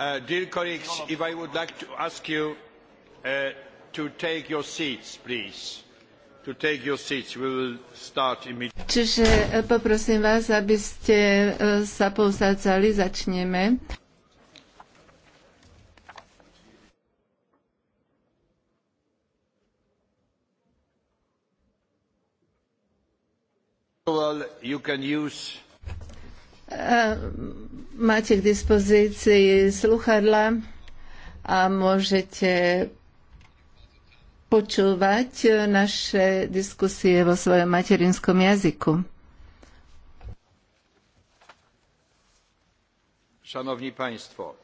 Uh, dear colleagues, if I would like to ask you uh, to take your seats, please. To take your seats, we will start immediately. Čiže e, poprosím vás, aby ste e, sa pousádzali, začneme. Well, you can use uh, Máte k dispozícii sluchadla a môžete počúvať naše diskusie vo svojom materinskom jazyku. Szanowni Państwo,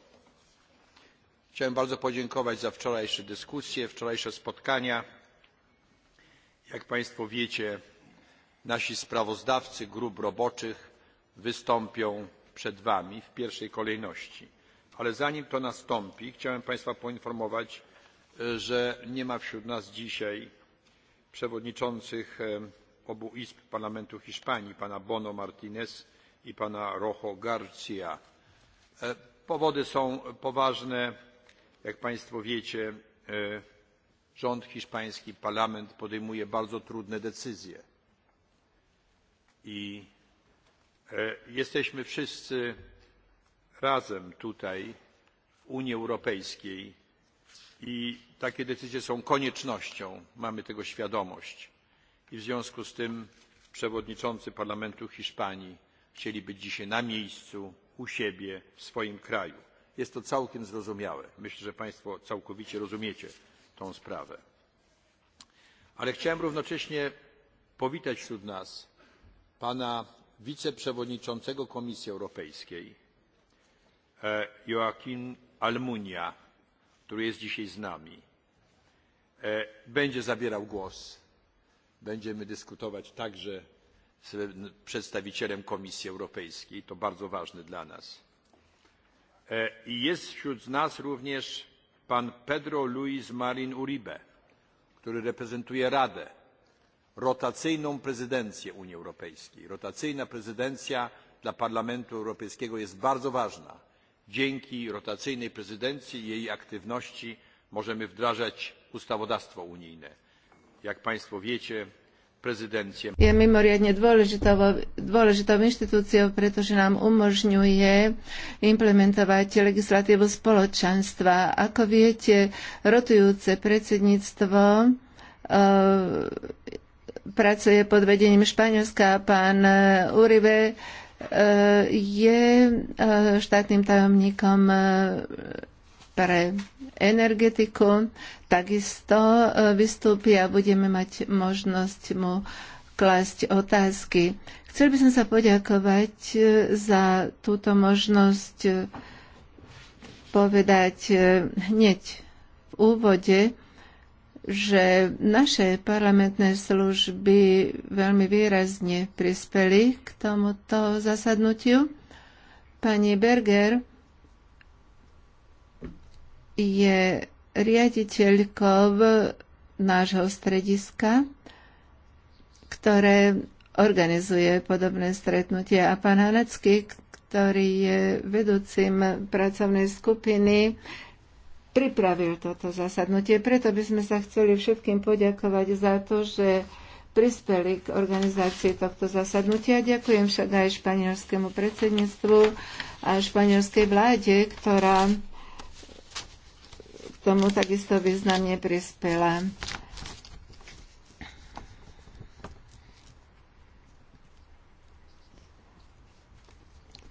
chciałem bardzo podziękować za wczorajsze dyskusje, wczorajsze spotkania. Jak Państwo wiecie, nasi sprawozdawcy grup roboczych wystąpią przed Wami w pierwszej kolejności. Ale zanim to nastąpi, chciałem Państwa poinformować, e, że nie ma wśród nas dzisiaj przewodniczących e, obu izb Parlamentu Hiszpanii, pana Bono Martinez i pana Rojo Garcia. E, powody są poważne. Jak Państwo wiecie, rząd hiszpański, parlament podejmuje bardzo trudne decyzje. I E, jesteśmy wszyscy razem tutaj w Unii Europejskiej i takie decyzje są koniecznością, mamy tego świadomość. I w związku z tym przewodniczący Parlamentu Hiszpanii chcieli być dzisiaj na miejscu, u siebie, w swoim kraju. Jest to całkiem zrozumiałe. Myślę, że Państwo całkowicie rozumiecie tę sprawę. Ale chciałem równocześnie powitać wśród nas pana wiceprzewodniczącego Komisji Europejskiej e, Joachim Almunia, który jest dzisiaj z nami, e, będzie zabierał głos. Będziemy dyskutować także z przedstawicielem Komisji Europejskiej. To bardzo ważne dla nas. E, I jest wśród nas również pan Pedro Luis Marin Uribe, który reprezentuje Radę rotacyjną prezydencję Unii Europejskiej. Rotacyjna prezydencja dla Parlamentu Europejskiego jest bardzo ważna. Dzięki rotacyjnej prezydencji i jej aktywności możemy wdrażać ustawodawstwo unijne. Jak Państwo wiecie, prezydencję. Je mimoriadne dôležitou, dôležitou inštitúciou, pretože nám umožňuje implementovať legislatívu spoločenstva. Ako viete, rotujúce predsedníctvo e, pracuje pod vedením Španielska. Pán e, Uribe e, je e, štátnym tajomníkom pre energetiku. Takisto vystúpi a budeme mať možnosť mu klásť otázky. Chcel by som sa poďakovať za túto možnosť povedať hneď v úvode, že naše parlamentné služby veľmi výrazne prispeli k tomuto zasadnutiu. Pani Berger je riaditeľkou nášho strediska, ktoré organizuje podobné stretnutie A pán Hanecký, ktorý je vedúcim pracovnej skupiny pripravil toto zasadnutie. Preto by sme sa chceli všetkým poďakovať za to, že prispeli k organizácii tohto zasadnutia. Ďakujem však aj španielskému predsedníctvu a španielskej vláde, ktorá tomu takisto významne prispela.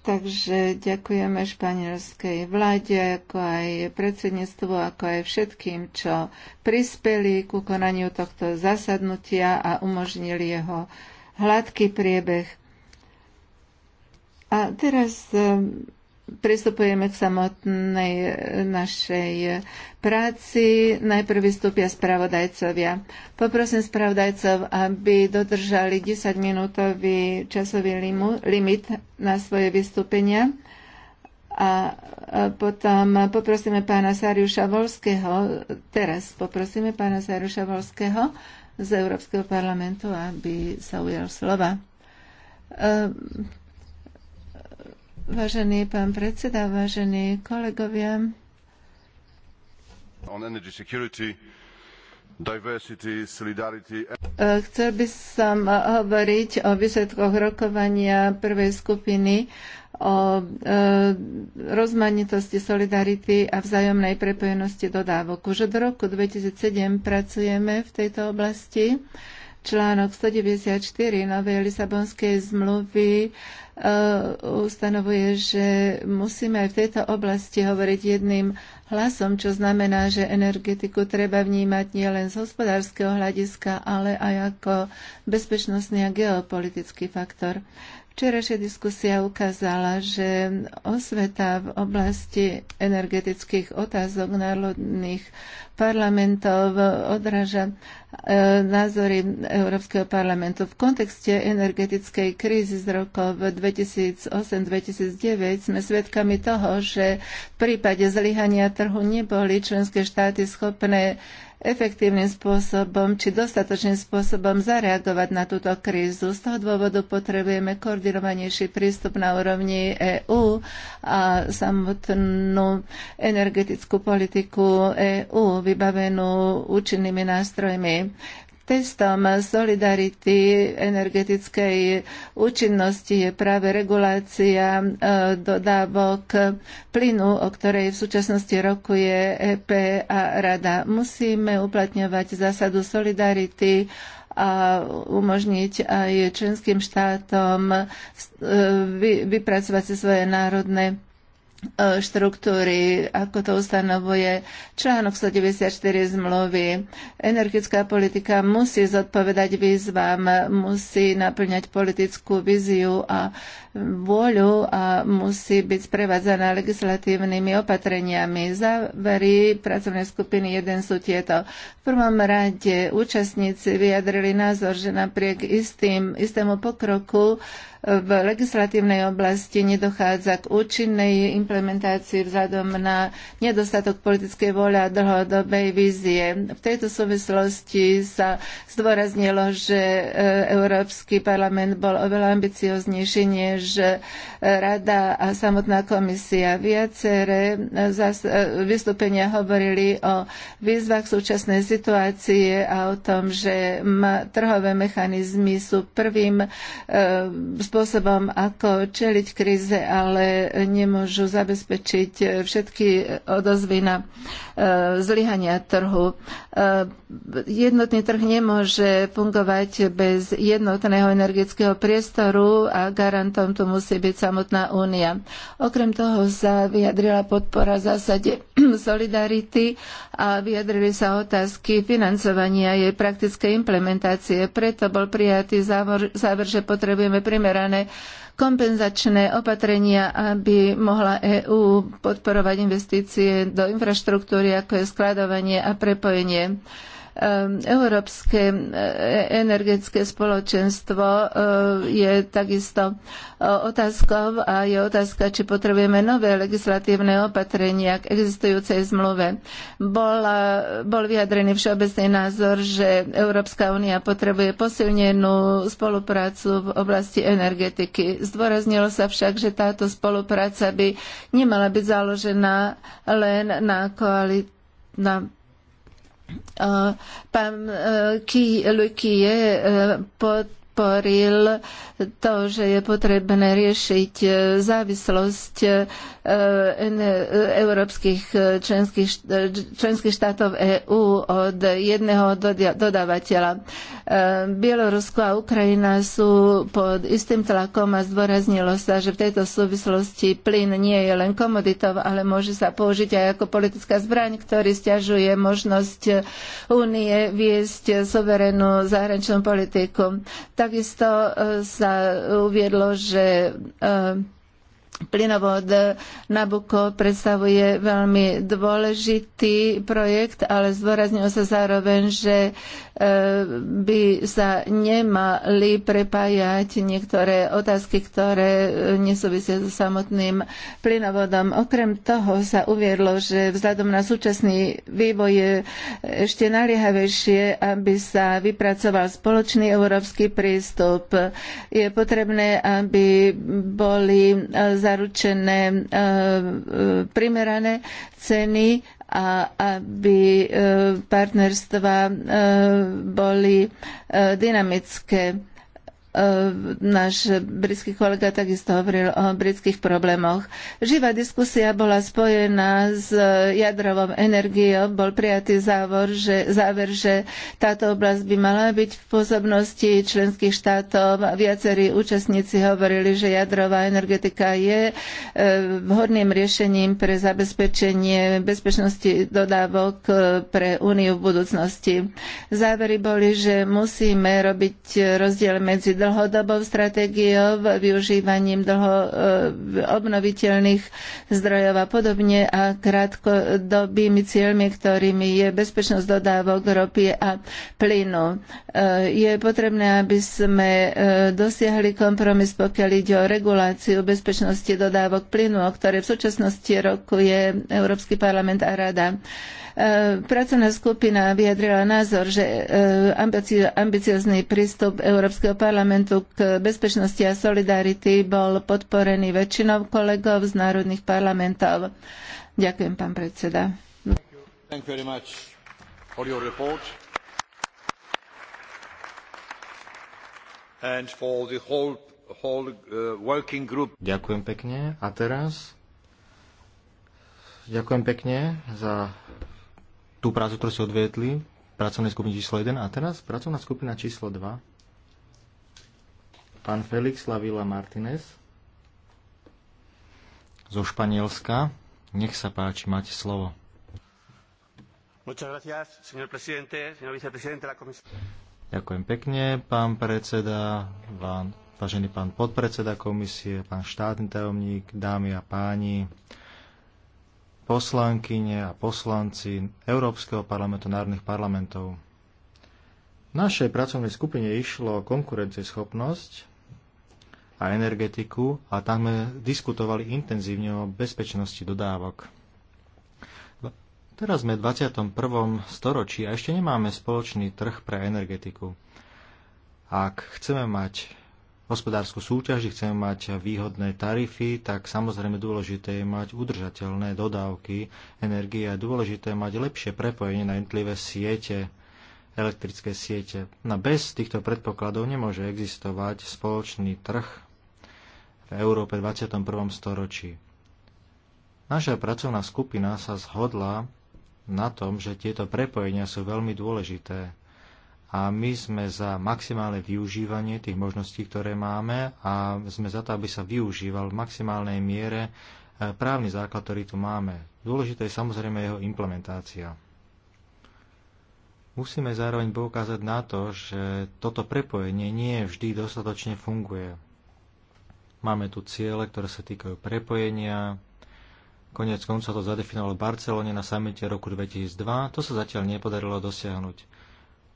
Takže ďakujeme španielskej vláde, ako aj predsedníctvu, ako aj všetkým, čo prispeli k konaniu tohto zasadnutia a umožnili jeho hladký priebeh. A teraz pristupujeme k samotnej e, našej e, práci. Najprv vystúpia spravodajcovia. Poprosím spravodajcov, aby dodržali 10-minútový časový limu, limit na svoje vystúpenia. A potom poprosíme pána Sáriuša Volského, teraz poprosíme pána Sáriuša Volského z Európskeho parlamentu, aby sa ujal slova. E, Vážený pán predseda, vážení kolegovia. On energy security, diversity, solidarity. Chcel by som hovoriť o výsledkoch rokovania prvej skupiny o e, rozmanitosti solidarity a vzájomnej prepojenosti dodávok. Už od roku 2007 pracujeme v tejto oblasti. Článok 194 novej Lisabonskej zmluvy Uh, ustanovuje, že musíme aj v tejto oblasti hovoriť jedným hlasom, čo znamená, že energetiku treba vnímať nielen z hospodárskeho hľadiska, ale aj ako bezpečnostný a geopolitický faktor. Včerašia diskusia ukázala, že osveta v oblasti energetických otázok národných parlamentov odráža e, názory Európskeho parlamentu. V kontexte energetickej krízy z rokov 2008-2009 sme svedkami toho, že v prípade zlyhania trhu neboli členské štáty schopné efektívnym spôsobom či dostatočným spôsobom zareagovať na túto krízu. Z toho dôvodu potrebujeme koordinovanejší prístup na úrovni EÚ a samotnú energetickú politiku EÚ vybavenú účinnými nástrojmi testom solidarity energetickej účinnosti je práve regulácia e, dodávok plynu, o ktorej v súčasnosti rokuje EP a Rada. Musíme uplatňovať zásadu solidarity a umožniť aj členským štátom e, vypracovať si svoje národné E, štruktúry, ako to ustanovuje článok 194 zmluvy. energetická politika musí zodpovedať výzvam, musí naplňať politickú viziu a vôľu a musí byť sprevádzaná legislatívnymi opatreniami. Závery pracovnej skupiny 1 sú tieto. V prvom rade účastníci vyjadrili názor, že napriek istým, istému pokroku v legislatívnej oblasti nedochádza k účinnej implementácii vzhľadom na nedostatok politickej vôle a dlhodobej vízie. V tejto súvislosti sa zdôraznilo, že e, Európsky parlament bol oveľa ambicioznejší než e, Rada a samotná komisia. viacere e, vystúpenia hovorili o výzvach súčasnej situácie a o tom, že trhové mechanizmy sú prvým spôsobom spôsobom, ako čeliť kríze, ale nemôžu zabezpečiť všetky odozvy na eh, zlyhania trhu. Eh, jednotný trh nemôže fungovať bez jednotného energetického priestoru a garantom tu musí byť samotná únia. Okrem toho sa vyjadrila podpora v zásade solidarity a vyjadrili sa otázky financovania jej praktickej implementácie. Preto bol prijatý záver, že potrebujeme primer vytvárané kompenzačné opatrenia, aby mohla EÚ podporovať investície do infraštruktúry, ako je skladovanie a prepojenie. Ehm, Európske e, energetické spoločenstvo e, je takisto e, otázkou a je otázka, či potrebujeme nové legislatívne opatrenia k existujúcej zmluve. Bol, bol vyjadrený všeobecný názor, že Európska únia potrebuje posilnenú spoluprácu v oblasti energetiky. Zdôraznilo sa však, že táto spolupráca by nemala byť založená len na koalit na Uh Pán e, Ki Lukie e, pod podporil to, že je potrebné riešiť e, závislosť e, e, európskych členských, členských štátov EÚ od jedného dodávateľa. Bielorusko a Ukrajina sú pod istým tlakom a zdôraznilo sa, že v tejto súvislosti plyn nie je len komoditov, ale môže sa použiť aj ako politická zbraň, ktorý stiažuje možnosť únie viesť suverénnu zahraničnú politiku. Tak Takisto e, sa uviedlo, že e, Plynovod Nabuko predstavuje veľmi dôležitý projekt, ale zdôraznil sa zároveň, že e, by sa nemali prepájať niektoré otázky, ktoré e, nesúvisia so samotným plynovodom. Okrem toho sa uviedlo, že vzhľadom na súčasný vývoj je ešte naliehavejšie, aby sa vypracoval spoločný európsky prístup. Je potrebné, aby boli e, zaručené e, e, primerané ceny a aby e, partnerstva boli dynamické Ehm, náš britský kolega takisto hovoril o britských problémoch. Živá diskusia bola spojená s e, jadrovou energiou. Bol prijatý závor, že, záver, že táto oblasť by mala byť v pozornosti členských štátov. Viacerí účastníci hovorili, že jadrová energetika je e, vhodným riešením pre zabezpečenie bezpečnosti dodávok e, pre Úniu v budúcnosti. Závery boli, že musíme robiť rozdiel medzi dlhodobou stratégiou, využívaním dlho, e, obnoviteľných zdrojov a podobne a krátkodobými cieľmi, ktorými je bezpečnosť dodávok ropy a plynu. E, je potrebné, aby sme e, dosiahli kompromis, pokiaľ ide o reguláciu bezpečnosti dodávok plynu, o ktorej v súčasnosti roku je Európsky parlament a Rada. E, pracovná skupina vyjadrila názor, že e, ambiciozný prístup Európskeho parlamentu k bezpečnosti a solidarity bol podporený väčšinou kolegov z národných parlamentov. Ďakujem, pán predseda. Thank you. Thank you Whole, whole, uh, ďakujem pekne. A teraz? Ďakujem pekne za tú prácu, ktorú si odvietli, pracovnej skupiny číslo 1 a teraz pracovná skupina číslo 2. Pán Felix Lavila Martinez zo Španielska. Nech sa páči, máte slovo. Ďakujem pekne, pán predseda, vám, vážený pán podpredseda komisie, pán štátny tajomník, dámy a páni poslankyne a poslanci Európskeho parlamentu, národných parlamentov. V našej pracovnej skupine išlo o konkurencieschopnosť a energetiku a tam sme diskutovali intenzívne o bezpečnosti dodávok. Teraz sme v 21. storočí a ešte nemáme spoločný trh pre energetiku. Ak chceme mať hospodárskú súťaž, chceme mať výhodné tarify, tak samozrejme dôležité je mať udržateľné dodávky energie a dôležité je mať lepšie prepojenie na jednotlivé siete, elektrické siete. No bez týchto predpokladov nemôže existovať spoločný trh v Európe v 21. storočí. Naša pracovná skupina sa zhodla na tom, že tieto prepojenia sú veľmi dôležité a my sme za maximálne využívanie tých možností, ktoré máme a sme za to, aby sa využíval v maximálnej miere e, právny základ, ktorý tu máme. Dôležité je samozrejme jeho implementácia. Musíme zároveň poukázať na to, že toto prepojenie nie vždy dostatočne funguje. Máme tu ciele, ktoré sa týkajú prepojenia. Konec konca to zadefinovalo v Barcelone na samite roku 2002. To sa zatiaľ nepodarilo dosiahnuť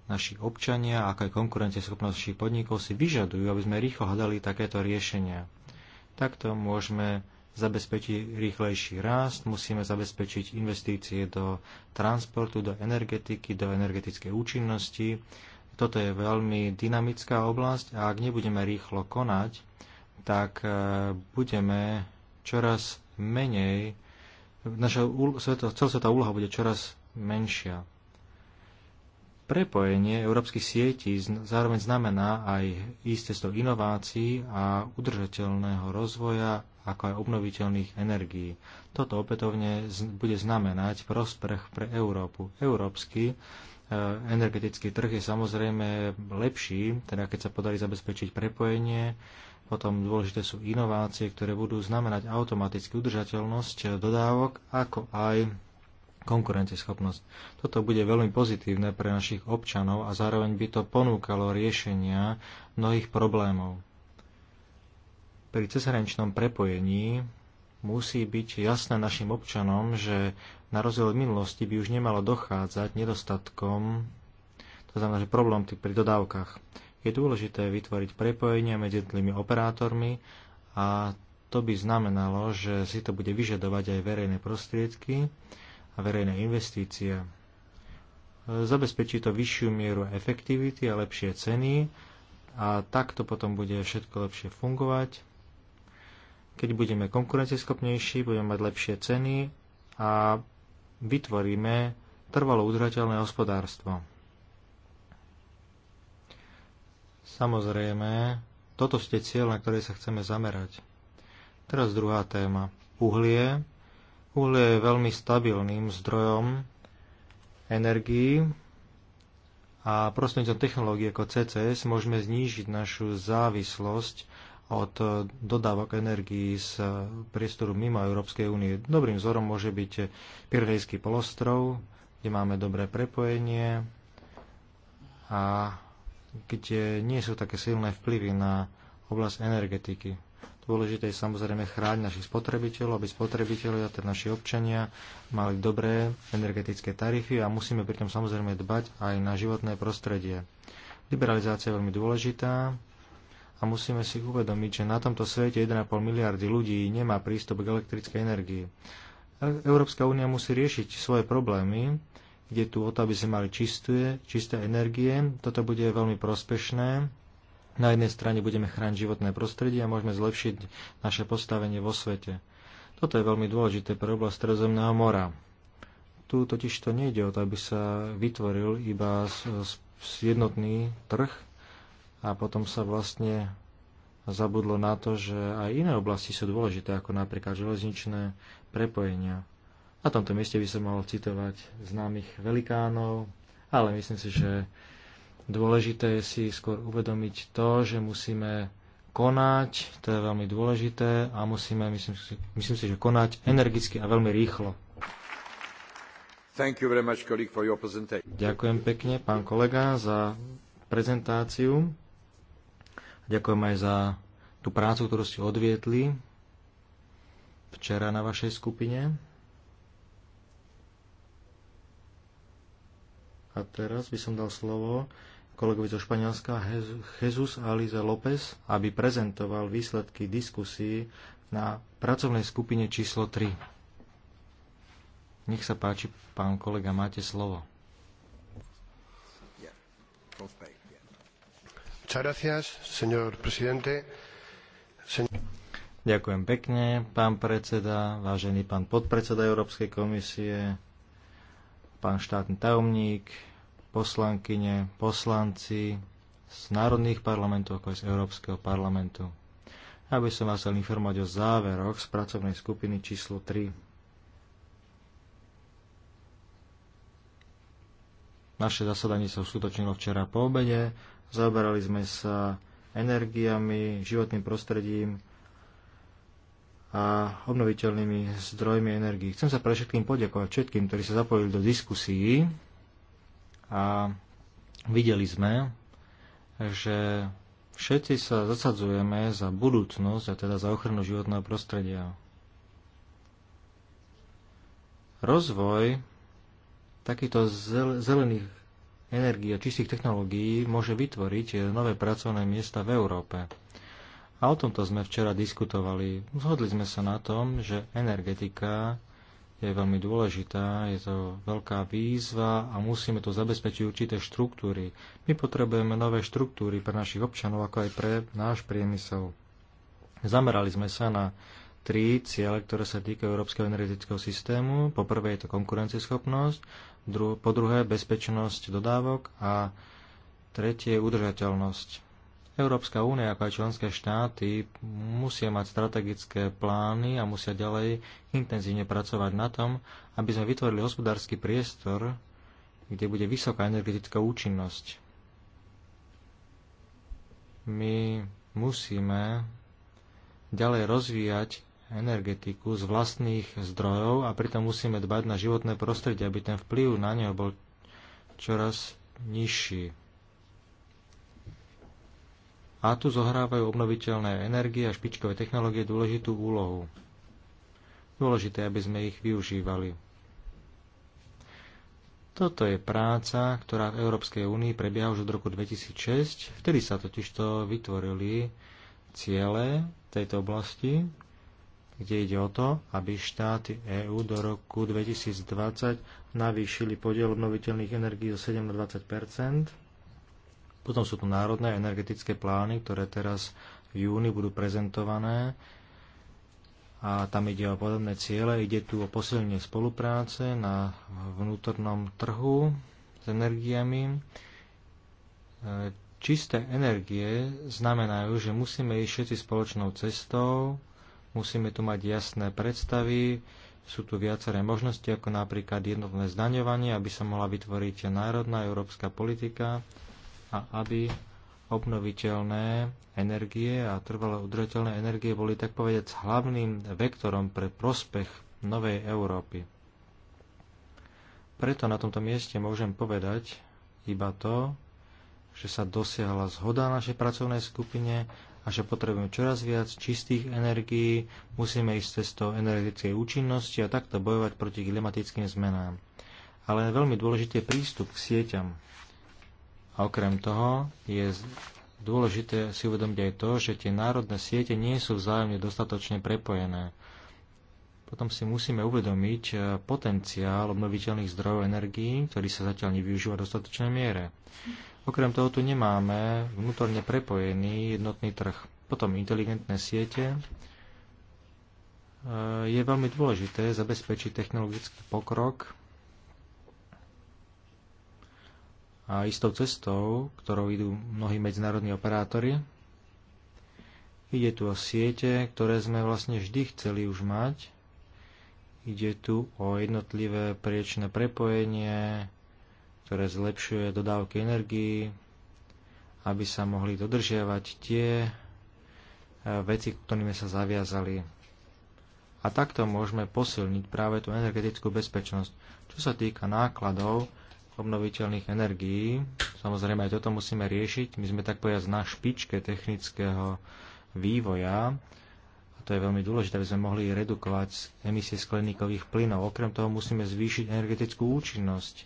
naši občania, aká je konkurencieschopnosť našich podnikov, si vyžadujú, aby sme rýchlo hľadali takéto riešenia. Takto môžeme zabezpečiť rýchlejší rast, musíme zabezpečiť investície do transportu, do energetiky, do energetickej účinnosti. Toto je veľmi dynamická oblasť a ak nebudeme rýchlo konať, tak e, budeme čoraz menej, naša celosvetová úloha bude čoraz menšia prepojenie európskych sietí zároveň znamená aj isté cestou inovácií a udržateľného rozvoja, ako aj obnoviteľných energií. Toto opätovne bude znamenať prospech pre Európu. Európsky e, energetický trh je samozrejme lepší, teda keď sa podarí zabezpečiť prepojenie, potom dôležité sú inovácie, ktoré budú znamenať automaticky udržateľnosť dodávok, ako aj konkurencieschopnosť. Toto bude veľmi pozitívne pre našich občanov a zároveň by to ponúkalo riešenia mnohých problémov. Pri cezhraničnom prepojení musí byť jasné našim občanom, že na rozdiel od minulosti by už nemalo dochádzať nedostatkom, to znamená, že problém pri dodávkach. Je dôležité vytvoriť prepojenia medzi jednotlivými operátormi a to by znamenalo, že si to bude vyžadovať aj verejné prostriedky a verejné investície. Zabezpečí to vyššiu mieru efektivity a lepšie ceny a takto potom bude všetko lepšie fungovať. Keď budeme konkurencieschopnejší, budeme mať lepšie ceny a vytvoríme trvalo udržateľné hospodárstvo. Samozrejme, toto ste cieľ, na ktoré sa chceme zamerať. Teraz druhá téma. Uhlie Uhlie je veľmi stabilným zdrojom energií a prostredníctvom technológie ako CCS môžeme znížiť našu závislosť od dodávok energií z priestoru mimo Európskej únie. Dobrým vzorom môže byť Pirejský polostrov, kde máme dobré prepojenie a kde nie sú také silné vplyvy na oblasť energetiky. Dôležité je samozrejme chrániť našich spotrebiteľov, aby spotrebiteľia, teda naši občania, mali dobré energetické tarify a musíme pritom samozrejme dbať aj na životné prostredie. Liberalizácia je veľmi dôležitá a musíme si uvedomiť, že na tomto svete 1,5 miliardy ľudí nemá prístup k elektrickej energii. Európska únia musí riešiť svoje problémy, kde tu o to, aby sme mali čisté, čisté energie. Toto bude veľmi prospešné na jednej strane budeme chrániť životné prostredie a môžeme zlepšiť naše postavenie vo svete. Toto je veľmi dôležité pre oblasť Stredozemného mora. Tu totiž to nejde o to, aby sa vytvoril iba jednotný trh a potom sa vlastne zabudlo na to, že aj iné oblasti sú dôležité, ako napríklad železničné prepojenia. Na tomto mieste by som mal citovať známych velikánov, ale myslím si, že Dôležité je si skôr uvedomiť to, že musíme konať, to je veľmi dôležité a musíme, myslím si, myslím si že konať energicky a veľmi rýchlo. Thank you very much, colleague, for your Ďakujem pekne, pán kolega, za prezentáciu. Ďakujem aj za tú prácu, ktorú ste odvietli včera na vašej skupine. A teraz by som dal slovo kolegovi zo Španielska Jesus Aliza López, aby prezentoval výsledky diskusí na pracovnej skupine číslo 3. Nech sa páči, pán kolega, máte slovo. Ďakujem pekne, pán predseda, vážený pán podpredseda Európskej komisie, pán štátny tajomník, poslankyne, poslanci z národných parlamentov ako aj z Európskeho parlamentu. Aby som vás chcel informovať o záveroch z pracovnej skupiny číslo 3. Naše zasadanie sa uskutočnilo včera po obede. Zaoberali sme sa energiami, životným prostredím a obnoviteľnými zdrojmi energii. Chcem sa pre všetkým poďakovať všetkým, ktorí sa zapojili do diskusií a videli sme, že všetci sa zasadzujeme za budúcnosť a teda za ochranu životného prostredia. Rozvoj takýchto zelených energií a čistých technológií môže vytvoriť nové pracovné miesta v Európe. A o tomto sme včera diskutovali. Zhodli sme sa na tom, že energetika je veľmi dôležitá, je to veľká výzva a musíme to zabezpečiť určité štruktúry. My potrebujeme nové štruktúry pre našich občanov, ako aj pre náš priemysel. Zamerali sme sa na tri ciele, ktoré sa týkajú európskeho energetického systému. Po prvé je to konkurencieschopnosť, po druhé bezpečnosť dodávok a tretie je udržateľnosť. Európska únia ako aj členské štáty musia mať strategické plány a musia ďalej intenzívne pracovať na tom, aby sme vytvorili hospodársky priestor, kde bude vysoká energetická účinnosť. My musíme ďalej rozvíjať energetiku z vlastných zdrojov a pritom musíme dbať na životné prostredie, aby ten vplyv na neho bol čoraz nižší a tu zohrávajú obnoviteľné energie a špičkové technológie dôležitú úlohu. Dôležité, aby sme ich využívali. Toto je práca, ktorá v Európskej únii prebieha už od roku 2006. Vtedy sa totižto vytvorili ciele tejto oblasti, kde ide o to, aby štáty EÚ do roku 2020 navýšili podiel obnoviteľných energií zo 7 na 20 potom sú tu národné energetické plány, ktoré teraz v júni budú prezentované a tam ide o podobné ciele. Ide tu o posilnenie spolupráce na vnútornom trhu s energiami. E, čisté energie znamenajú, že musíme ísť všetci spoločnou cestou, musíme tu mať jasné predstavy, sú tu viaceré možnosti, ako napríklad jednotné zdaňovanie, aby sa mohla vytvoriť národná európska politika, a aby obnoviteľné energie a trvalé udržateľné energie boli tak povedať hlavným vektorom pre prospech novej Európy. Preto na tomto mieste môžem povedať iba to, že sa dosiahla zhoda na našej pracovnej skupine a že potrebujeme čoraz viac čistých energií, musíme ísť cestou energetickej účinnosti a takto bojovať proti klimatickým zmenám. Ale veľmi dôležitý je prístup k sieťam. A okrem toho je dôležité si uvedomiť aj to, že tie národné siete nie sú vzájomne dostatočne prepojené. Potom si musíme uvedomiť eh, potenciál obnoviteľných zdrojov energií, ktorý sa zatiaľ nevyužíva v dostatočnej miere. Okrem toho tu nemáme vnútorne prepojený jednotný trh. Potom inteligentné siete. Eh, je veľmi dôležité zabezpečiť technologický pokrok a istou cestou, ktorou idú mnohí medzinárodní operátori. Ide tu o siete, ktoré sme vlastne vždy chceli už mať. Ide tu o jednotlivé priečné prepojenie, ktoré zlepšuje dodávky energii, aby sa mohli dodržiavať tie e, veci, ktorými sa zaviazali. A takto môžeme posilniť práve tú energetickú bezpečnosť. Čo sa týka nákladov, obnoviteľných energií. Samozrejme, aj toto musíme riešiť. My sme tak povedať na špičke technického vývoja a to je veľmi dôležité, aby sme mohli redukovať emisie skleníkových plynov. Okrem toho musíme zvýšiť energetickú účinnosť.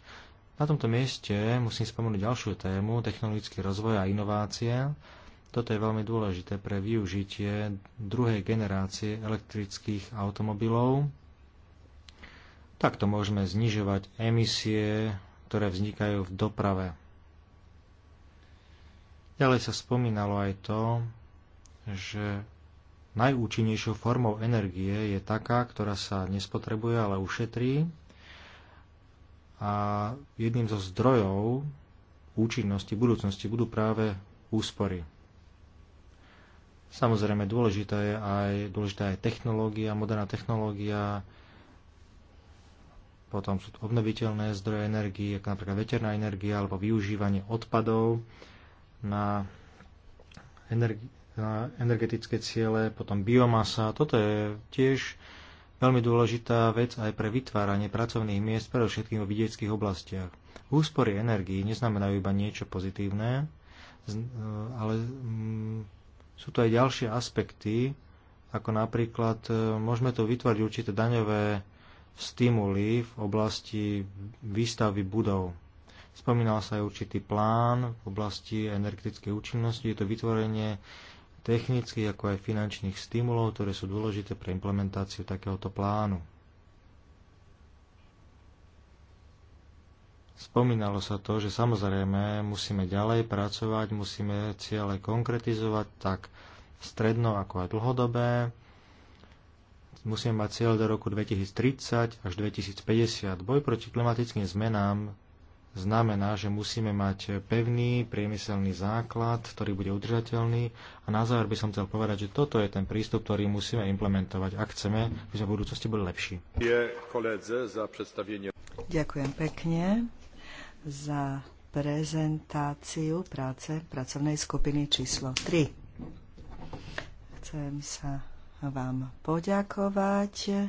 Na tomto mieste musím spomenúť ďalšiu tému, technologický rozvoj a inovácie. Toto je veľmi dôležité pre využitie druhej generácie elektrických automobilov. Takto môžeme znižovať emisie ktoré vznikajú v doprave. Ďalej sa spomínalo aj to, že najúčinnejšou formou energie je taká, ktorá sa nespotrebuje, ale ušetrí. A jedným zo zdrojov účinnosti budúcnosti budú práve úspory. Samozrejme, dôležitá je aj, dôležitá je technológia, moderná technológia, potom sú obnoviteľné zdroje energie, ako napríklad veterná energia alebo využívanie odpadov na, energi- na energetické ciele, potom biomasa. Toto je tiež veľmi dôležitá vec aj pre vytváranie pracovných miest, predovšetkým v vidieckých oblastiach. Úspory energií neznamenajú iba niečo pozitívne, eh, ale mm, sú to aj ďalšie aspekty, ako napríklad eh, môžeme tu vytvoriť určité daňové stimuly v oblasti výstavby budov. Spomínal sa aj určitý plán v oblasti energetickej účinnosti, je to vytvorenie technických ako aj finančných stimulov, ktoré sú dôležité pre implementáciu takéhoto plánu. Spomínalo sa to, že samozrejme musíme ďalej pracovať, musíme ciele konkretizovať tak stredno ako aj dlhodobé musíme mať cieľ do roku 2030 až 2050. Boj proti klimatickým zmenám znamená, že musíme mať pevný priemyselný základ, ktorý bude udržateľný. A na záver by som chcel povedať, že toto je ten prístup, ktorý musíme implementovať, ak chceme, aby sme v budúcnosti boli lepší. Ďakujem pekne za prezentáciu práce pracovnej skupiny číslo 3. Chcem sa vám poďakovať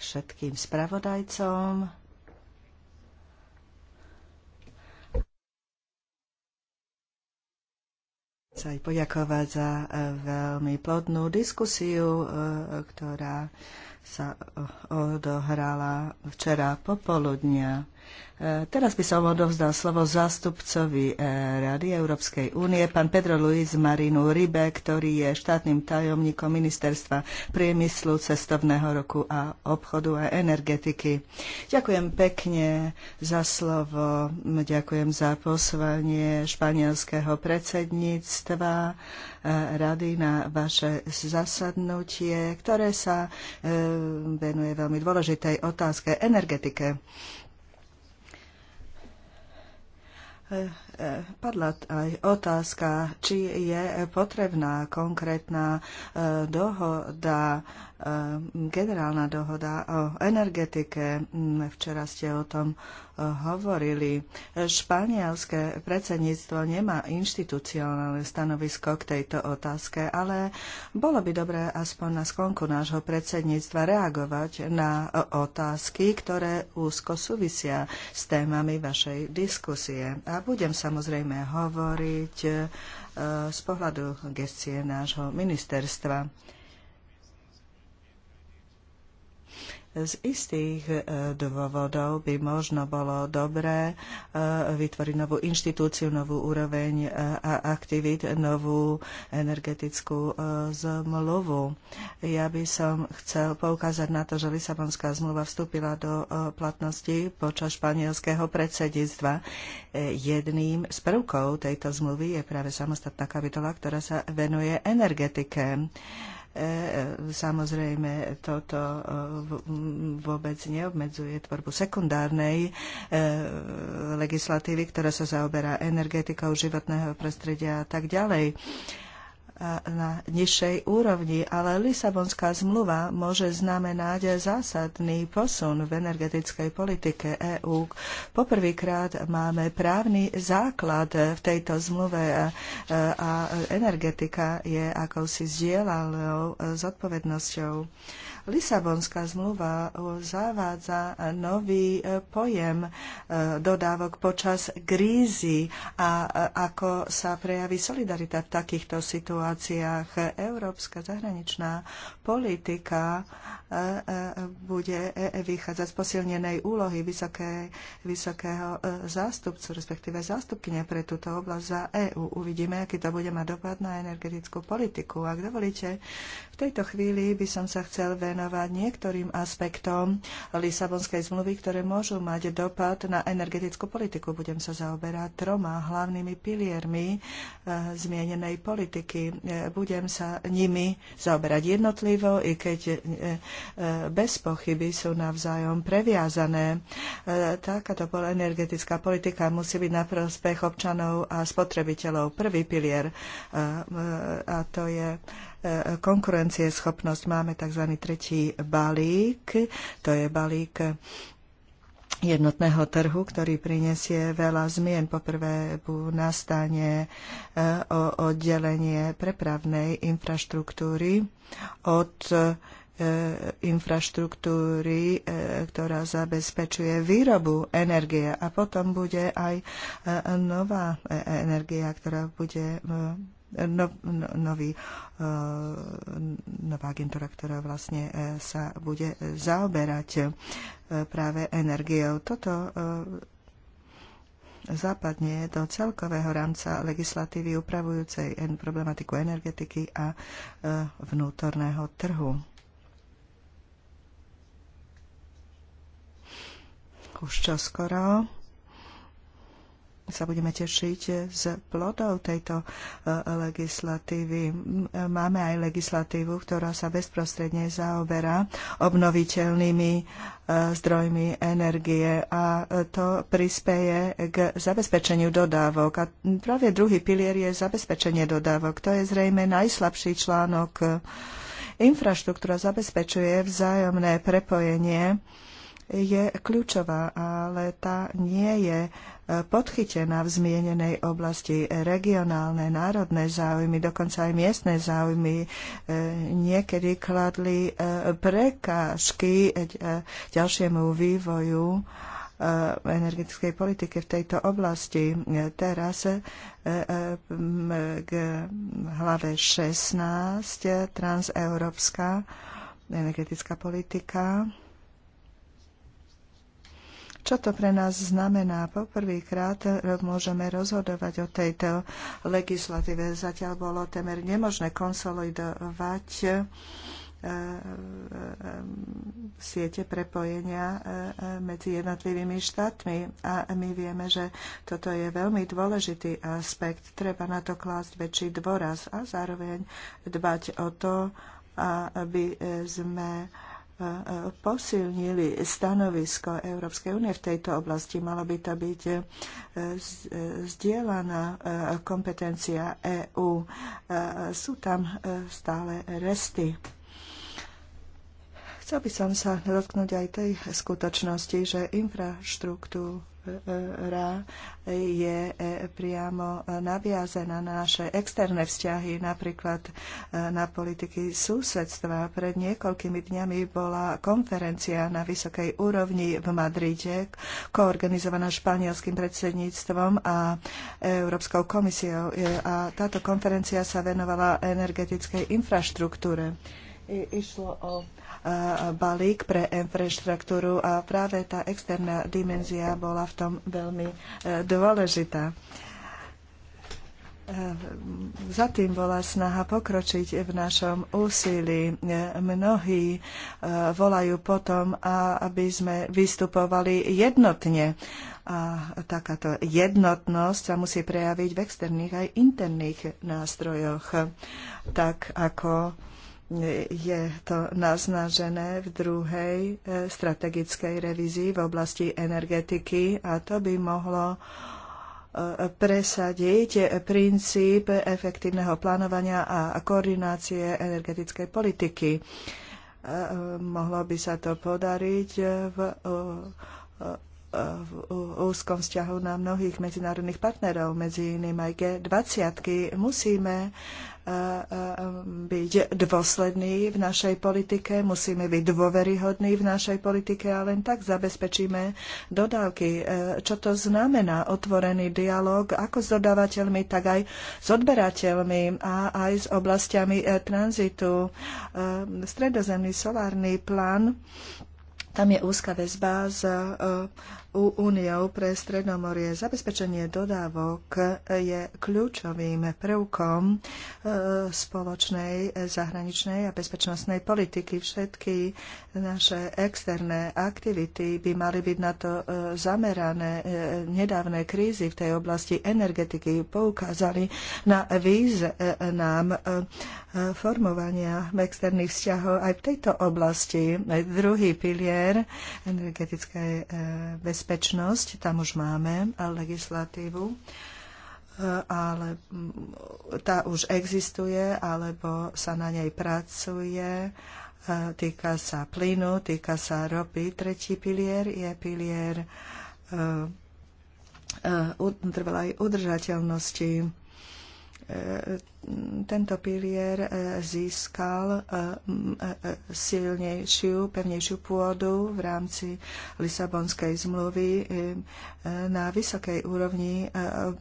všetkým spravodajcom. Chcem aj poďakovať za e, veľmi plodnú diskusiu, e, ktorá sa e, odohrala včera popoludnia. E, teraz by som odovzdal slovo zástupcovi e, Rady Európskej únie, pán Pedro Luis Marinu Ribe, ktorý je štátnym tajomníkom Ministerstva priemyslu, cestovného roku a obchodu a energetiky. Ďakujem pekne za slovo, ďakujem za poslanie španielského predsedníctva e, rady na vaše zasadnutie, ktoré sa venuje veľmi dôležitej otázke energetike uh, Padla aj otázka, či je potrebná konkrétna e, dohoda, e, generálna dohoda o energetike. Mm, včera ste o tom e, hovorili. Španielské predsedníctvo nemá inštitucionálne stanovisko k tejto otázke, ale bolo by dobré aspoň na sklonku nášho predsedníctva reagovať na otázky, ktoré úzko súvisia s témami vašej diskusie. A budem sa samozrejme hovoriť eh, z pohľadu gestie nášho ministerstva. Z istých e, dôvodov by možno bolo dobré e, vytvoriť novú inštitúciu, novú úroveň e, a aktivít, novú energetickú zmluvu. Ja by som chcel poukázať na to, že Lisabonská zmluva vstúpila do platnosti počas španielského predsedníctva. Jedným z prvkov tejto zmluvy je práve samostatná kapitola, ktorá sa venuje energetike. Samozrejme, toto eh, mm, vôbec neobmedzuje tvorbu sekundárnej eh, legislatívy, ktorá sa zaoberá energetikou životného prostredia a tak ďalej na nižšej úrovni, ale Lisabonská zmluva môže znamenať zásadný posun v energetickej politike EÚ. Poprvýkrát máme právny základ v tejto zmluve a energetika je akousi zdieľanou e, zodpovednosťou. Lisabonská zmluva eh, zavádza eh, nový eh, pojem dodávok počas krízy a ako sa prejaví solidarita v takýchto situáciách. Európska zahraničná politika bude vychádzať z posilnenej úlohy vysoké, vysokého zástupcu, respektíve zástupkyne pre túto oblasť za EÚ. Uvidíme, aký to bude mať dopad na energetickú politiku. Ak dovolíte, v tejto chvíli by som sa chcel venovať venovať niektorým aspektom Lisabonskej zmluvy, ktoré môžu mať dopad na energetickú politiku. Budem sa zaoberať troma hlavnými piliermi eh, zmienenej politiky. Eh, budem sa nimi zaoberať jednotlivo, i keď eh, bez pochyby sú navzájom previazané. Takáto energetická politika musí byť na prospech občanov a spotrebiteľov. Prvý pilier a to je konkurencieschopnosť. Máme tzv. tretí balík, to je balík jednotného trhu, ktorý prinesie veľa zmien. Poprvé nastane e, o oddelenie prepravnej infraštruktúry od e, infraštruktúry, e, ktorá zabezpečuje výrobu energie. A potom bude aj nová energia, ktorá bude no, no, nový, eh, nová agentúra, ktorá vlastne eh, sa bude zaoberať eh, práve energiou. Toto západne do celkového rámca legislatívy upravujúcej problematiku energetiky a vnútorného trhu. Už čoskoro skoro sa budeme tešiť z plodov tejto e, legislatívy. Máme aj legislatívu, ktorá sa bezprostredne zaoberá obnoviteľnými e, zdrojmi energie a e, to prispieje k zabezpečeniu dodávok. A práve druhý pilier je zabezpečenie dodávok. To je zrejme najslabší článok. Infraštruktúra zabezpečuje vzájomné prepojenie je kľúčová, ale tá nie je e, podchytená v zmienenej oblasti regionálne, národné záujmy, dokonca aj miestne záujmy e, niekedy kladli e, prekážky ďalšiemu vývoju energetickej politiky v tejto oblasti. Teraz k hlave 16 transeurópska energetická politika čo to pre nás znamená? Poprvýkrát môžeme rozhodovať o tejto legislatíve. Zatiaľ bolo temer nemožné konsolidovať e, e, e, siete prepojenia medzi jednotlivými štátmi. A my vieme, že toto je veľmi dôležitý aspekt. Treba na to klásť väčší dôraz a zároveň dbať o to, aby sme posilnili stanovisko Európskej únie v tejto oblasti. Mala by to byť e, e, zdieľaná e, kompetencia EÚ. Sú tam stále resty. Chcel by som sa dotknúť aj tej skutočnosti, že infraštruktúra ktorá je e, priamo e, naviazená na naše externé vzťahy, napríklad e, na politiky susedstva. Pred niekoľkými dňami bola konferencia na vysokej úrovni v Madride, koorganizovaná španielským predsedníctvom a Európskou komisiou. A táto konferencia sa venovala energetickej infraštruktúre. I, išlo o balík pre infraštruktúru a práve tá externá dimenzia bola v tom veľmi e, dôležitá. E, za tým bola snaha pokročiť v našom úsilí. E, mnohí volajú potom, aby sme vystupovali jednotne. A takáto jednotnosť sa musí prejaviť v externých aj interných nástrojoch. Tak ako je to naznažené v druhej e, strategickej revízii v oblasti energetiky a to by mohlo e, presadiť princíp efektívneho plánovania a koordinácie energetickej politiky. E, mohlo by sa to podariť v v úzkom vzťahu na mnohých medzinárodných partnerov, medzi iným aj G20. -ky. Musíme byť dôsledný v našej politike, musíme byť dôveryhodní v našej politike a len tak zabezpečíme dodávky. E, čo to znamená otvorený dialog ako s dodávateľmi, tak aj s odberateľmi a aj s oblastiami e, tranzitu. E, Stredozemný solárny plán tam je úzka väzba s úniou pre Stredomorie. Zabezpečenie dodávok je kľúčovým prvkom e, spoločnej zahraničnej a bezpečnostnej politiky. Všetky naše externé aktivity by mali byť na to e, zamerané. E, nedávne krízy v tej oblasti energetiky poukázali na význam formovania externých vzťahov aj v tejto oblasti. Druhý pilier energetickej bezpečnosti bezpečnosť, tam už máme legislatívu, e, ale mm, tá už existuje, alebo sa na nej pracuje, e, týka sa plynu, týka sa ropy. Tretí pilier je pilier e, trvalej udržateľnosti tento pilier e, získal e, e, silnejšiu, pevnejšiu pôdu v rámci Lisabonskej zmluvy. Na vysokej úrovni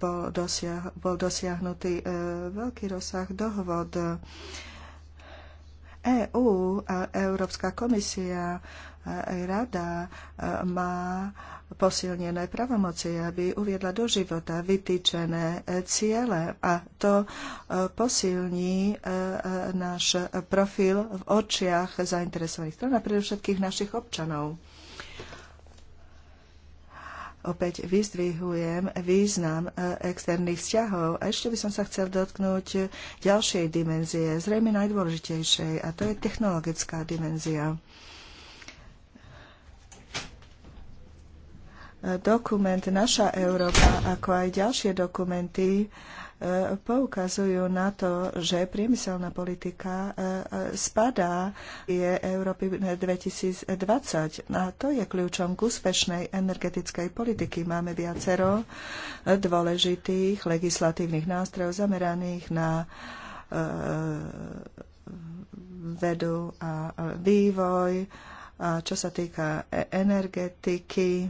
bol, dosiah, bol dosiahnutý veľký rozsah dohovod EÚ EU a Európska komisia rada e, má posilnené pravomoci, aby uviedla do života vytýčené ciele a to e, posilní e, náš profil v očiach zainteresovaných strán, a predovšetkých našich občanov opäť vyzdvihujem význam e, externých vzťahov. A ešte by som sa chcel dotknúť e, ďalšej dimenzie, zrejme najdôležitejšej, a to je technologická dimenzia. E, dokument Naša Európa, ako aj ďalšie dokumenty, poukazujú na to, že priemyselná politika e, e, spadá je Európy 2020 a to je kľúčom k úspešnej energetickej politiky. Máme viacero dôležitých legislatívnych nástrojov zameraných na e, vedu a vývoj. A čo sa týka energetiky,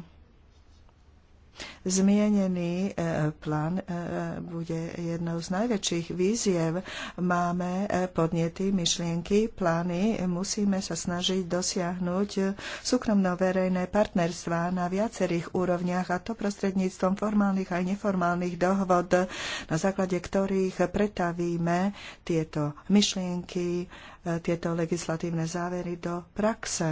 Zmienený e, plán e, bude jednou z najväčších víziev. Máme e, podnety, myšlienky, plány. Musíme sa snažiť dosiahnuť súkromno-verejné partnerstva na viacerých úrovniach a to prostredníctvom formálnych aj neformálnych dohod, na základe ktorých pretavíme tieto myšlienky, tieto legislatívne závery do praxe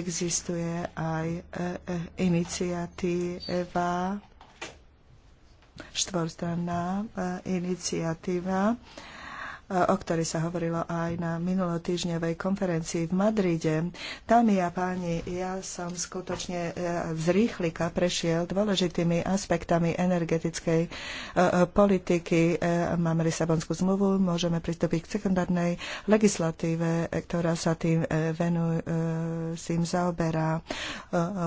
existuje aj e, e, iniciatíva, štvorstranná e, iniciatíva o ktorej sa hovorilo aj na minulotýždňovej konferencii v Madride. Tam a páni, ja som skutočne e, z rýchlika prešiel dôležitými aspektami energetickej e, e, politiky. Máme Lisabonskú zmluvu, môžeme pristúpiť k sekundárnej legislatíve, ktorá sa tým venu, tým zaoberá.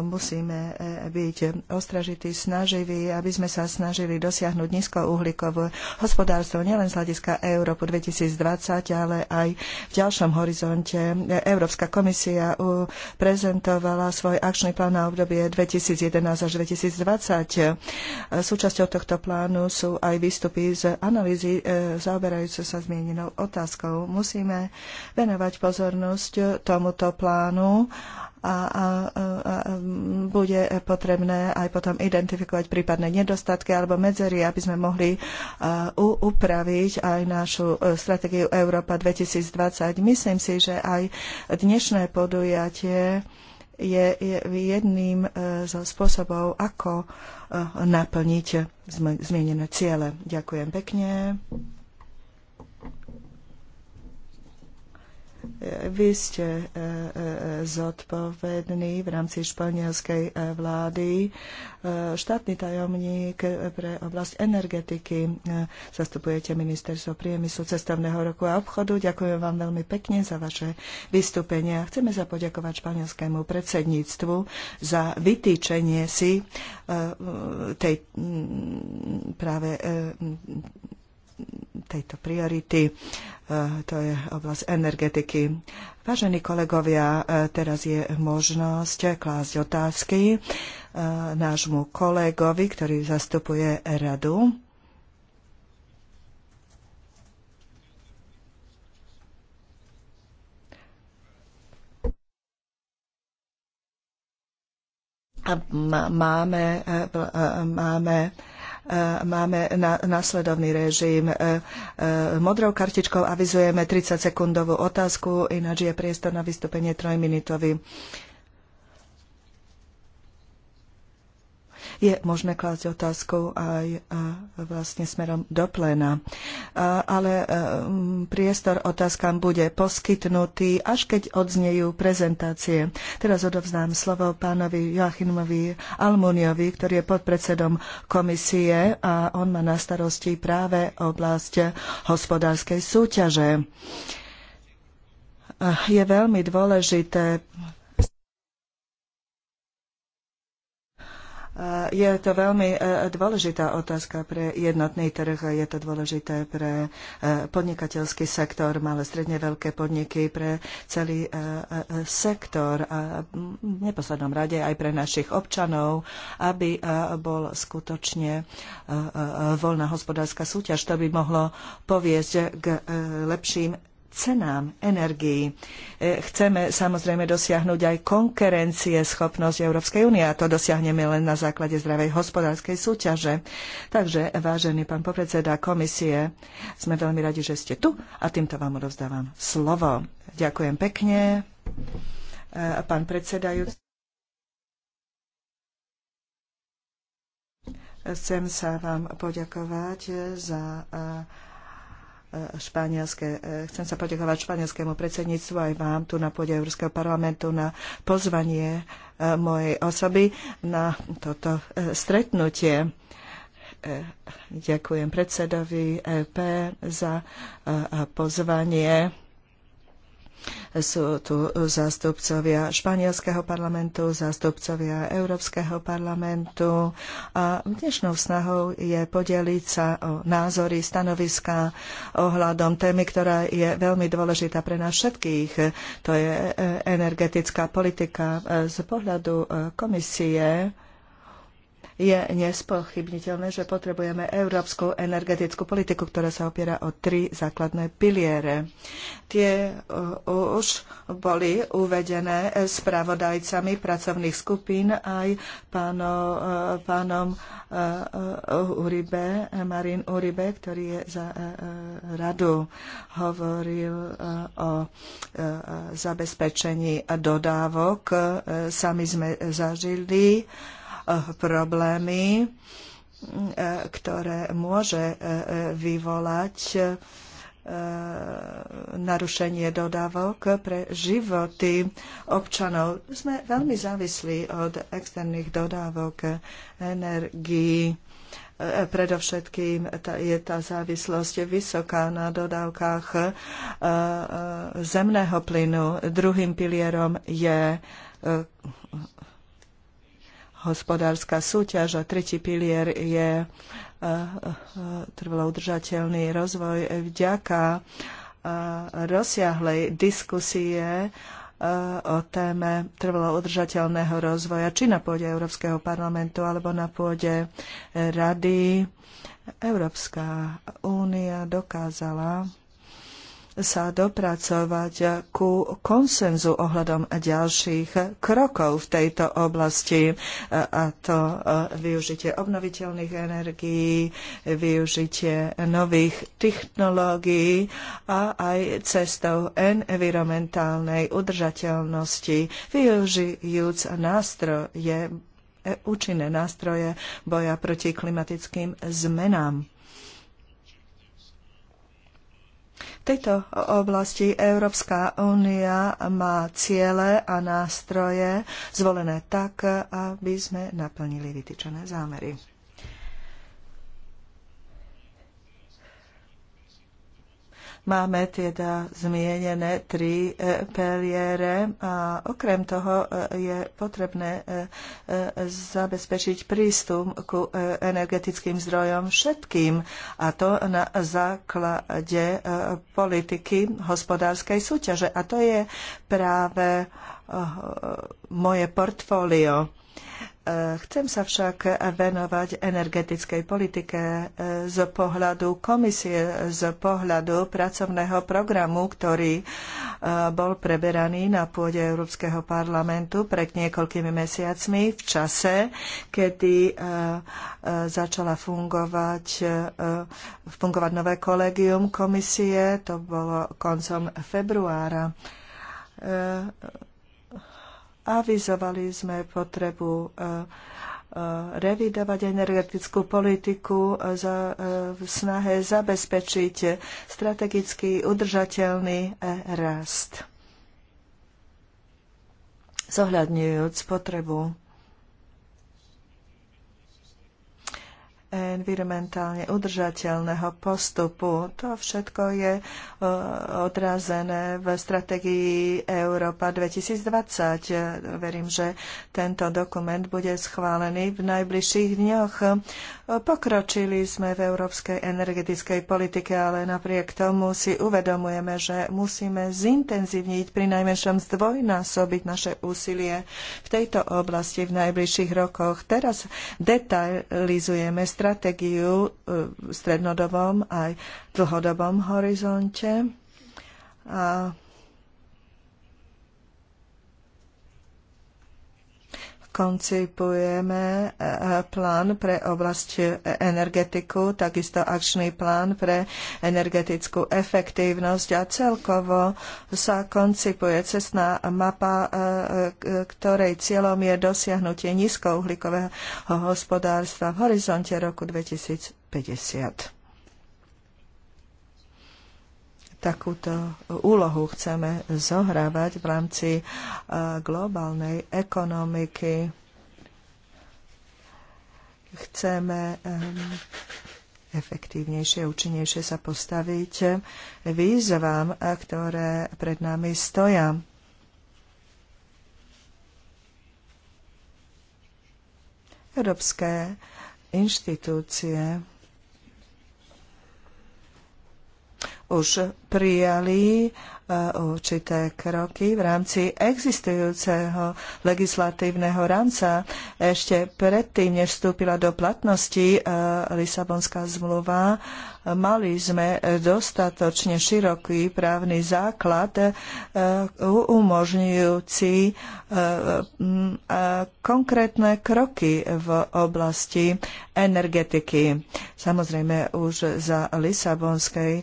Musíme byť ostražití, snaživí, aby sme sa snažili dosiahnuť nízkouhlíkovú hospodárstvo nielen z hľadiska Európu 2000 2020, ale aj v ďalšom horizonte. Európska komisia uh, prezentovala svoj akčný plán na obdobie 2011 až 2020. Uh, súčasťou tohto plánu sú aj výstupy z analýzy uh, zaoberajúce sa zmienenou otázkou. Musíme venovať pozornosť tomuto plánu a, a, a bude potrebné aj potom identifikovať prípadné nedostatky alebo medzery, aby sme mohli upraviť aj našu e, stratégiu Európa 2020. Myslím si, že aj dnešné podujatie je, je jedným e, zo spôsobov, ako e, naplniť zmienené ciele. Ďakujem pekne. Vy ste e, e, zodpovední v rámci španielskej e, vlády. Štátny tajomník pre oblasť energetiky. Zastupujete ministerstvo priemyslu, cestovného roku a obchodu. Ďakujem vám veľmi pekne za vaše vystúpenia. Chceme sa poďakovať španielskému predsedníctvu za vytýčenie si tej práve tejto priority. E, to je oblasť energetiky. Vážení kolegovia, e, teraz je možnosť klásť otázky e, nášmu kolegovi, ktorý zastupuje radu. Máme, máme E, máme na, následovný režim. E, e, modrou kartičkou avizujeme 30-sekundovú otázku, ináč je priestor na vystúpenie trojminútový. minútový je možné klásť otázkou aj e, vlastne smerom do pléna. E, ale e, priestor otázkam bude poskytnutý, až keď odznejú prezentácie. Teraz odovzdám slovo pánovi Joachimovi Almuniovi, ktorý je podpredsedom komisie a on má na starosti práve oblasť hospodárskej súťaže. Je veľmi dôležité je to veľmi e, dôležitá otázka pre jednotný trh, je to dôležité pre e, podnikateľský sektor, malé, stredne veľké podniky, pre celý e, sektor a v neposlednom rade aj pre našich občanov, aby bol skutočne voľná hospodárska súťaž. To by mohlo poviesť k lepším cenám energií. E, chceme samozrejme dosiahnuť aj konkurencie schopnosť Európskej únie a to dosiahneme len na základe zdravej hospodárskej súťaže. Takže, vážený pán popredseda komisie, sme veľmi radi, že ste tu a týmto vám odovzdávam slovo. Ďakujem pekne. E, pán predsedajúci. Chcem sa vám poďakovať za e, španielské, e, chcem sa poďakovať španielskému predsedníctvu aj vám tu na pôde Európskeho parlamentu na pozvanie e, mojej osoby na toto e, stretnutie. Ďakujem predsedovi EP za pozvanie sú tu zástupcovia španielského parlamentu, zástupcovia Európskeho parlamentu a dnešnou snahou je podeliť sa o názory, stanoviská ohľadom témy, ktorá je veľmi dôležitá pre nás všetkých. To je energetická politika z pohľadu eh, komisie je nespochybniteľné, že potrebujeme európsku energetickú politiku, ktorá sa opiera o tri základné piliere. Tie už boli uvedené spravodajcami pracovných skupín aj e, pánom, pánom e, e, Uribe, Marin Uribe, ktorý je za radu hovoril o zabezpečení dodávok. Sami sme zažili Eh, problémy, eh, ktoré môže eh, vyvolať narušenie dodávok pre životy občanov. Sme veľmi závislí od externých dodávok energii, Predovšetkým je tá závislosť vysoká na dodávkach zemného plynu. Druhým pilierom je hospodárska súťaž a tretí pilier je e, e, trvalo udržateľný rozvoj vďaka e, rozsiahlej diskusie o téme trvalo udržateľného rozvoja, či na pôde Európskeho parlamentu alebo na pôde Rady. Európska únia dokázala sa dopracovať ku konsenzu ohľadom ďalších krokov v tejto oblasti, a to e, využitie obnoviteľných energií, využitie nových technológií a aj cestou environmentálnej udržateľnosti, využijúc nástroje e, účinné nástroje boja proti klimatickým zmenám. tejto oblasti Európska únia má ciele a nástroje zvolené tak, aby sme naplnili vytýčené zámery. Máme teda zmienené tri e, peliere a okrem toho e, je potrebné e, zabezpečiť prístup ku energetickým zdrojom všetkým a to na základe politiky hospodárskej súťaže. A to je práve moje portfólio Chcem sa však venovať energetickej politike e, z pohľadu komisie, z pohľadu pracovného programu, ktorý e, bol preberaný na pôde Európskeho parlamentu pred niekoľkými mesiacmi v čase, kedy e, začala fungovať, fungovať nové kolegium komisie. To bolo koncom februára Avizovali sme potrebu e, e, revidovať energetickú politiku e, za, v snahe zabezpečiť strategicky udržateľný rast zohľadňujúc potrebu environmentálne udržateľného postupu. To všetko je e, odrazené v stratégii Európa 2020. Verím, že tento dokument bude schválený v najbližších dňoch. Pokročili sme v európskej energetickej politike, ale napriek tomu si uvedomujeme, že musíme zintenzívniť, pri najmenšom zdvojnásobiť naše úsilie v tejto oblasti v najbližších rokoch. Teraz detailizujeme stratégiu stratégiu e, v strednodobom aj dlhodobom horizonte. A koncipujeme eh, plán pre oblasť energetiku, takisto akčný plán pre energetickú efektívnosť a celkovo sa koncipuje cestná mapa, eh, ktorej cieľom je dosiahnutie nízkouhlíkového hospodárstva v horizonte roku 2050 takúto úlohu chceme zohrávať v rámci e, globálnej ekonomiky. Chceme efektívnejšie, účinnejšie sa postaviť výzvam, e, ktoré pred nami stoja. Európske inštitúcie už prijali e, určité kroky v rámci existujúceho legislatívneho rámca. Ešte predtým, než vstúpila do platnosti e, Lisabonská zmluva, e, mali sme dostatočne široký právny základ umožňujúci konkrétne kroky v oblasti energetiky. Samozrejme, už za Lisabonskej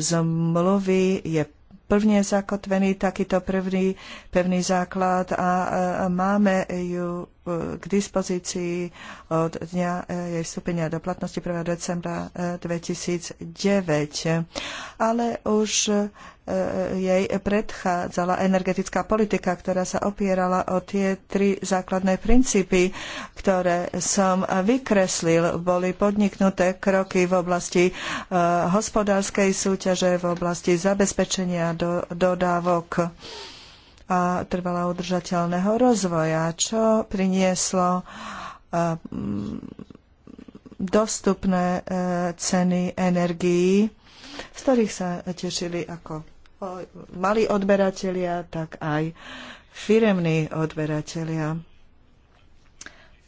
zmluvy je plně zakotvený takýto prvný, pevný základ a máme ju e, k dispozícii od dňa e, jej vstúpenia do platnosti 1. decembra 2009. E, Ale už jej predchádzala energetická politika, ktorá sa opierala o tie tri základné princípy, ktoré som vykreslil. Boli podniknuté kroky v oblasti e, hospodárskej súťaže, v oblasti zabezpečenia do, dodávok a trvalo udržateľného rozvoja, čo prinieslo e, dostupné e, ceny energií, z ktorých sa tešili ako malí odberatelia, tak aj firemní odberatelia.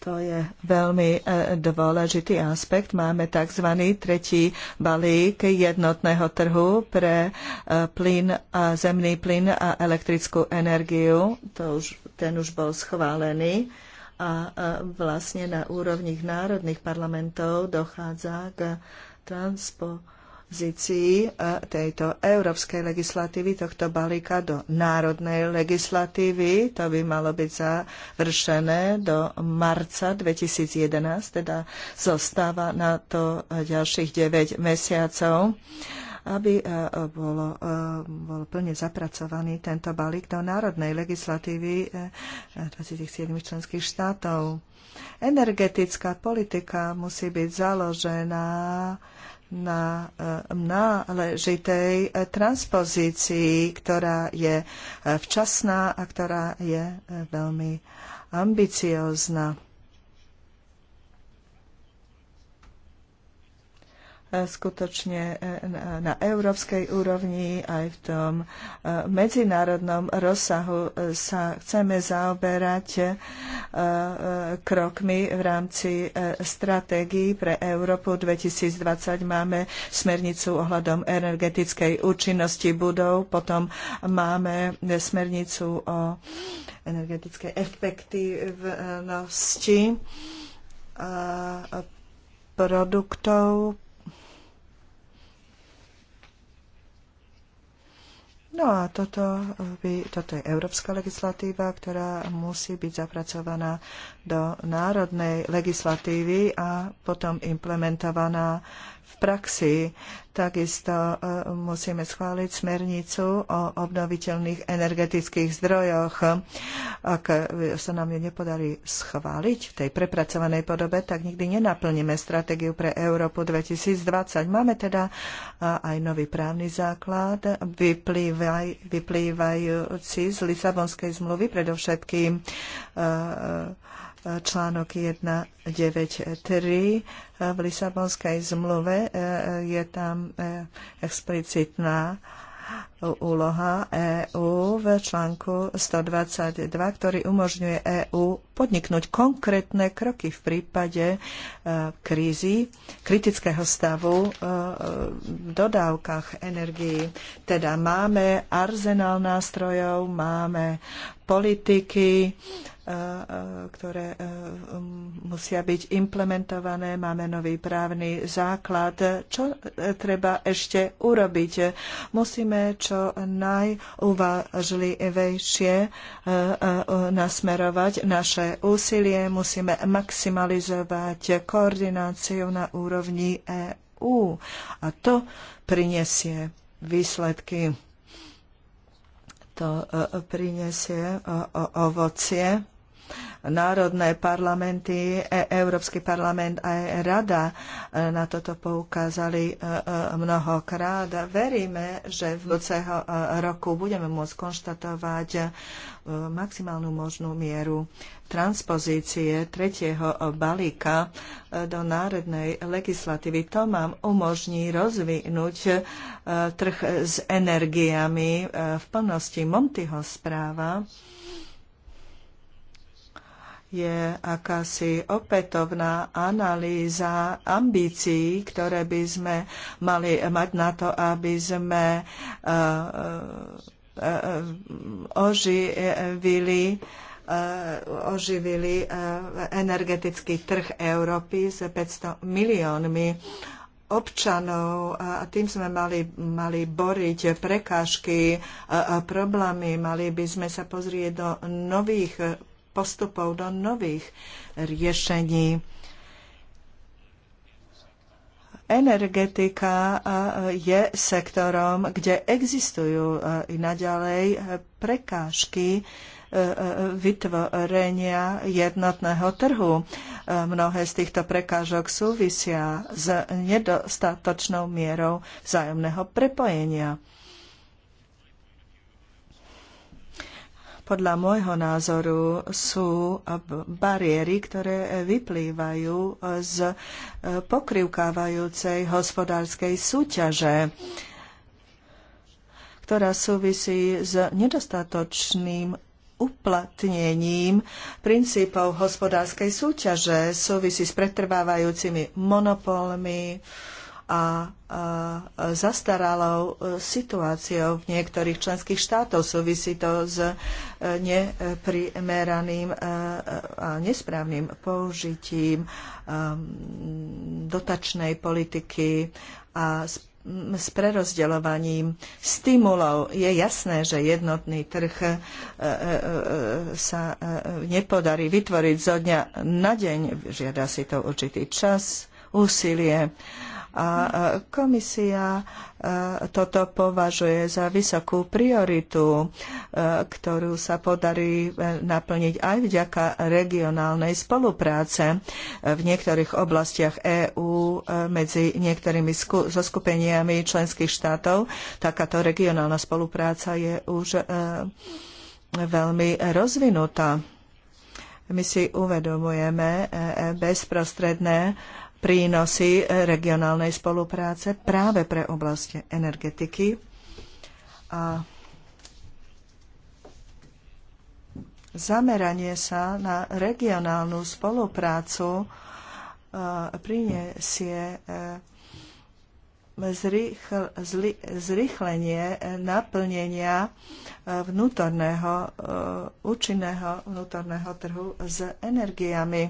To je veľmi e, dôležitý aspekt. Máme tzv. tretí balík jednotného trhu pre e, plyn a zemný plyn a elektrickú energiu. To už, ten už bol schválený a e, vlastne na úrovni národných parlamentov dochádza k transportu transpozícii e, tejto európskej legislatívy, tohto balíka do národnej legislatívy. To by malo byť završené do marca 2011, teda zostáva na to ďalších 9 mesiacov aby e, bolo, e, bol plne zapracovaný tento balík do národnej legislatívy 27 členských štátov. Energetická politika musí byť založená na e, náležitej e, transpozícii, ktorá je e, včasná a ktorá je veľmi ambiciózna. skutočne e, na európskej úrovni aj v tom e, medzinárodnom rozsahu e, sa chceme zaoberať krokmi v rámci stratégií pre Európu 2020. Máme smernicu ohľadom energetickej účinnosti budov, potom máme smernicu o energetickej efektívnosti produktov, No a toto, by, eh, toto je európska legislatíva, ktorá musí byť zapracovaná do národnej legislatívy a potom implementovaná v praxi. Takisto e, musíme schváliť smernicu o obnoviteľných energetických zdrojoch. Ak sa nám ju nepodarí schváliť v tej prepracovanej podobe, tak nikdy nenaplníme stratégiu pre Európu 2020. Máme teda e, aj nový právny základ, vyplývaj, vyplývajúci z Lisabonskej zmluvy, predovšetkým e, článok 193 v Lisabonskej zmluve e, e, je tam e, explicitná úloha EÚ v článku 122, ktorý umožňuje EÚ podniknúť konkrétne kroky v prípade krízy, kritického stavu v dodávkach energii. Teda máme arzenál nástrojov, máme politiky, ktoré e, musia byť implementované. Máme nový právny základ. Čo e, treba ešte urobiť? Musíme čo najuvážlivejšie e, nasmerovať naše úsilie. Musíme maximalizovať koordináciu na úrovni EÚ. A to prinesie výsledky to prinesie ovocie národné parlamenty, e- Európsky parlament a Rada e, na toto poukázali e, mnohokrát. Veríme, že v budúceho roku budeme môcť konštatovať maximálnu možnú mieru transpozície tretieho balíka do národnej legislatívy. To nám umožní rozvinúť trh s energiami v plnosti Montyho správa je akási opätovná analýza ambícií, ktoré by sme mali mať na to, aby sme eh, eh, eh, oživili oživili energetický trh Európy s 500 miliónmi občanov a tým sme mali, mali boriť prekážky a, problémy. Mali by sme sa pozrieť do nových postupov, do nových riešení. Energetika je sektorom, kde existujú i naďalej prekážky e, e, vytvorenia jednotného trhu. E, mnohé z týchto prekážok súvisia s nedostatočnou mierou vzájomného prepojenia. podľa môjho názoru sú bariéry, ktoré vyplývajú z e, pokrivkávajúcej hospodárskej súťaže ktorá súvisí s nedostatočným uplatnením princípov hospodárskej súťaže, súvisí s pretrvávajúcimi monopolmi, a zastaralou e, situáciou v niektorých členských štátoch Súvisí to s e, neprimeraným e, a nesprávnym použitím dotačnej politiky a s prerozdeľovaním stimulov. Je jasné, že jednotný trh sa nepodarí vytvoriť zo dňa na deň. Žiada si to určitý čas, úsilie. A komisia toto považuje za vysokú prioritu, ktorú sa podarí e, naplniť aj vďaka regionálnej spolupráce e, v niektorých oblastiach EÚ e, medzi niektorými zoskupeniami členských štátov. Takáto regionálna spolupráca je už veľmi rozvinutá. My si uvedomujeme bezprostredné prínosy eh, regionálnej spolupráce práve pre oblasti energetiky. A zameranie sa na regionálnu spoluprácu eh, prinesie eh, zrýchlenie naplnenia vnútorného, účinného vnútorného trhu s energiami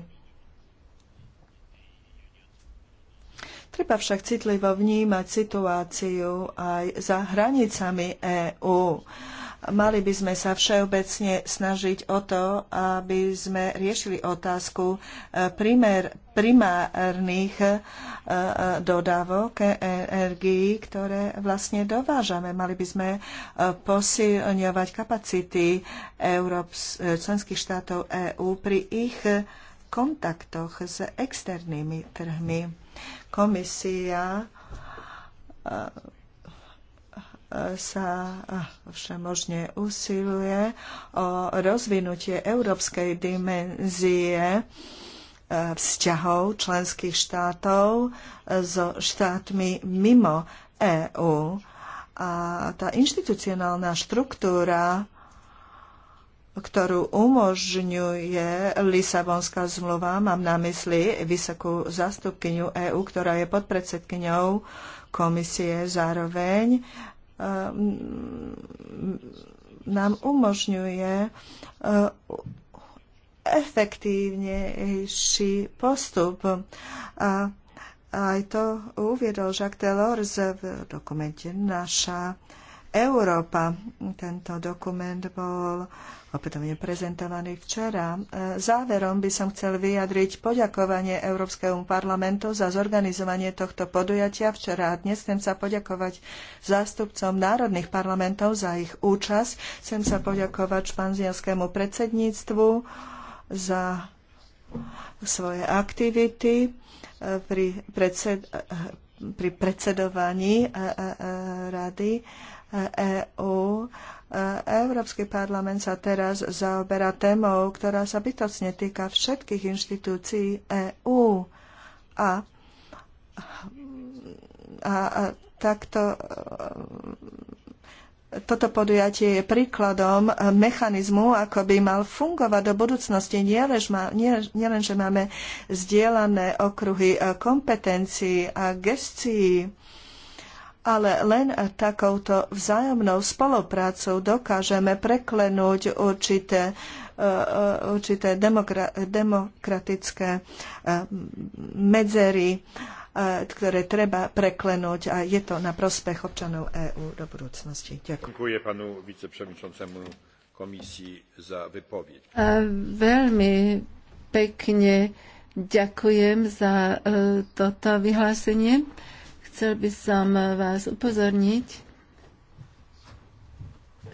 Treba však citlivo vnímať situáciu aj za hranicami EÚ. Mali by sme sa všeobecne snažiť o to, aby sme riešili otázku e, primer, primárnych e, e, dodávok energií, ktoré vlastne dovážame. Mali by sme posilňovať kapacity Európs, členských štátov EÚ pri ich kontaktoch s externými trhmi Komisia eh, sa eh, všemožne usiluje o rozvinutie európskej dimenzie eh, vzťahov členských štátov so štátmi mimo EÚ. A tá inštitucionálna štruktúra ktorú umožňuje Lisabonská zmluva. Mám na mysli vysokú zástupkyňu EÚ, ktorá je podpredsedkyňou komisie zároveň ehm, nám umožňuje e, efektívnejší postup. A aj to uviedol Jacques Delors v dokumente Naša Európa. Tento dokument bol opätovne prezentovaný včera. E, záverom by som chcel vyjadriť poďakovanie Európskemu parlamentu za zorganizovanie tohto podujatia včera a dnes. Chcem sa poďakovať zástupcom národných parlamentov za ich účasť. Chcem sa poďakovať španzielskému predsedníctvu za svoje aktivity e, pri, predsed, e, pri predsedovaní rady EÚ. E e, Európsky parlament sa teraz zaoberá témou, ktorá sa bytocne týka všetkých inštitúcií EÚ. A, a, a takto e, toto podujatie je príkladom mechanizmu, ako by mal fungovať do budúcnosti. Nielenže nie, nie že máme zdieľané okruhy kompetencií a gestií, ale len takouto vzájomnou spoluprácou dokážeme preklenúť určité, e, e, určité demokra- demokratické e, medzery, ktoré treba preklenúť a je to na prospech občanov EÚ do budúcnosti. Ďakujem. Ďakujem panu viceprzewodniczącemu komisii za vypoveď. Veľmi pekne ďakujem za toto vyhlásenie. Chcel by som vás upozorniť,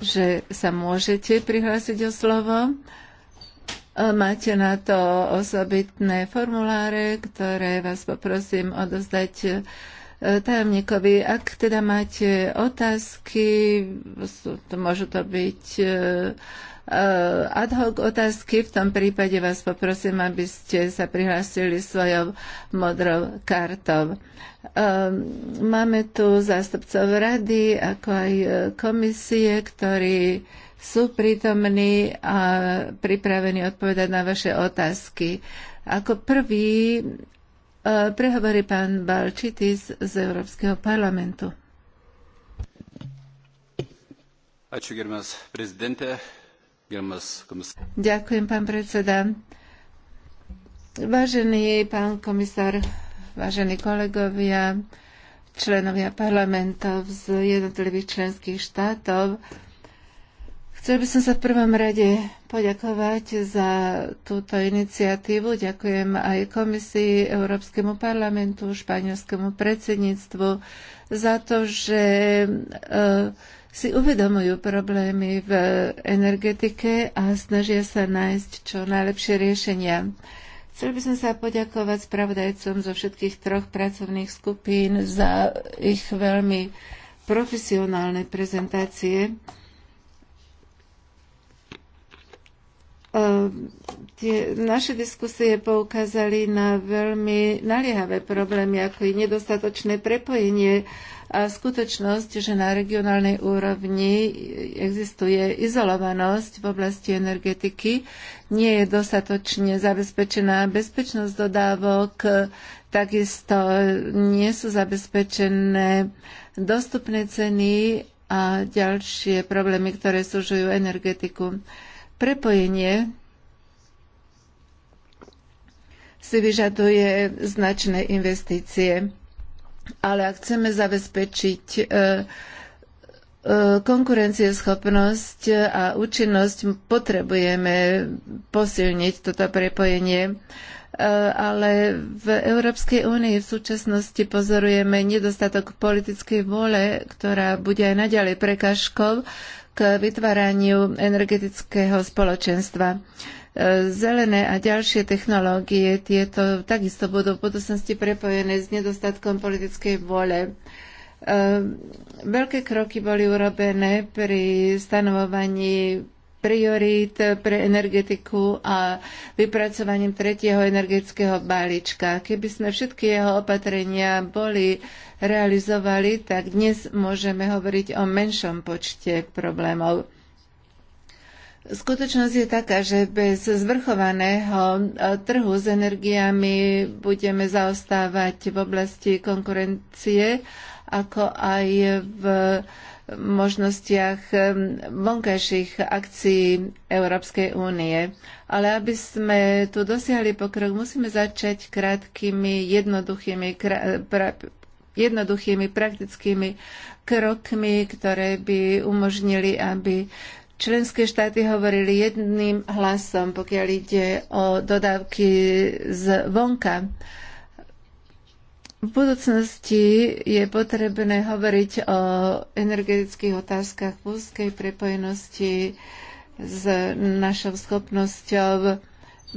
že sa môžete prihlásiť o slovo. E, máte na to osobitné formuláre, ktoré vás poprosím odozdať e, tajomníkovi. Ak teda máte otázky, môžu to byť e, Eh, ad hoc otázky. V tom prípade vás poprosím, aby ste sa prihlásili svojou modrou kartou. Eh, máme tu zástupcov rady, ako aj eh, komisie, ktorí sú prítomní a pripravení odpovedať na vaše otázky. Ako prvý prehovorí pán Balčitis z Európskeho parlamentu. Ačiū, gerbiamas prezidente, Ďakujem, pán predseda. Vážený pán komisár, vážení kolegovia, členovia parlamentov z jednotlivých členských štátov, Chcel by som sa v prvom rade poďakovať za túto iniciatívu. Ďakujem aj Komisii, Európskemu parlamentu, španielskému predsedníctvu za to, že e, si uvedomujú problémy v energetike a snažia sa nájsť čo najlepšie riešenia. Chcel by som sa poďakovať spravodajcom zo všetkých troch pracovných skupín za ich veľmi profesionálne prezentácie. Ehm, tie naše diskusie poukázali na veľmi naliehavé problémy, ako je nedostatočné prepojenie a skutočnosť, že na regionálnej úrovni existuje izolovanosť v oblasti energetiky, nie je dostatočne zabezpečená bezpečnosť dodávok, takisto nie sú zabezpečené dostupné ceny a ďalšie problémy, ktoré súžujú energetiku prepojenie si vyžaduje značné investície. Ale ak chceme zabezpečiť e, e, konkurencieschopnosť a účinnosť, potrebujeme posilniť toto prepojenie e, ale v Európskej únii v súčasnosti pozorujeme nedostatok politickej vôle, ktorá bude aj naďalej prekážkou k vytváraniu energetického spoločenstva. E, zelené a ďalšie technológie tieto takisto budú v budúcnosti prepojené s nedostatkom politickej vôle. E, veľké kroky boli urobené pri stanovovaní priorít pre energetiku a vypracovaním tretieho energetického balíčka. Keby sme všetky jeho opatrenia boli realizovali, tak dnes môžeme hovoriť o menšom počte problémov. Skutočnosť je taká, že bez zvrchovaného trhu s energiami budeme zaostávať v oblasti konkurencie, ako aj v možnostiach vonkajších akcií Európskej únie. Ale aby sme tu dosiahli pokrok, musíme začať krátkými, jednoduchými, krá, pra, jednoduchými praktickými krokmi, ktoré by umožnili, aby členské štáty hovorili jedným hlasom, pokiaľ ide o dodávky z vonka v budúcnosti je potrebné hovoriť o energetických otázkach v úzkej prepojenosti s našou schopnosťou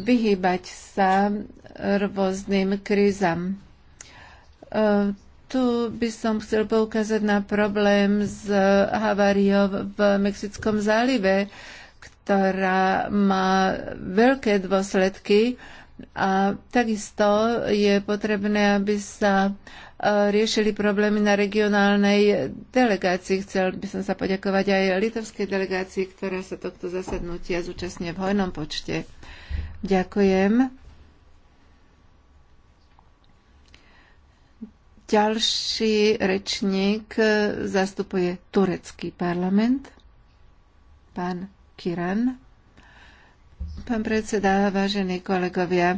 vyhýbať sa rôznym krízam. E, tu by som chcel poukázať na problém s haváriou v Mexickom zálive, ktorá má veľké dôsledky a takisto je potrebné, aby sa e, riešili problémy na regionálnej delegácii. Chcel by som sa poďakovať aj litovskej delegácii, ktorá sa tohto zasadnutia zúčastňuje v hojnom počte. Ďakujem. Ďalší rečník zastupuje turecký parlament, pán Kiran. Pán predseda, vážení kolegovia,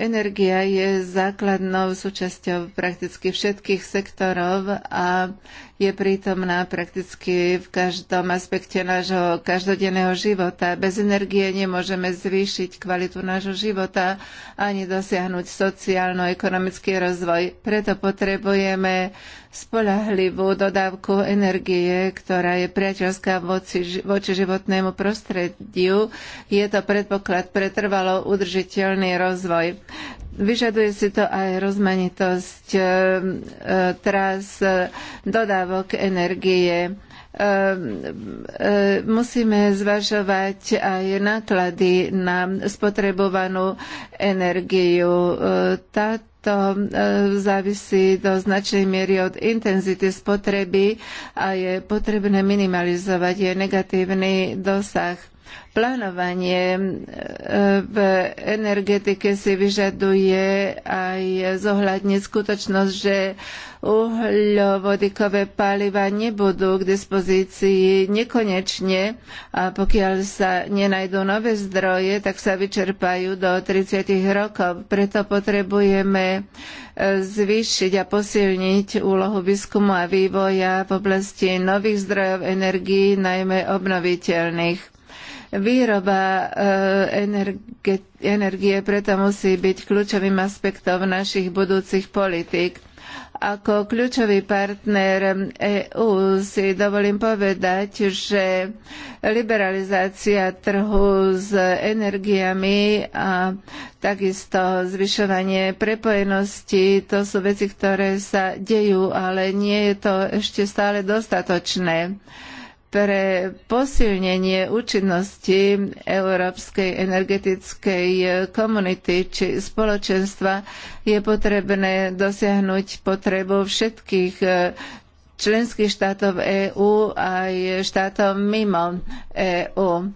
energia je základnou súčasťou prakticky všetkých sektorov a je prítomná prakticky v každom aspekte nášho každodenného života. Bez energie nemôžeme zvýšiť kvalitu nášho života ani dosiahnuť sociálno-ekonomický rozvoj. Preto potrebujeme spolahlivú dodávku energie, ktorá je priateľská voci, voči životnému prostrediu. Je to predpoklad pre trvalo udržiteľný rozvoj. Vyžaduje si to aj rozmanitosť e, e, tras e, dodávok energie Ehm, ehm, musíme zvažovať aj náklady na spotrebovanú energiu. Ehm, táto závisí do značnej miery od intenzity spotreby a je potrebné minimalizovať jej negatívny dosah. Plánovanie e, v energetike si vyžaduje aj zohľadniť skutočnosť, že uhľovodikové paliva nebudú k dispozícii nekonečne a pokiaľ sa nenajdú nové zdroje, tak sa vyčerpajú do 30 rokov. Preto potrebujeme e, zvýšiť a posilniť úlohu výskumu a vývoja v oblasti nových zdrojov energií, najmä obnoviteľných Výroba eh, energie, energie preto musí byť kľúčovým aspektom našich budúcich politík. Ako kľúčový partner EÚ si dovolím povedať, že liberalizácia trhu s energiami a takisto zvyšovanie prepojenosti, to sú veci, ktoré sa dejú, ale nie je to ešte stále dostatočné pre posilnenie účinnosti Európskej energetickej komunity či spoločenstva je potrebné dosiahnuť potrebu všetkých e, členských štátov EÚ aj štátov mimo EÚ.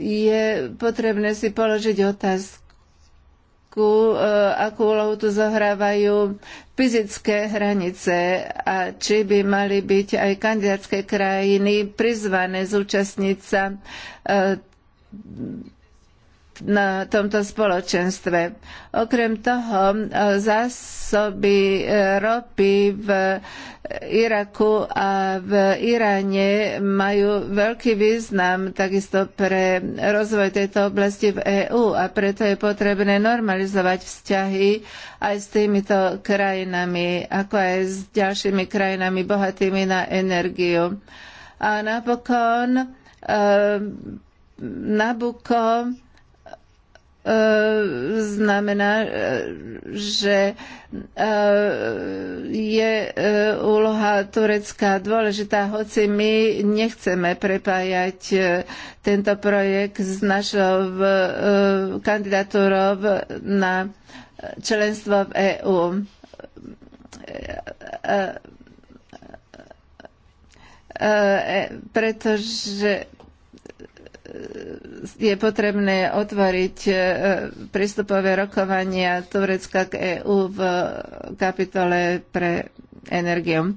Je potrebné si položiť otázku, otázku, e, akú úlohu tu zohrávajú fyzické hranice a či by mali byť aj kandidátske krajiny prizvané zúčastniť sa e, na tomto spoločenstve. Okrem toho e, zásoby e, ropy v Iraku a v Iráne majú veľký význam takisto pre rozvoj tejto oblasti v EÚ a preto je potrebné normalizovať vzťahy aj s týmito krajinami, ako aj s ďalšími krajinami bohatými na energiu. A napokon e, Nabucco E, znamená, e, že e, je úloha Turecka dôležitá, hoci my nechceme prepájať tento projekt s našou kandidatúrou na členstvo v EÚ pretože je potrebné otvoriť e, prístupové rokovania Turecka k EÚ v kapitole pre energiu.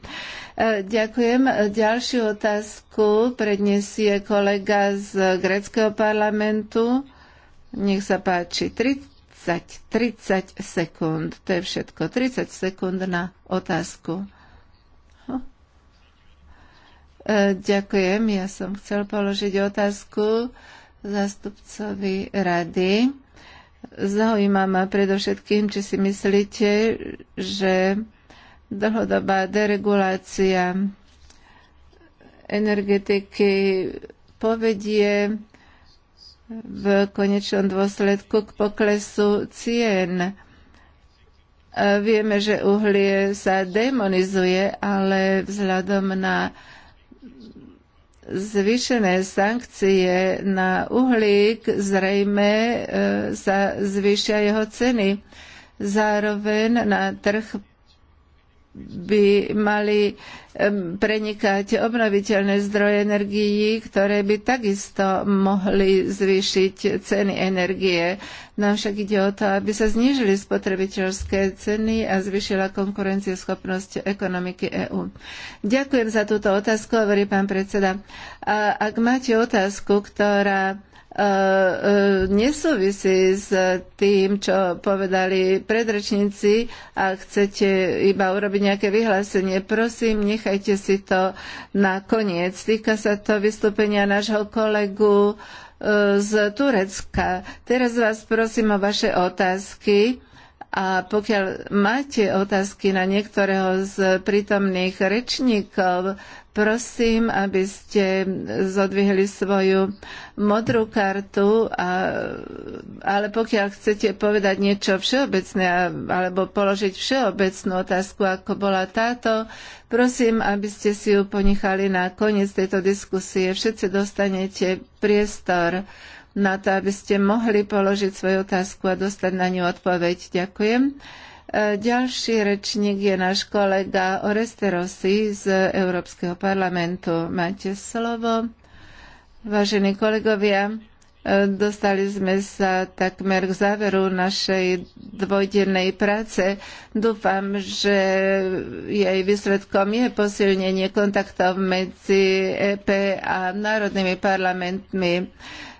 E, ďakujem. Ďalšiu otázku predniesie kolega z greckého parlamentu. Nech sa páči. 30, 30 sekúnd. To je všetko. 30 sekúnd na otázku. E, ďakujem. Ja som chcel položiť otázku zastupcovi rady. Zaujíma ma predovšetkým, či si myslíte, že dlhodobá deregulácia energetiky povedie v konečnom dôsledku k poklesu cien. E, vieme, že uhlie sa demonizuje, ale vzhľadom na zvýšené sankcie na uhlík, zrejme e, sa zvýšia jeho ceny. Zároveň na trh by mali prenikať obnoviteľné zdroje energií, ktoré by takisto mohli zvýšiť ceny energie. Nám no však ide o to, aby sa znížili spotrebiteľské ceny a zvýšila konkurencieschopnosť ekonomiky EÚ. Ďakujem za túto otázku, hovorí pán predseda. A ak máte otázku, ktorá E, e, nesúvisí s tým, čo povedali predrečníci. A chcete iba urobiť nejaké vyhlásenie, prosím, nechajte si to na koniec. Týka sa to vystúpenia nášho kolegu e, z Turecka. Teraz vás prosím o vaše otázky. A pokiaľ máte otázky na niektorého z prítomných rečníkov, Prosím, aby ste zodvihli svoju modrú kartu, a, ale pokiaľ chcete povedať niečo všeobecné alebo položiť všeobecnú otázku, ako bola táto, prosím, aby ste si ju ponechali na koniec tejto diskusie. Všetci dostanete priestor na to, aby ste mohli položiť svoju otázku a dostať na ňu odpoveď. Ďakujem. Ďalší rečník je náš kolega Oresterosi z Európskeho parlamentu. Máte slovo. Vážení kolegovia, dostali sme sa takmer k záveru našej dvojdennej práce. Dúfam, že jej výsledkom je posilnenie kontaktov medzi EP a národnými parlamentmi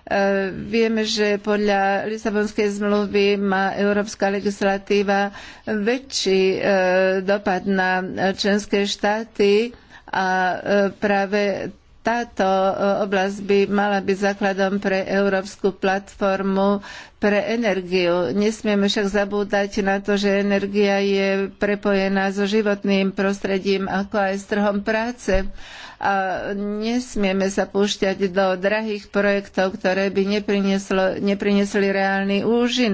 Eh, vieme, že podľa Lisabonskej zmluvy má európska legislatíva väčší eh, dopad na členské štáty a eh, práve táto oblasť by mala byť základom pre európsku platformu pre energiu. Nesmieme však zabúdať na to, že energia je prepojená so životným prostredím, ako aj s trhom práce a nesmieme sa púšťať do drahých projektov, ktoré by neprinesli reálny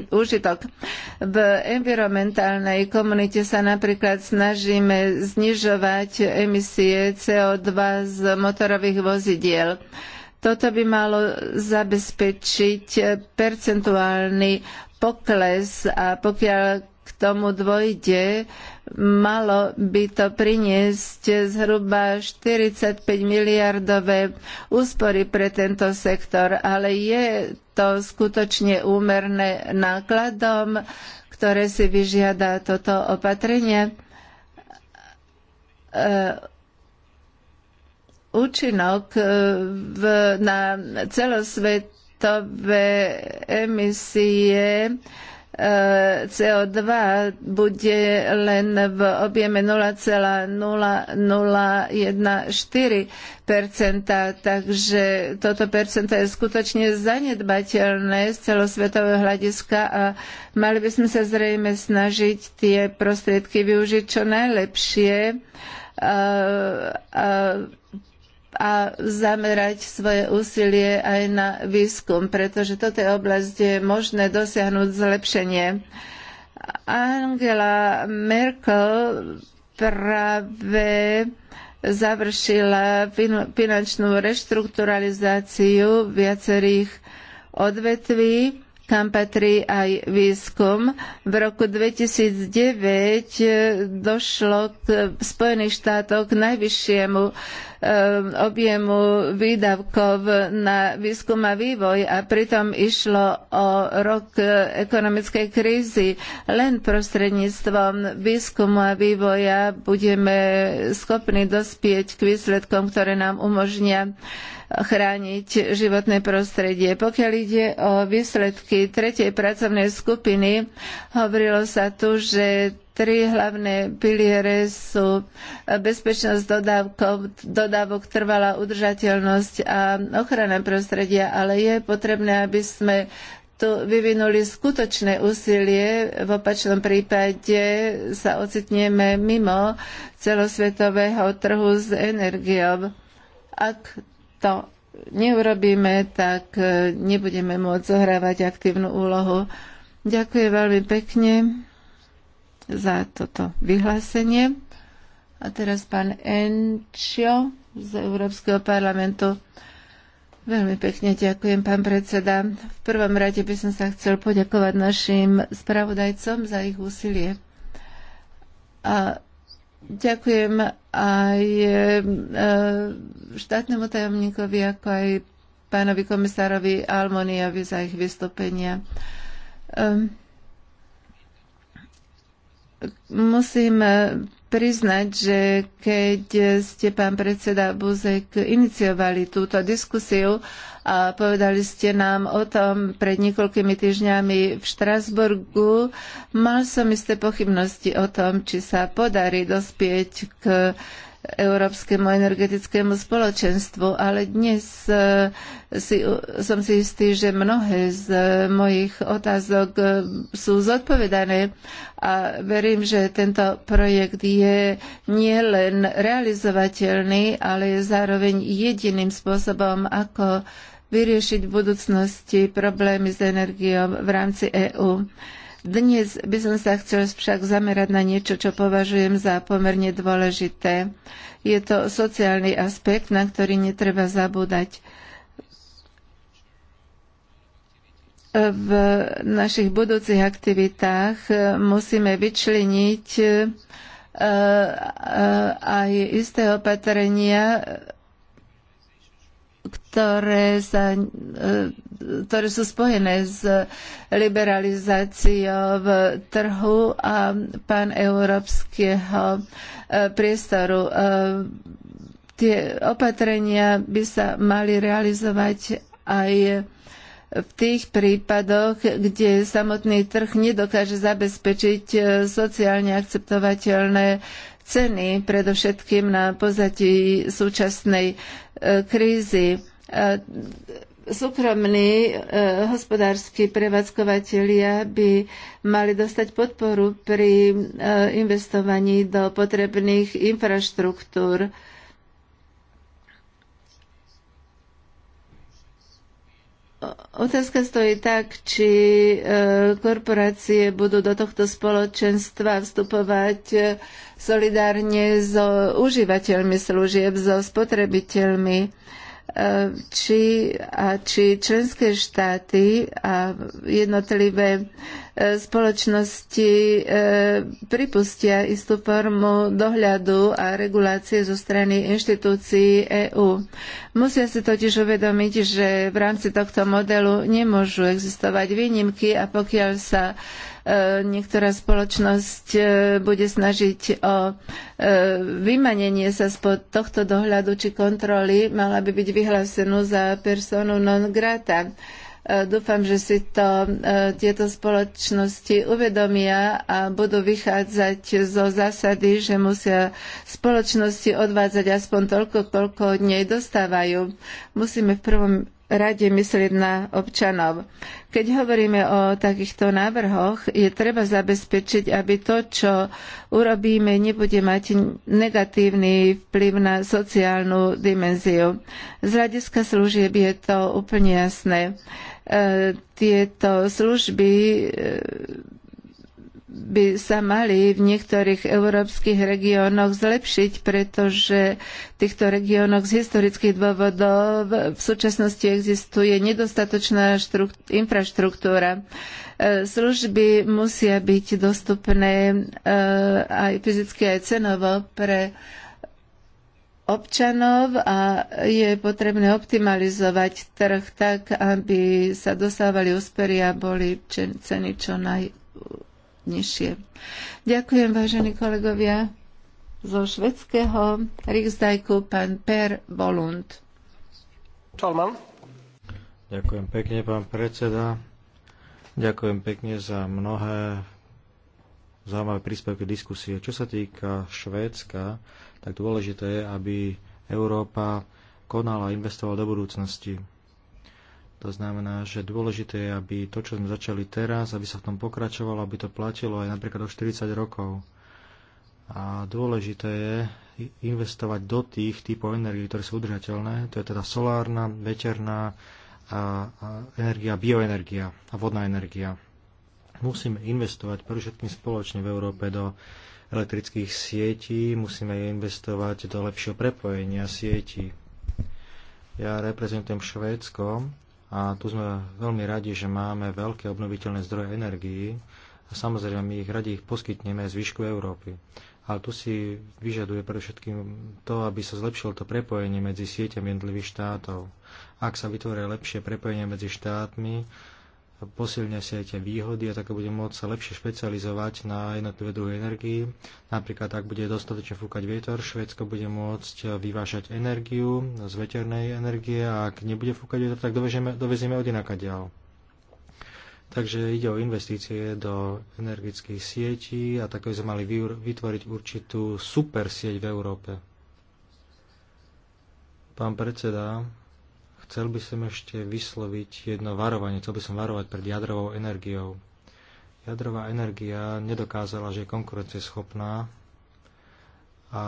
úžitok. V environmentálnej komunite sa napríklad snažíme znižovať emisie CO2 z motorových vozidiel. Toto by malo zabezpečiť percentuálny pokles a pokiaľ k tomu dôjde, malo by to priniesť zhruba 45 miliardové úspory pre tento sektor, ale je to skutočne úmerné nákladom, ktoré si vyžiada toto opatrenie. E, účinok e, v, na celosvetové emisie E, CO2 bude len v objeme 0,0014 takže toto percento je skutočne zanedbateľné z celosvetového hľadiska a mali by sme sa zrejme snažiť tie prostriedky využiť čo najlepšie. A, a a zamerať svoje úsilie aj na výskum, pretože toto je oblasť, kde je možné dosiahnuť zlepšenie. Angela Merkel práve završila finančnú reštrukturalizáciu viacerých odvetví kam patrí aj výskum. V roku 2009 e, došlo k Spojených štátoch k najvyššiemu e, objemu výdavkov na výskum a vývoj a pritom išlo o rok ekonomickej krízy. Len prostredníctvom výskumu a vývoja budeme schopní dospieť k výsledkom, ktoré nám umožnia chrániť životné prostredie. Pokiaľ ide o výsledky tretej pracovnej skupiny, hovorilo sa tu, že tri hlavné piliere sú bezpečnosť dodávkov, dodávok, trvalá udržateľnosť a ochrana prostredia, ale je potrebné, aby sme tu vyvinuli skutočné úsilie. V opačnom prípade sa ocitneme mimo celosvetového trhu s energiou. Ak to neurobíme, tak e, nebudeme môcť zohrávať aktívnu úlohu. Ďakujem veľmi pekne za toto vyhlásenie. A teraz pán Enčio z Európskeho parlamentu. Veľmi pekne ďakujem, pán predseda. V prvom rade by som sa chcel poďakovať našim spravodajcom za ich úsilie. A Ďakujem aj eh, štátnemu tajomníkovi, ako aj pánovi komisárovi Almoniovi za ich vystúpenia. Ehm, musím eh, priznať, že keď ste, pán predseda Buzek, iniciovali túto diskusiu a povedali ste nám o tom pred niekoľkými týždňami v Štrasburgu, mal som isté pochybnosti o tom, či sa podarí dospieť k Európskemu energetickému spoločenstvu, ale dnes e, si, som si istý, že mnohé z mojich otázok e, sú zodpovedané a verím, že tento projekt je nielen realizovateľný, ale je zároveň jediným spôsobom, ako vyriešiť v budúcnosti problémy s energiou v rámci EÚ. Dnes by som sa chcel však zamerať na niečo, čo považujem za pomerne dôležité. Je to sociálny aspekt, na ktorý netreba zabúdať. V našich budúcich aktivitách musíme vyčleniť eh, eh, aj isté opatrenia, ktoré, sa, e, ktoré sú spojené s liberalizáciou trhu a pán európskeho e, priestoru. E, tie opatrenia by sa mali realizovať aj v tých prípadoch, kde samotný trh nedokáže zabezpečiť sociálne akceptovateľné ceny, predovšetkým na pozadí súčasnej krízy E, súkromní e, hospodársky prevádzkovateľia by mali dostať podporu pri e, investovaní do potrebných infraštruktúr. Otázka stojí tak, či korporácie budú do tohto spoločenstva vstupovať e, solidárne so užívateľmi služieb, so spotrebiteľmi či, či členské štáty a jednotlivé e, spoločnosti e, pripustia istú formu dohľadu a regulácie zo strany inštitúcií EÚ. Musia si totiž uvedomiť, že v rámci tohto modelu nemôžu existovať výnimky a pokiaľ sa E, niektorá spoločnosť e, bude snažiť o e, vymanenie sa spod tohto dohľadu či kontroly, mala by byť vyhlásenú za personu non grata. Dúfam, že si to tieto spoločnosti uvedomia a budú vychádzať zo zásady, že musia spoločnosti odvádzať aspoň toľko, koľko od nej dostávajú. Musíme v prvom rade myslieť na občanov. Keď hovoríme o takýchto návrhoch, je treba zabezpečiť, aby to, čo urobíme, nebude mať negatívny vplyv na sociálnu dimenziu. Z hľadiska služieb je to úplne jasné. E, tieto služby e, by sa mali v niektorých európskych regiónoch zlepšiť, pretože v týchto regiónoch z historických dôvodov v súčasnosti existuje nedostatočná infraštruktúra. E, služby musia byť dostupné e, aj fyzicky, aj cenovo pre občanov a je potrebné optimalizovať trh tak, aby sa dosávali úspery a boli ceny čo naj nižšie. Ďakujem, vážení kolegovia. Zo švedského Riksdajku pán Per Volund. Čalman. Ďakujem pekne, pán predseda. Ďakujem pekne za mnohé zaujímavé príspevky diskusie. Čo sa týka Švédska, tak dôležité je, aby Európa konala a investovala do budúcnosti. To znamená, že dôležité je, aby to, čo sme začali teraz, aby sa v tom pokračovalo, aby to platilo aj napríklad o 40 rokov. A dôležité je investovať do tých typov energií, ktoré sú udržateľné. To je teda solárna, veterná, a, a energia, bioenergia a vodná energia. Musíme investovať všetkým spoločne v Európe do elektrických sietí, musíme investovať do lepšieho prepojenia sietí. Ja reprezentujem Švédsko a tu sme veľmi radi, že máme veľké obnoviteľné zdroje energií a samozrejme my ich radi ich poskytneme zvyšku Európy. Ale tu si vyžaduje predovšetkým to, aby sa zlepšilo to prepojenie medzi sieťami jednotlivých štátov. Ak sa vytvorí lepšie prepojenie medzi štátmi, posilnia si aj tie výhody a tak bude môcť sa lepšie špecializovať na jednotlivé druhy energii. Napríklad, ak bude dostatočne fúkať vietor, Švédsko bude môcť vyvážať energiu z veternej energie a ak nebude fúkať vietor, tak dovezieme, od inaka ďal. Takže ide o investície do energických sietí a tak by sme mali vytvoriť určitú super sieť v Európe. Pán predseda, Chcel by som ešte vysloviť jedno varovanie. Chcel by som varovať pred jadrovou energiou. Jadrová energia nedokázala, že je konkurencieschopná a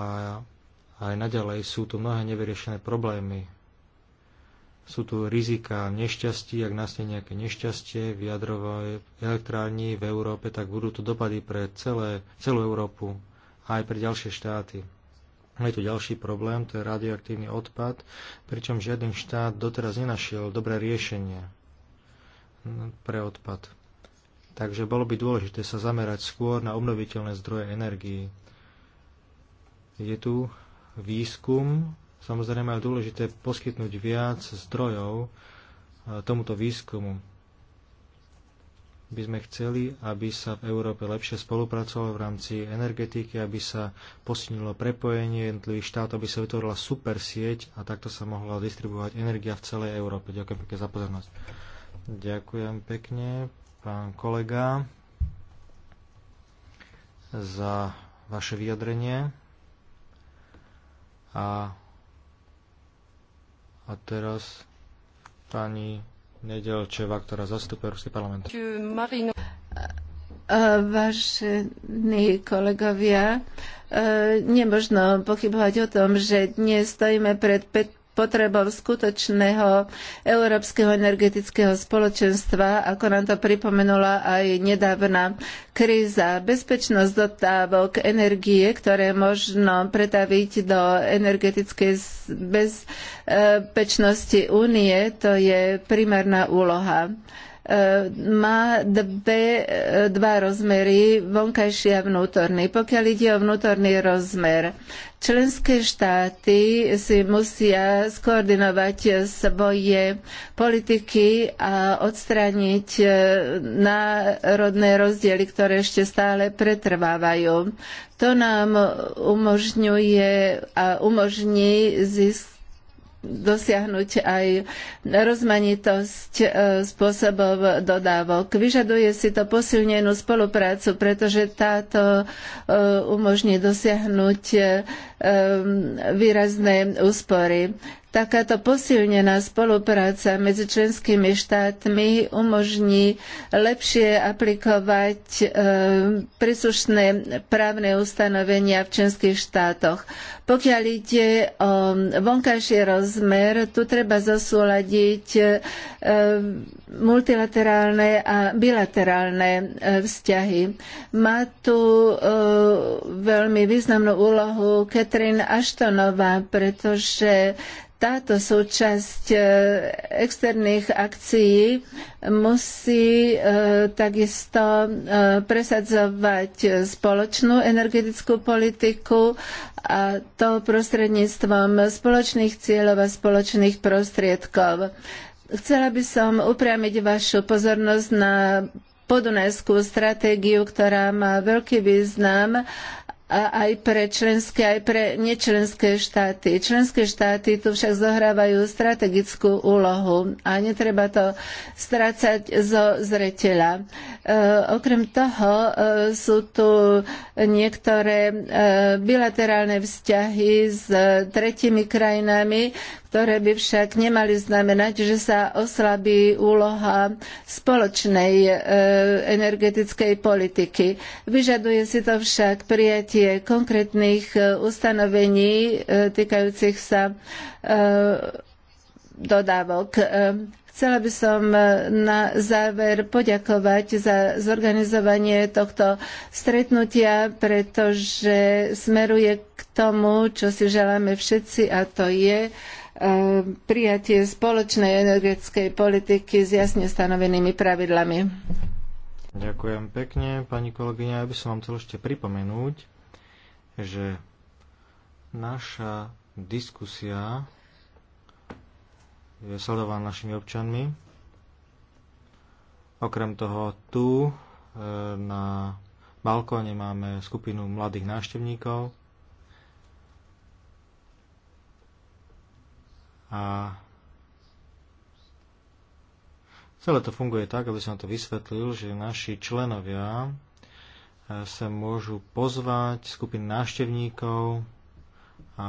aj naďalej sú tu mnohé nevyriešené problémy. Sú tu rizika nešťastí, ak nastane nejaké nešťastie v jadrovej elektrárni v Európe, tak budú tu dopady pre celé, celú Európu a aj pre ďalšie štáty. Je tu ďalší problém, to je radioaktívny odpad, pričom žiadny štát doteraz nenašiel dobré riešenie pre odpad. Takže bolo by dôležité sa zamerať skôr na obnoviteľné zdroje energií. Je tu výskum, samozrejme je dôležité poskytnúť viac zdrojov e, tomuto výskumu by sme chceli, aby sa v Európe lepšie spolupracovalo v rámci energetiky, aby sa posilnilo prepojenie jednotlivých štátov, aby sa vytvorila super sieť a takto sa mohla distribuovať energia v celej Európe. Ďakujem pekne za pozornosť. Ďakujem pekne, pán kolega, za vaše vyjadrenie. A, a teraz pani Nedelčeva, ktorá zastupuje Ruský parlament. Vážení kolegovia, nemožno pochybovať o tom, že dnes stojíme pred 15 potrebou skutočného európskeho energetického spoločenstva, ako nám to pripomenula aj nedávna kríza. Bezpečnosť dotávok energie, ktoré možno pretaviť do energetickej bezpečnosti únie, to je primárna úloha. Ehm, má dve, e, dva rozmery, vonkajší a vnútorný. Pokiaľ ide o vnútorný rozmer, členské štáty si musia skoordinovať svoje politiky a odstrániť e, národné rozdiely, ktoré ešte stále pretrvávajú. To nám umožňuje a umožní získať dosiahnuť aj rozmanitosť e, spôsobov dodávok. Vyžaduje si to posilnenú spoluprácu, pretože táto e, umožní dosiahnuť e, výrazné úspory. Takáto posilnená spolupráca medzi členskými štátmi umožní lepšie aplikovať príslušné právne ustanovenia v členských štátoch. Pokiaľ ide o vonkajší rozmer, tu treba zosúľadiť multilaterálne a bilaterálne e, vzťahy. Má tu e, veľmi významnú úlohu Katrin Aštonová, pretože táto súčasť e, externých akcií musí takisto presadzovať spoločnú energetickú politiku a to prostredníctvom spoločných cieľov a spoločných prostriedkov. Chcela by som upriamiť vašu pozornosť na podunajskú stratégiu, ktorá má veľký význam aj pre členské, aj pre nečlenské štáty. Členské štáty tu však zohrávajú strategickú úlohu a netreba to strácať zo zreteľa. E, okrem toho e, sú tu niektoré e, bilaterálne vzťahy s tretimi krajinami, ktoré by však nemali znamenať, že sa oslabí úloha spoločnej e, energetickej politiky. Vyžaduje si to však prijatie konkrétnych e, ustanovení e, týkajúcich sa dodávok. Chcela by som na záver poďakovať za zorganizovanie tohto stretnutia, pretože smeruje k tomu, čo si želáme všetci, a to je E, prijatie spoločnej energetickej politiky s jasne stanovenými pravidlami. Ďakujem pekne, pani kolegyňa. Ja by som vám chcel ešte pripomenúť, že naša diskusia je sledovaná našimi občanmi. Okrem toho tu e, na balkóne máme skupinu mladých návštevníkov, A celé to funguje tak, aby som to vysvetlil, že naši členovia eh, sa môžu pozvať skupiny návštevníkov a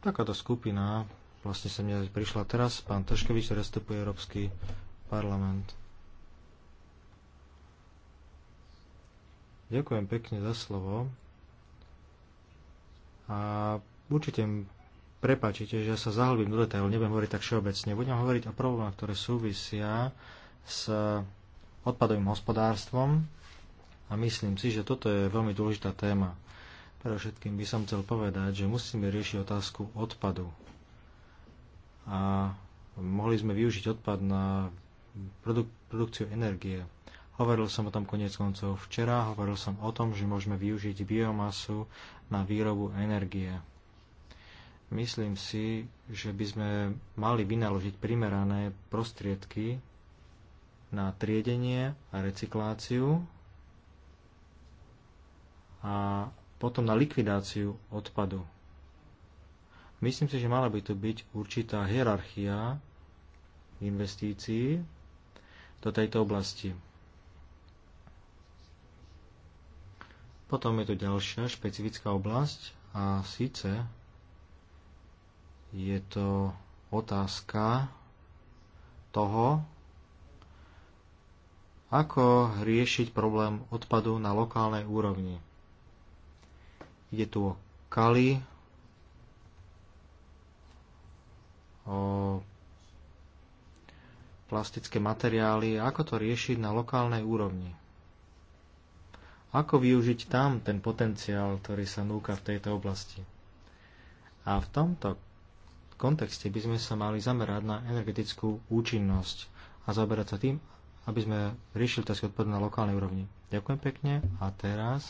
takáto skupina vlastne sa mňa prišla teraz, pán Taškevič zastupuje Európsky parlament. Ďakujem pekne za slovo. A Určite prepáčite, že ja sa zahlbím do detailu, nebudem hovoriť tak všeobecne. Budem hovoriť o problémoch, ktoré súvisia s odpadovým hospodárstvom a myslím si, že toto je veľmi dôležitá téma. Pre všetkým by som chcel povedať, že musíme riešiť otázku odpadu. A mohli sme využiť odpad na produk- produkciu energie. Hovoril som o tom konec koncov včera, hovoril som o tom, že môžeme využiť biomasu na výrobu energie. Myslím si, že by sme mali vynaložiť primerané prostriedky na triedenie a recykláciu a potom na likvidáciu odpadu. Myslím si, že mala by tu byť určitá hierarchia investícií do tejto oblasti. Potom je tu ďalšia špecifická oblasť a síce je to otázka toho, ako riešiť problém odpadu na lokálnej úrovni. Ide tu o kali, o plastické materiály, ako to riešiť na lokálnej úrovni. Ako využiť tam ten potenciál, ktorý sa núka v tejto oblasti. A v tomto kontexte by sme sa mali zamerať na energetickú účinnosť a zaoberať sa tým, aby sme riešili otázky odpadu na lokálnej úrovni. Ďakujem pekne a teraz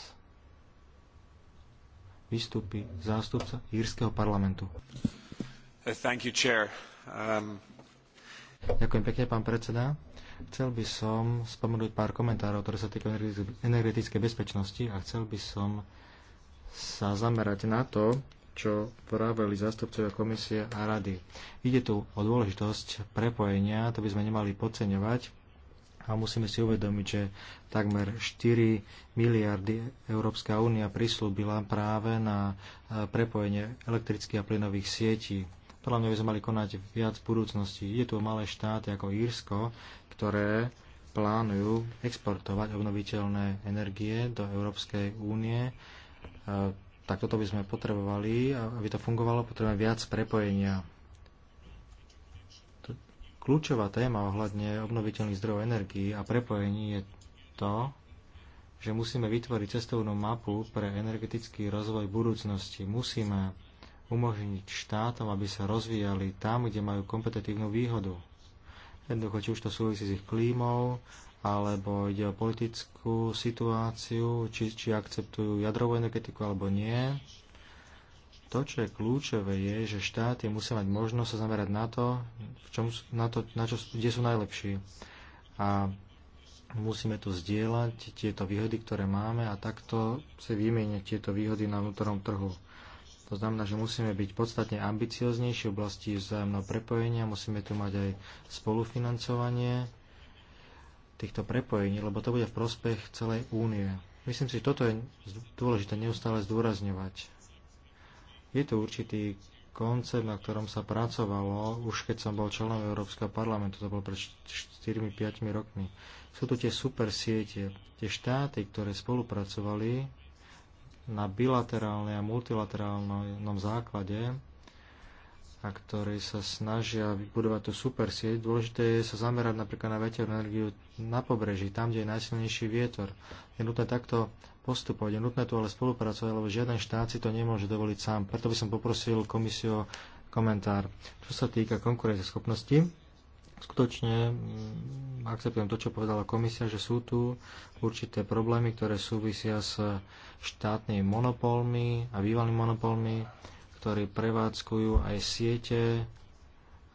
vystúpi zástupca Írskeho parlamentu. You, um... Ďakujem pekne, pán predseda. Chcel by som spomenúť pár komentárov, ktoré sa týkajú energetickej bezpečnosti a chcel by som sa zamerať na to, čo vraveli zástupcovia komisie a rady. Ide tu o dôležitosť prepojenia, to by sme nemali podceňovať a musíme si uvedomiť, že takmer 4 miliardy Európska únia prislúbila práve na e, prepojenie elektrických a plynových sietí. Podľa mňa by sme mali konať viac v budúcnosti. Ide tu o malé štáty ako Írsko, ktoré plánujú exportovať obnoviteľné energie do Európskej únie e, tak toto by sme potrebovali, aby to fungovalo, potrebujeme viac prepojenia. Kľúčová téma ohľadne obnoviteľných zdrojov energií a prepojení je to, že musíme vytvoriť cestovnú mapu pre energetický rozvoj budúcnosti. Musíme umožniť štátom, aby sa rozvíjali tam, kde majú kompetitívnu výhodu. Jednoducho, či už to súvisí s ich klímou, alebo ide o politickú situáciu, či, či akceptujú jadrovú energetiku alebo nie. To, čo je kľúčové, je, že štáty musia mať možnosť sa zamerať na to, v čom, na to na čo, kde sú najlepší. A musíme tu zdieľať tieto výhody, ktoré máme a takto si vymeniať tieto výhody na vnútornom trhu. To znamená, že musíme byť podstatne ambicioznejší v oblasti vzájomného prepojenia, musíme tu mať aj spolufinancovanie týchto prepojení, lebo to bude v prospech celej únie. Myslím si, že toto je dôležité neustále zdôrazňovať. Je to určitý koncept, na ktorom sa pracovalo, už keď som bol členom Európskeho parlamentu, to bolo pred 4-5 rokmi. Sú tu tie super siete, tie štáty, ktoré spolupracovali na bilaterálnej a multilaterálnom základe a ktoré sa snažia vybudovať tú super sieť. Dôležité je sa zamerať napríklad na veternú energiu na pobreží, tam, kde je najsilnejší vietor. Je nutné takto postupovať, je nutné tu ale spolupracovať, lebo žiaden štát si to nemôže dovoliť sám. Preto by som poprosil komisiu o komentár. Čo sa týka konkurenceschopnosti, skutočne mm, akceptujem to, čo povedala komisia, že sú tu určité problémy, ktoré súvisia s štátnymi monopolmi a bývalými monopolmi ktorí prevádzkujú aj siete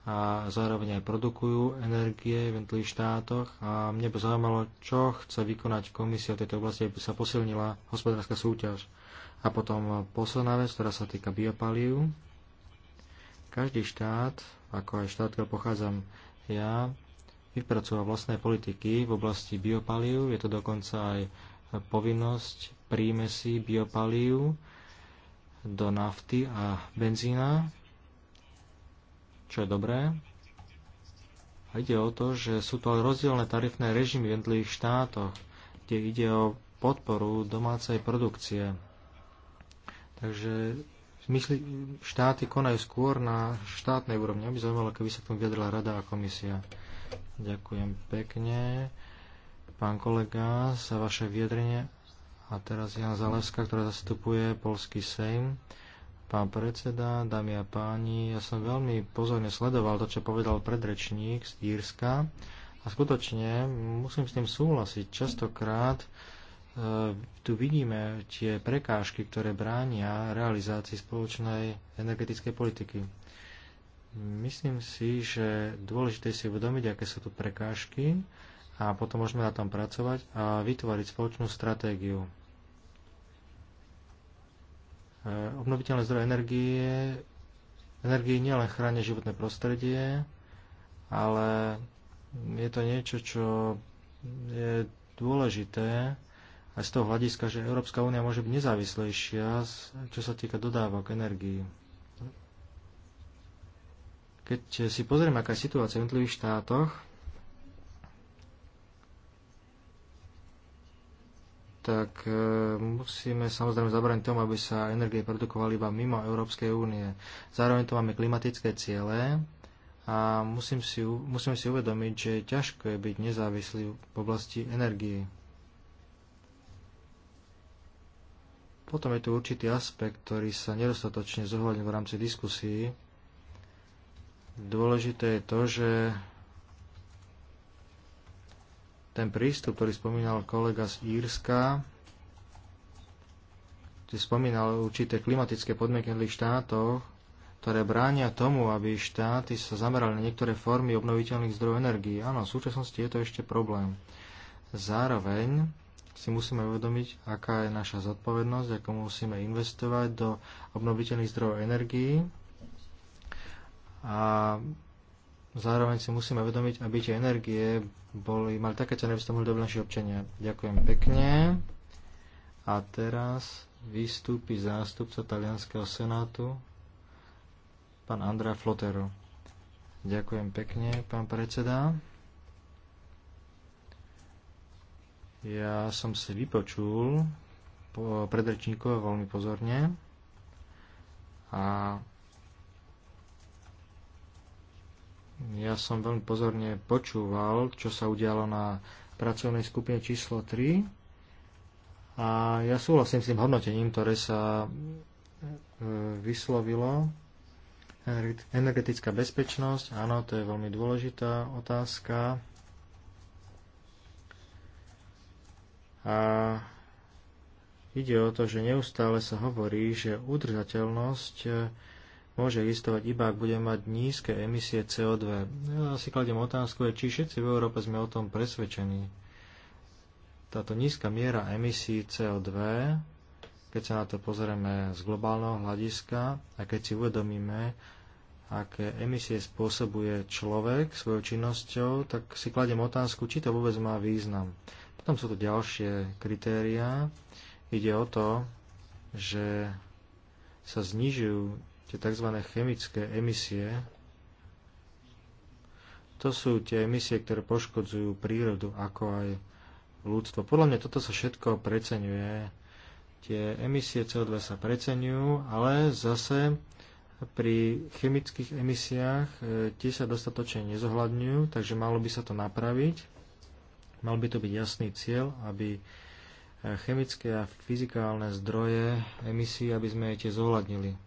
a zároveň aj produkujú energie v jednotlivých štátoch. A mne by zaujímalo, čo chce vykonať komisia v tejto oblasti, aby sa posilnila hospodárska súťaž. A potom posledná vec, ktorá sa týka biopalív. Každý štát, ako aj štát, ktorý pochádzam ja, vypracúva vlastné politiky v oblasti biopalív. Je to dokonca aj povinnosť príjme si biopalív do nafty a benzína, čo je dobré. A ide o to, že sú to rozdielne tarifné režimy v jednotlivých štátoch, kde ide o podporu domácej produkcie. Takže myslí, štáty konajú skôr na štátnej úrovni. Aby zaujímalo, keby sa k tomu vyjadrila rada a komisia. Ďakujem pekne. Pán kolega, za vaše vyjadrenie a teraz Jan Zaleska, ktorá zastupuje Polský Sejm. Pán predseda, dámy a páni, ja som veľmi pozorne sledoval to, čo povedal predrečník z Írska a skutočne musím s tým súhlasiť. Častokrát e, tu vidíme tie prekážky, ktoré bránia realizácii spoločnej energetickej politiky. Myslím si, že dôležité si uvedomiť, aké sú tu prekážky a potom môžeme na tom pracovať a vytvoriť spoločnú stratégiu. Eh, obnoviteľné zdroje energie, energie nielen chránia životné prostredie, ale je to niečo, čo je dôležité aj z toho hľadiska, že Európska únia môže byť nezávislejšia, čo sa týka dodávok energii. Keď si pozrieme, aká je situácia v jednotlivých štátoch, tak e, musíme samozrejme zabrániť tomu, aby sa energie produkovali iba mimo Európskej únie. Zároveň tu máme klimatické ciele a musím si, musíme si uvedomiť, že ťažko je byť nezávislý v oblasti energie. Potom je tu určitý aspekt, ktorý sa nedostatočne zohľadňuje v rámci diskusí. Dôležité je to, že ten prístup, ktorý spomínal kolega z Írska, kde spomínal určité klimatické podmienky v štátoch, ktoré bránia tomu, aby štáty sa zamerali na niektoré formy obnoviteľných zdrojov energií. Áno, v súčasnosti je to ešte problém. Zároveň si musíme uvedomiť, aká je naša zodpovednosť, ako musíme investovať do obnoviteľných zdrojov energií. A zároveň si musíme vedomiť, aby tie energie boli, mali také ceny, aby ste mohli dobre naši občania. Ďakujem pekne. A teraz vystúpi zástupca Talianského senátu, pán Andrea Flotero. Ďakujem pekne, pán predseda. Ja som si vypočul predrečníkov veľmi pozorne a Ja som veľmi pozorne počúval, čo sa udialo na pracovnej skupine číslo 3 a ja súhlasím s tým hodnotením, ktoré sa e, vyslovilo. Energetická bezpečnosť, áno, to je veľmi dôležitá otázka. A ide o to, že neustále sa hovorí, že udržateľnosť e, môže existovať iba, ak budeme mať nízke emisie CO2. Ja si kladiem otázku, či všetci v Európe sme o tom presvedčení. Táto nízka miera emisí CO2, keď sa na to pozrieme z globálneho hľadiska a keď si uvedomíme, aké emisie spôsobuje človek svojou činnosťou, tak si kladiem otázku, či to vôbec má význam. Potom sú to ďalšie kritériá. Ide o to, že sa znižujú tie tzv. chemické emisie, to sú tie emisie, ktoré poškodzujú prírodu, ako aj ľudstvo. Podľa mňa toto sa všetko preceňuje. Tie emisie CO2 sa preceňujú, ale zase pri chemických emisiách e, tie sa dostatočne nezohľadňujú, takže malo by sa to napraviť. Mal by to byť jasný cieľ, aby e, chemické a fyzikálne zdroje emisí, aby sme tie zohľadnili.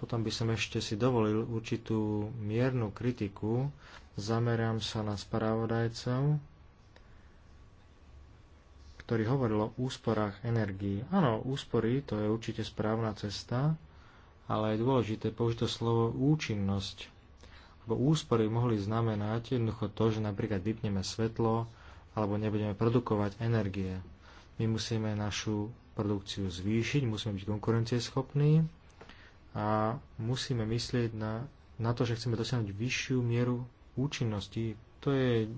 Potom by som ešte si dovolil určitú miernu kritiku. Zamerám sa na spravodajcov, ktorý hovoril o úsporách energií. Áno, úspory to je určite správna cesta, ale je dôležité použiť to slovo účinnosť. Lebo úspory mohli znamenať jednoducho to, že napríklad vypneme svetlo alebo nebudeme produkovať energie. My musíme našu produkciu zvýšiť, musíme byť konkurencieschopní a musíme myslieť na, na to, že chceme dosiahnuť vyššiu mieru účinnosti. To je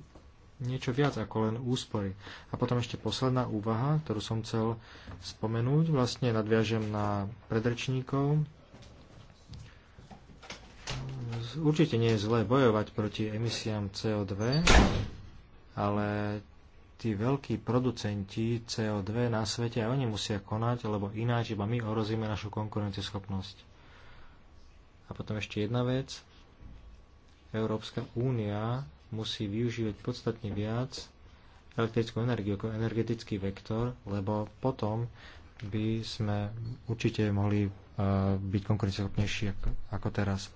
niečo viac ako len úspory. A potom ešte posledná úvaha, ktorú som chcel spomenúť, vlastne nadviažem na predrečníkov. Určite nie je zlé bojovať proti emisiám CO2, ale tí veľkí producenti CO2 na svete aj oni musia konať, lebo ináč iba my ohrozíme našu konkurencieschopnosť. A potom ešte jedna vec. Európska únia musí využívať podstatne viac elektrickú energiu ako energetický vektor, lebo potom by sme určite mohli e, byť konkurenceschopnejší ako teraz.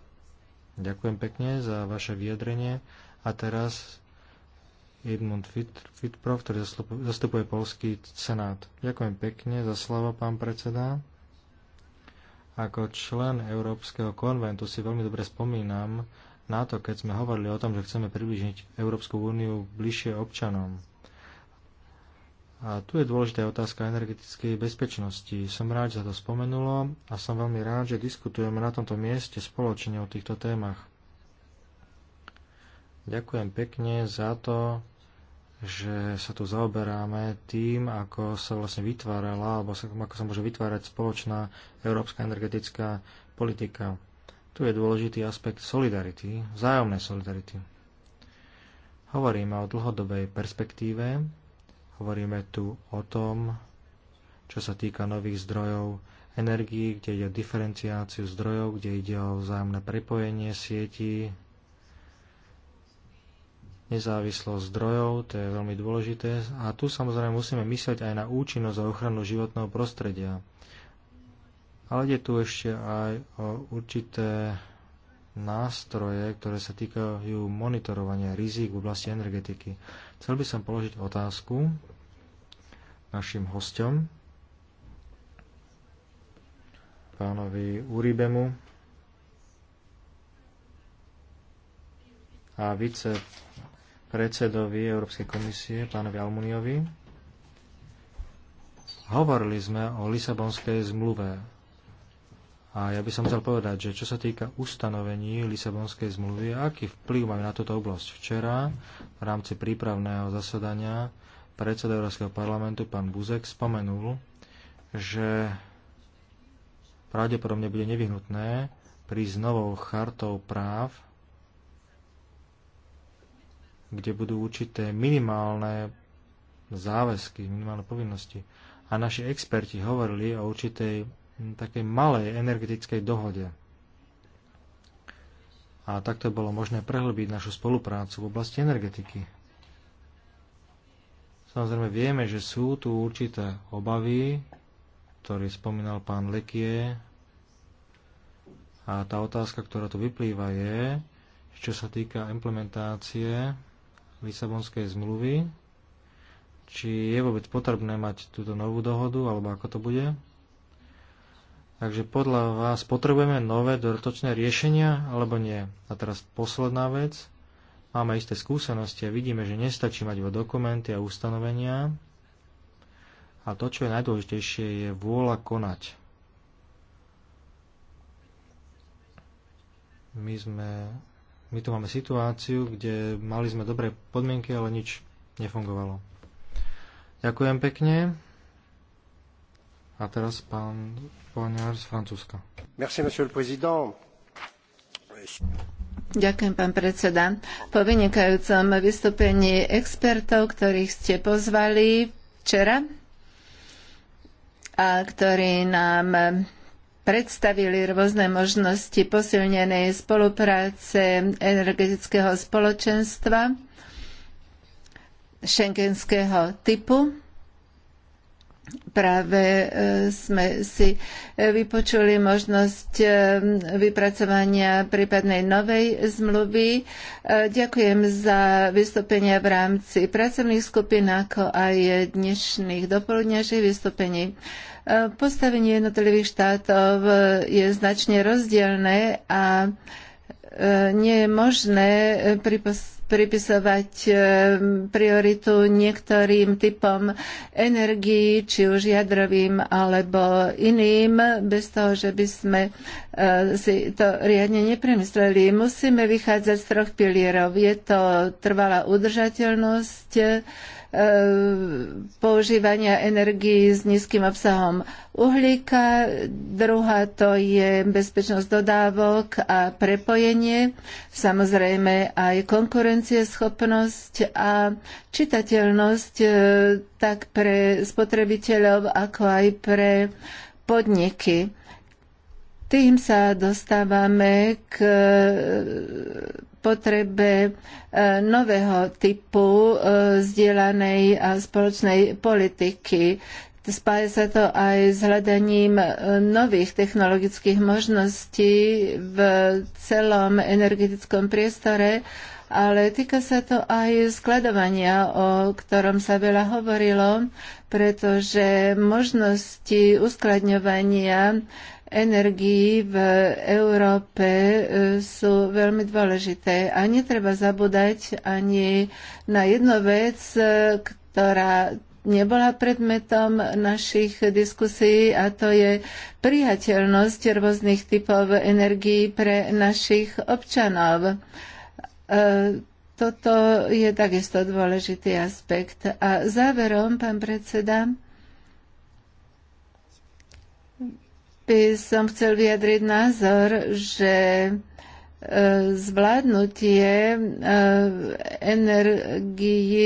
Ďakujem pekne za vaše vyjadrenie a teraz Edmund Fitprov, ktorý zastupuje Polský senát. Ďakujem pekne za slovo, pán predseda. Ako člen Európskeho konventu si veľmi dobre spomínam na to, keď sme hovorili o tom, že chceme približiť Európsku úniu bližšie občanom. A tu je dôležitá otázka energetickej bezpečnosti. Som rád, že sa to spomenulo a som veľmi rád, že diskutujeme na tomto mieste spoločne o týchto témach. Ďakujem pekne za to, že sa tu zaoberáme tým, ako sa vlastne vytvárala, alebo ako sa môže vytvárať spoločná európska energetická politika. Tu je dôležitý aspekt solidarity, vzájomnej solidarity. Hovoríme o dlhodobej perspektíve, hovoríme tu o tom, čo sa týka nových zdrojov energií, kde ide o diferenciáciu zdrojov, kde ide o vzájomné prepojenie sietí, nezávislosť zdrojov, to je veľmi dôležité. A tu samozrejme musíme myslieť aj na účinnosť a ochranu životného prostredia. Ale ide tu ešte aj o určité nástroje, ktoré sa týkajú monitorovania rizik v oblasti energetiky. Chcel by som položiť otázku našim hostom, pánovi Uribemu a vice predsedovi Európskej komisie, pánovi Almuniovi. Hovorili sme o Lisabonskej zmluve. A ja by som chcel povedať, že čo sa týka ustanovení Lisabonskej zmluvy, aký vplyv majú na túto oblasť. Včera v rámci prípravného zasadania predseda Európskeho parlamentu, pán Buzek, spomenul, že pravdepodobne bude nevyhnutné prísť novou chartou práv kde budú určité minimálne záväzky, minimálne povinnosti. A naši experti hovorili o určitej takej malej energetickej dohode. A takto bolo možné prehlbiť našu spoluprácu v oblasti energetiky. Samozrejme vieme, že sú tu určité obavy, ktoré spomínal pán Lekie. A tá otázka, ktorá tu vyplýva je, čo sa týka implementácie Lisabonskej zmluvy, či je vôbec potrebné mať túto novú dohodu, alebo ako to bude. Takže podľa vás potrebujeme nové dodatočné riešenia, alebo nie? A teraz posledná vec. Máme isté skúsenosti a vidíme, že nestačí mať vo dokumenty a ustanovenia. A to, čo je najdôležitejšie, je vôľa konať. My sme my tu máme situáciu, kde mali sme dobré podmienky, ale nič nefungovalo. Ďakujem pekne. A teraz pán Poňar z Francúzska. Merci, monsieur le président. Ďakujem, pán predseda. Po vynikajúcom vystúpení expertov, ktorých ste pozvali včera a ktorí nám predstavili rôzne možnosti posilnenej spolupráce energetického spoločenstva šengenského typu práve e, sme si e, vypočuli možnosť e, vypracovania prípadnej novej zmluvy. Ďakujem za vystúpenia v rámci pracovných skupín, ako aj dnešných dopoludňažných vystúpení. Postavenie jednotlivých štátov je značne rozdielne a nie je možné pripos- pripisovať e, prioritu niektorým typom energií, či už jadrovým alebo iným, bez toho, že by sme e, si to riadne nepremysleli. Musíme vychádzať z troch pilierov. Je to trvalá udržateľnosť, E, používania energií s nízkym obsahom uhlíka, druhá to je bezpečnosť dodávok a prepojenie, samozrejme aj konkurencieschopnosť a čitateľnosť e, tak pre spotrebiteľov, ako aj pre podniky. Tým sa dostávame k e, potrebe e, nového typu e, zdieľanej a spoločnej politiky. Spája sa to aj s hľadaním nových technologických možností v celom energetickom priestore, ale týka sa to aj skladovania, o ktorom sa veľa hovorilo, pretože možnosti uskladňovania energií v Európe e, sú veľmi dôležité. A netreba zabúdať ani na jednu vec, e, ktorá nebola predmetom našich diskusí a to je priateľnosť rôznych typov energií pre našich občanov. E, toto je takisto dôležitý aspekt. A záverom, pán predseda, by som chcel vyjadriť názor, že e, zvládnutie e, energii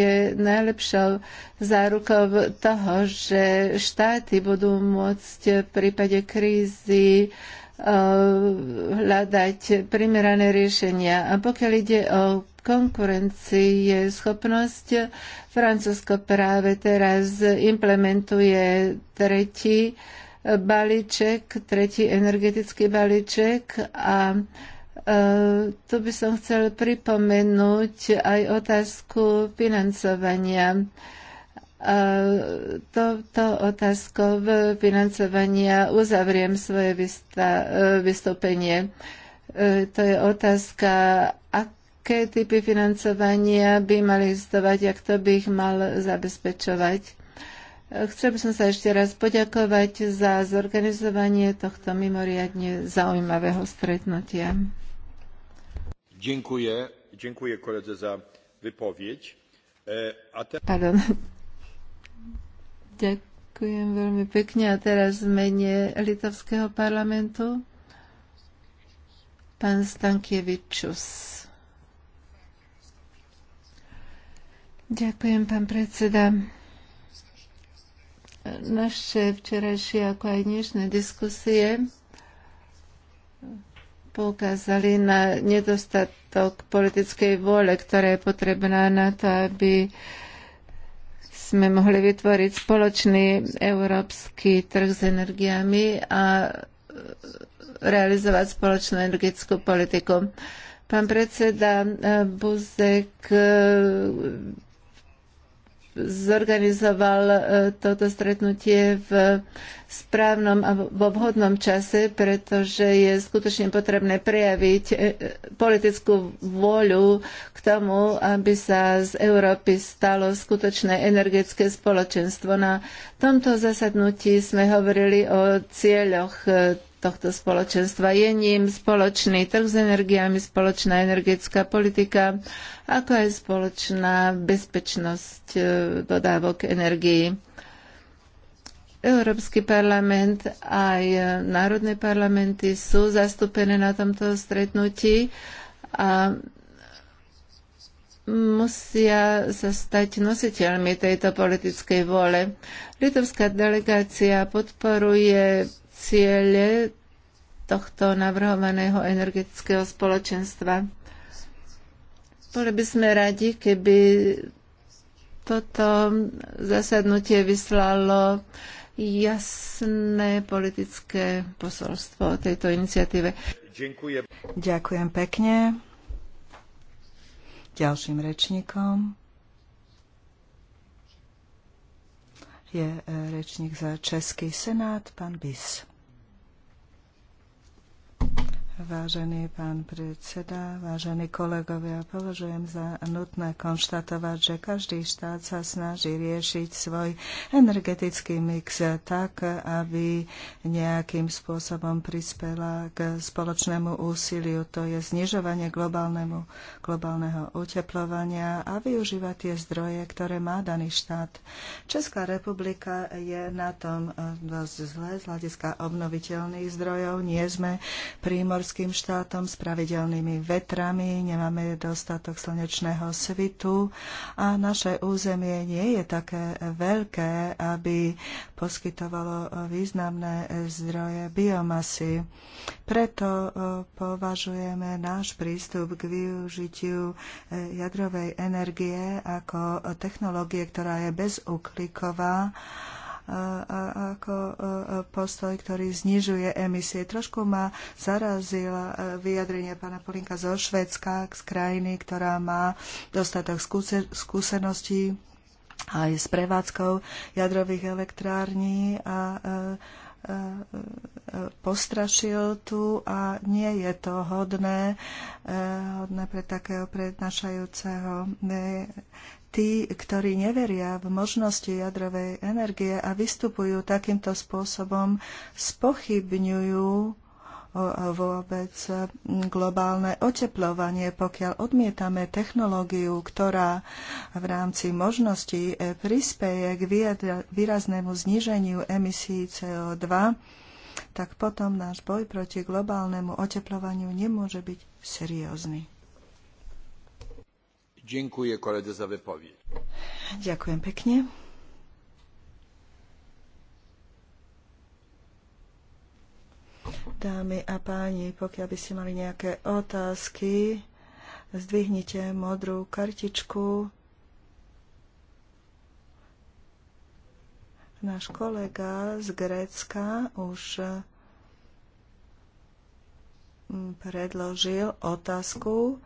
je najlepšou zárukou toho, že štáty budú môcť v prípade krízy e, hľadať primerané riešenia. A pokiaľ ide o je schopnosť, Francúzsko práve teraz implementuje tretí balíček, tretí energetický balíček a e, tu by som chcel pripomenúť aj otázku financovania. E, otázko otázkou financovania uzavriem svoje e, vystúpenie. To je otázka, aké typy financovania by mali existovať, ak to by ich mal zabezpečovať Chcel by som sa ešte raz poďakovať za zorganizovanie tohto mimoriadne zaujímavého stretnutia. Ďakujem, dziękuję koledze za vypovieť. E, te... Pardon. Ďakujem veľmi pekne. A teraz v mene Litovského parlamentu pán Stankievičus. Ďakujem, pán predseda. Naše včerajšie ako aj dnešné diskusie poukázali na nedostatok politickej vôle, ktorá je potrebná na to, aby sme mohli vytvoriť spoločný európsky trh s energiami a realizovať spoločnú energetickú politiku. Pán predseda Buzek zorganizoval e, toto stretnutie v správnom a vo vhodnom čase, pretože je skutočne potrebné prejaviť e, politickú vôľu k tomu, aby sa z Európy stalo skutočné energetické spoločenstvo. Na tomto zasadnutí sme hovorili o cieľoch e, tohto spoločenstva. Je ním spoločný trh s energiami, spoločná energetická politika, ako aj spoločná bezpečnosť e, dodávok energií. Európsky parlament aj e, národné parlamenty sú zastúpené na tomto stretnutí a musia sa stať nositeľmi tejto politickej vôle. Litovská delegácia podporuje ciele tohto navrhovaného energetického spoločenstva. Boli by sme radi, keby toto zasadnutie vyslalo jasné politické posolstvo o tejto iniciatíve. Ďakujem. Ďakujem pekne. Ďalším rečníkom. je e, rečník za Český senát, pán Bis. Vážený pán predseda, vážení kolegovia, považujem za nutné konštatovať, že každý štát sa snaží riešiť svoj energetický mix tak, aby nejakým spôsobom prispela k spoločnému úsiliu, to je znižovanie globálnemu, globálneho uteplovania a využívať tie zdroje, ktoré má daný štát. Česká republika je na tom dosť zle z hľadiska obnoviteľných zdrojov. Nie sme prímor horským štátom s pravidelnými vetrami, nemáme dostatok slnečného svitu a naše územie nie je také veľké, aby poskytovalo významné zdroje biomasy. Preto e, považujeme náš prístup k využitiu e, jadrovej energie ako technológie, ktorá je bezúkliková ako e, e, postoj, ktorý znižuje emisie. Trošku ma zarazila e, vyjadrenie pána Polinka zo Švedska, z krajiny, ktorá má dostatok skúseností aj s prevádzkou jadrových elektrární a postrašil tu a nie je to hodné, hodné pre takého prednášajúceho tí, ktorí neveria v možnosti jadrovej energie a vystupujú takýmto spôsobom, spochybňujú vôbec globálne oteplovanie, pokiaľ odmietame technológiu, ktorá v rámci možností e, prispieje k výraznému zníženiu emisí CO2, tak potom náš boj proti globálnemu oteplovaniu nemôže byť seriózny. Dziękuję koledze za wypowiedź. Ďakujem pekne. Dámy a páni, pokiaľ by ste mali nejaké otázky, zdvihnite modrú kartičku. Náš kolega z Grécka už mm, predložil otázku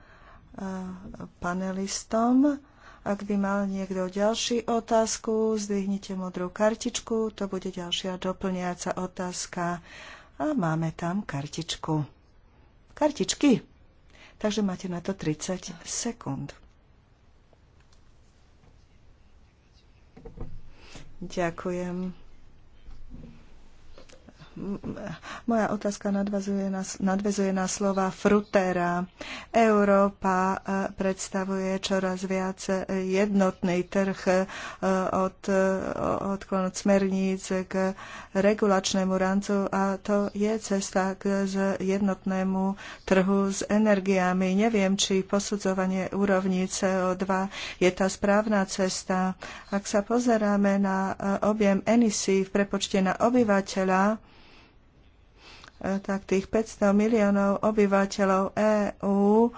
panelistom. Ak by mal niekto ďalší otázku, zdvihnite modrú kartičku, to bude ďalšia doplňajúca otázka. A máme tam kartičku. Kartičky. Takže máte na to 30 sekúnd. Ďakujem. Moja otázka nadvezuje na, nadvezuje na slova Frutera. Európa e, predstavuje čoraz viac e, jednotný trh e, od odklon od smerníc k regulačnému rancu a to je cesta k jednotnému trhu s energiami. Neviem, či posudzovanie úrovní CO2 je tá správna cesta. Ak sa pozeráme na objem emisí v prepočte na obyvateľa, E, tak tých 500 miliónov obyvateľov EÚ e,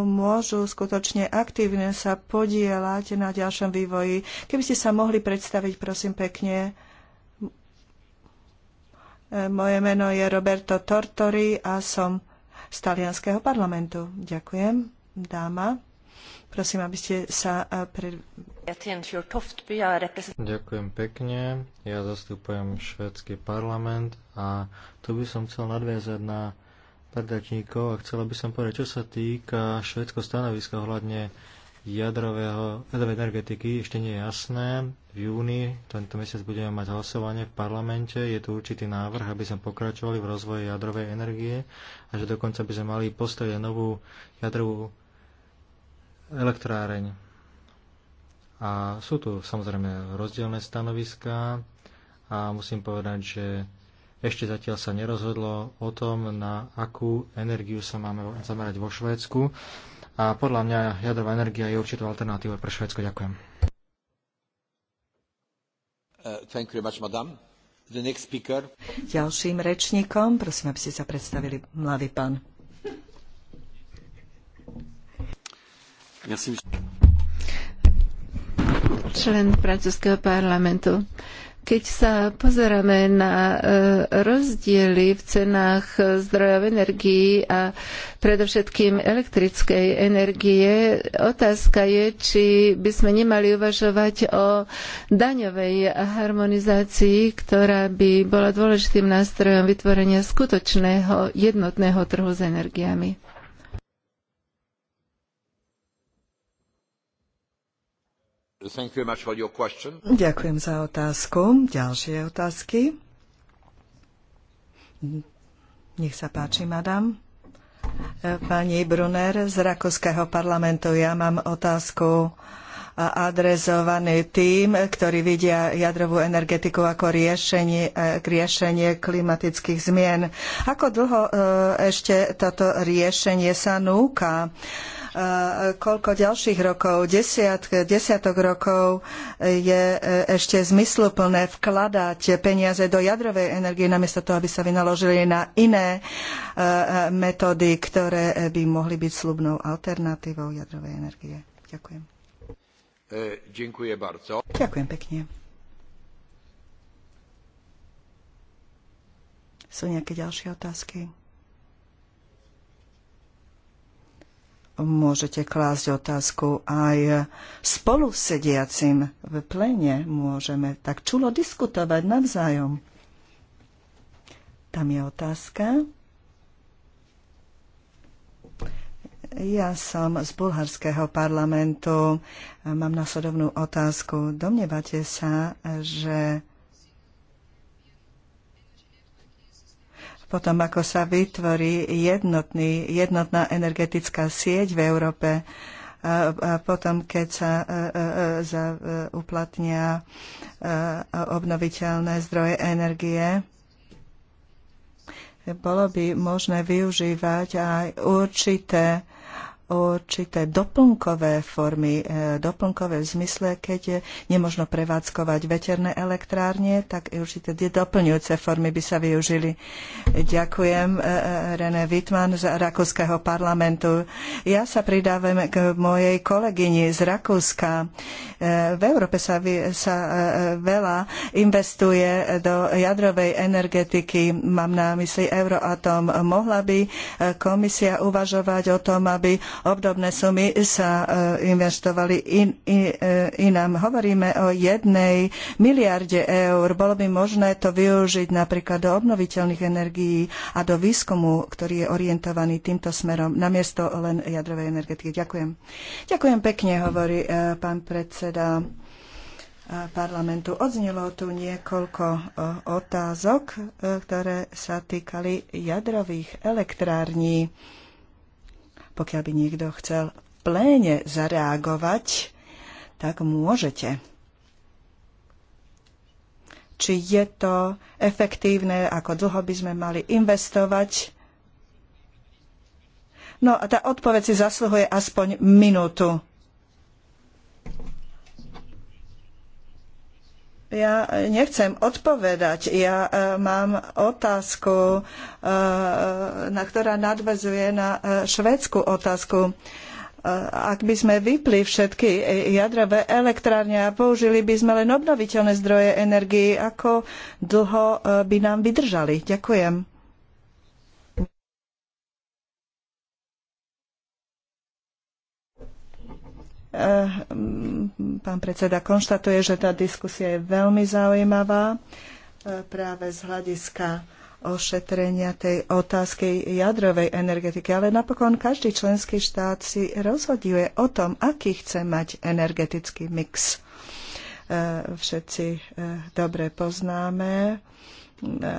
môžu skutočne aktívne sa podielať na ďalšom vývoji. Keby ste sa mohli predstaviť, prosím pekne. E, moje meno je Roberto Tortori a som z talianského parlamentu. Ďakujem, dáma. Prosím, aby ste sa e, Ďakujem pekne. Ja zastupujem švedský parlament a tu by som chcel nadviazať na predačníkov a chcela by som povedať, čo sa týka švedského stanoviska ohľadne jadrového, jadrovej energetiky. Ešte nie je jasné. V júni tento mesiac budeme mať hlasovanie v parlamente. Je tu určitý návrh, aby sme pokračovali v rozvoji jadrovej energie a že dokonca by sme mali postaviť novú jadrovú elektráreň. A sú tu samozrejme rozdielne stanoviská a musím povedať, že ešte zatiaľ sa nerozhodlo o tom, na akú energiu sa máme zamerať vo Švédsku. A podľa mňa jadrová energia je určitou alternatívou pre Švédsko. Ďakujem. Uh, much, Ďalším rečníkom, prosím, aby ste sa predstavili, mladý pán. Člen francúzského parlamentu. Keď sa pozeráme na e, rozdiely v cenách zdrojov energií a predovšetkým elektrickej energie, otázka je, či by sme nemali uvažovať o daňovej harmonizácii, ktorá by bola dôležitým nástrojom vytvorenia skutočného jednotného trhu s energiami. Ďakujem za otázku. Ďalšie otázky? Nech sa páči, madam. Pani Brunner z Rakúskeho parlamentu, ja mám otázku adrezovaný tým, ktorí vidia jadrovú energetiku ako riešenie, riešenie klimatických zmien. Ako dlho e, ešte toto riešenie sa núka? koľko ďalších rokov, desiatok rokov je e, ešte zmysluplné vkladať peniaze do jadrovej energie, namiesto toho, aby sa vynaložili na iné e, e, metódy, ktoré by mohli byť slubnou alternatívou jadrovej energie. Ďakujem. Ďakujem, Ďakujem pekne. Sú nejaké ďalšie otázky? môžete klásť otázku aj spolu sediacim v plene. Môžeme tak čulo diskutovať navzájom. Tam je otázka. Ja som z bulharského parlamentu. Mám nasledovnú otázku. Domnievate sa, že potom ako sa vytvorí jednotný, jednotná energetická sieť v Európe a, a potom, keď sa a, e, a, e, e, za, uplatnia obnoviteľné zdroje energie, bolo by možné využívať aj určité určité doplnkové formy, e, doplnkové v zmysle, keď nemožno prevádzkovať veterné elektrárne, tak určité tie doplňujúce formy by sa využili. Ďakujem e, e, René Wittmann z Rakúskeho parlamentu. Ja sa pridávam k mojej kolegyni z Rakúska. V Európe sa, sa veľa investuje do jadrovej energetiky. Mám na mysli Euroatom. Mohla by komisia uvažovať o tom, aby obdobné sumy sa e, investovali in, in, e, inám. Hovoríme o jednej miliarde eur. Bolo by možné to využiť napríklad do obnoviteľných energií a do výskumu, ktorý je orientovaný týmto smerom, namiesto len jadrovej energetiky. Ďakujem. Ďakujem pekne, hovorí e, pán predseda parlamentu. Odznelo tu niekoľko otázok, ktoré sa týkali jadrových elektrární. Pokiaľ by niekto chcel v pléne zareagovať, tak môžete. Či je to efektívne, ako dlho by sme mali investovať? No a tá odpoveď si zasluhuje aspoň minútu. Ja e, nechcem odpovedať, ja e, mám otázku, e, na ktorá nadvezuje na švédsku otázku ak by sme vypli všetky jadrové elektrárne a použili by sme len obnoviteľné zdroje energii, ako dlho by nám vydržali? Ďakujem. Eh, pán predseda konštatuje, že tá diskusia je veľmi zaujímavá eh, práve z hľadiska ošetrenia tej otázky jadrovej energetiky, ale napokon každý členský štát si rozhoduje o tom, aký chce mať energetický mix. Eh, všetci dobre poznáme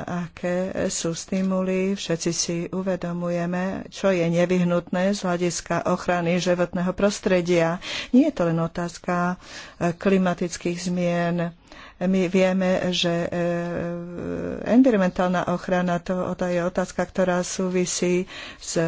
aké sú stimuly. Všetci si uvedomujeme, čo je nevyhnutné z hľadiska ochrany životného prostredia. Nie je to len otázka klimatických zmien, my vieme, že e, environmentálna ochrana to, to je otázka, ktorá súvisí s e,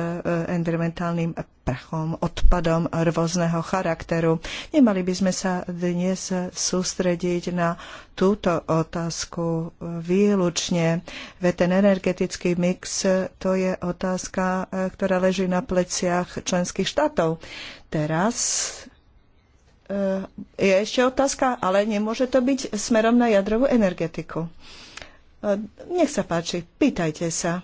environmentálnym prachom, odpadom rôzneho charakteru. Nemali by sme sa dnes sústrediť na túto otázku výlučne. Veď ten energetický mix to je otázka, e, ktorá leží na pleciach členských štátov. Teraz E, je ešte otázka, ale nemôže to byť smerom na jadrovú energetiku. E, nech sa páči, pýtajte sa.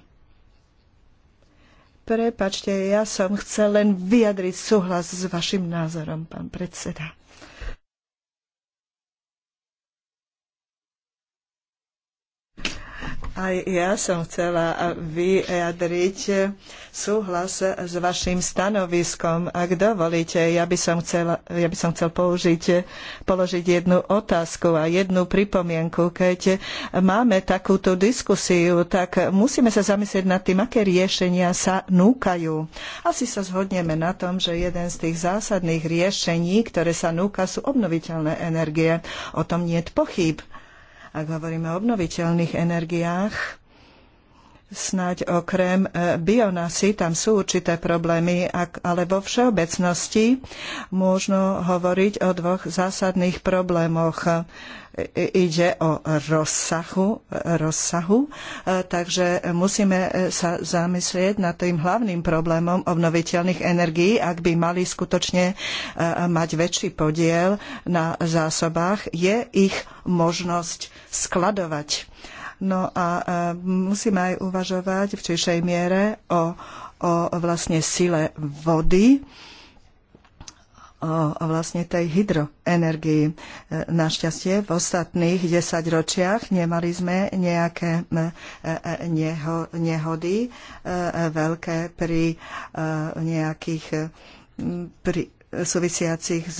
Prepačte, ja som chcel len vyjadriť súhlas s vašim názorom, pán predseda. Aj ja som chcela vyjadriť súhlas s vašim stanoviskom. Ak dovolíte, ja by som chcel, ja by som chcel použiť, položiť jednu otázku a jednu pripomienku. Keď máme takúto diskusiu, tak musíme sa zamyslieť nad tým, aké riešenia sa núkajú. Asi sa zhodneme na tom, že jeden z tých zásadných riešení, ktoré sa núka, sú obnoviteľné energie. O tom nie je pochyb. Ak hovoríme o obnoviteľných energiách, snáď okrem e, bionasy, tam sú určité problémy, ale vo všeobecnosti možno hovoriť o dvoch zásadných problémoch. E, e, ide o rozsahu, rozsahu, takže musíme sa zamyslieť nad tým hlavným problémom obnoviteľných energií, ak by mali skutočne mať väčší podiel na zásobách, je ich možnosť skladovať No a e, musíme aj uvažovať v čejšej miere o, o vlastne sile vody, o vlastne tej hydroenergii. E, našťastie v ostatných desaťročiach nemali sme nejaké e, nehody veľké pri nejakých pri súvisiacich s,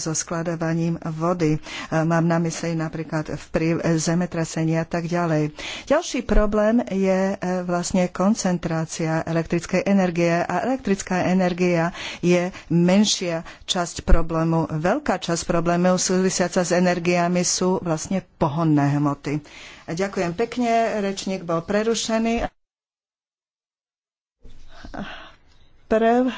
so skladovaním vody. E, mám na mysli napríklad vplyv e, zemetrasenia a tak ďalej. Ďalší problém je e, vlastne koncentrácia elektrickej energie a elektrická energia je menšia časť problému. Veľká časť problému súvisiaca s energiami sú vlastne pohonné hmoty. Ďakujem pekne, rečník bol prerušený. Prv,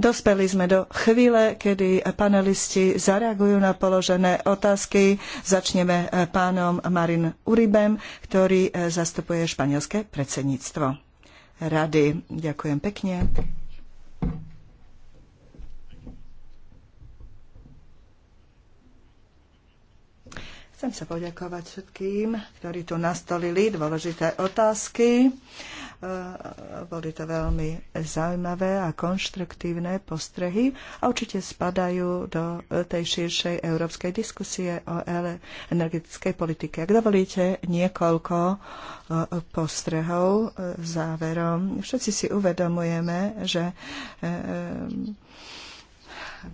Dospeli sme do chvíle, kedy panelisti zareagujú na položené otázky. Začneme eh, pánom Marin Uribem, ktorý eh, zastupuje španielské predsedníctvo rady. Ďakujem pekne. Chcem sa poďakovať všetkým, ktorí tu nastolili dôležité otázky. Eh, boli to veľmi zaujímavé a konštruktívne postrehy a určite spadajú do eh, tej širšej európskej diskusie o energetickej politike. Ak dovolíte niekoľko eh, postrehov záverom, všetci si uvedomujeme, že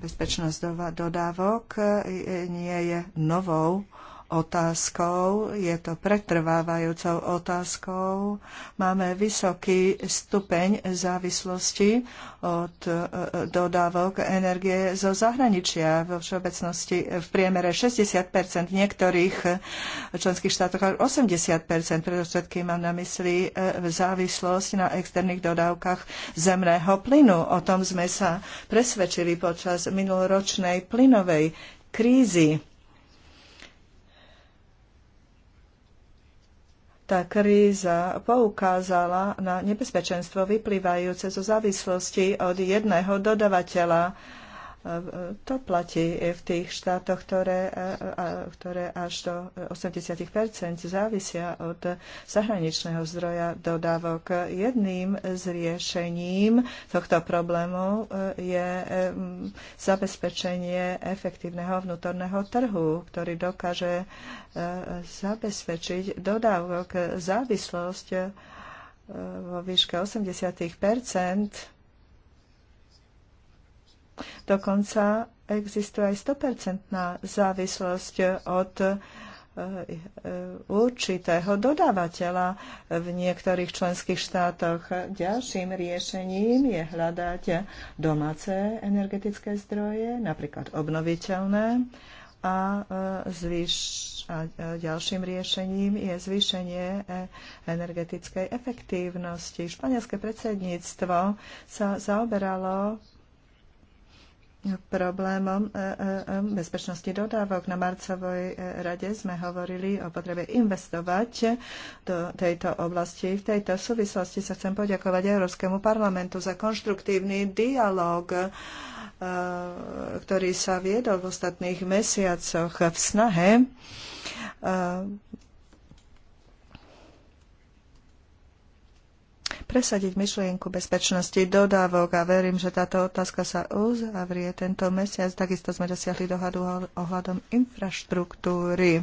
bezpečnosť dodávok nie je novou otázkou, je to pretrvávajúcou otázkou. Máme vysoký stupeň závislosti od e, dodávok energie zo zahraničia. Vo všeobecnosti v priemere 60 v niektorých e, členských štátoch až 80 predovšetkým mám na mysli e, závislosť na externých dodávkach zemného plynu. O tom sme sa presvedčili počas minuloročnej plynovej krízy tá kríza poukázala na nebezpečenstvo vyplývajúce zo závislosti od jedného dodavateľa to platí v tých štátoch, ktoré, ktoré až do 80 závisia od zahraničného zdroja dodávok. Jedným z riešením tohto problému e, je e, zabezpečenie efektívneho vnútorného trhu, ktorý dokáže e, zabezpečiť dodávok závislosť vo výške 80 Dokonca existuje aj 100% závislosť od e, e, určitého dodávateľa v niektorých členských štátoch. Ďalším riešením je hľadať domáce energetické zdroje, napríklad obnoviteľné, a, e, zvýš, a ďalším riešením je zvýšenie energetickej efektívnosti. Španielské predsedníctvo sa zaoberalo problémom e, e, e, bezpečnosti dodávok. Na marcovej rade sme hovorili o potrebe investovať do tejto oblasti. V tejto súvislosti sa chcem poďakovať Európskemu parlamentu za konštruktívny dialog ktorý sa viedol v ostatných mesiacoch v snahe presadiť myšlienku bezpečnosti dodávok a verím, že táto otázka sa uzavrie tento mesiac. Takisto sme dosiahli dohadu ohľadom infraštruktúry e,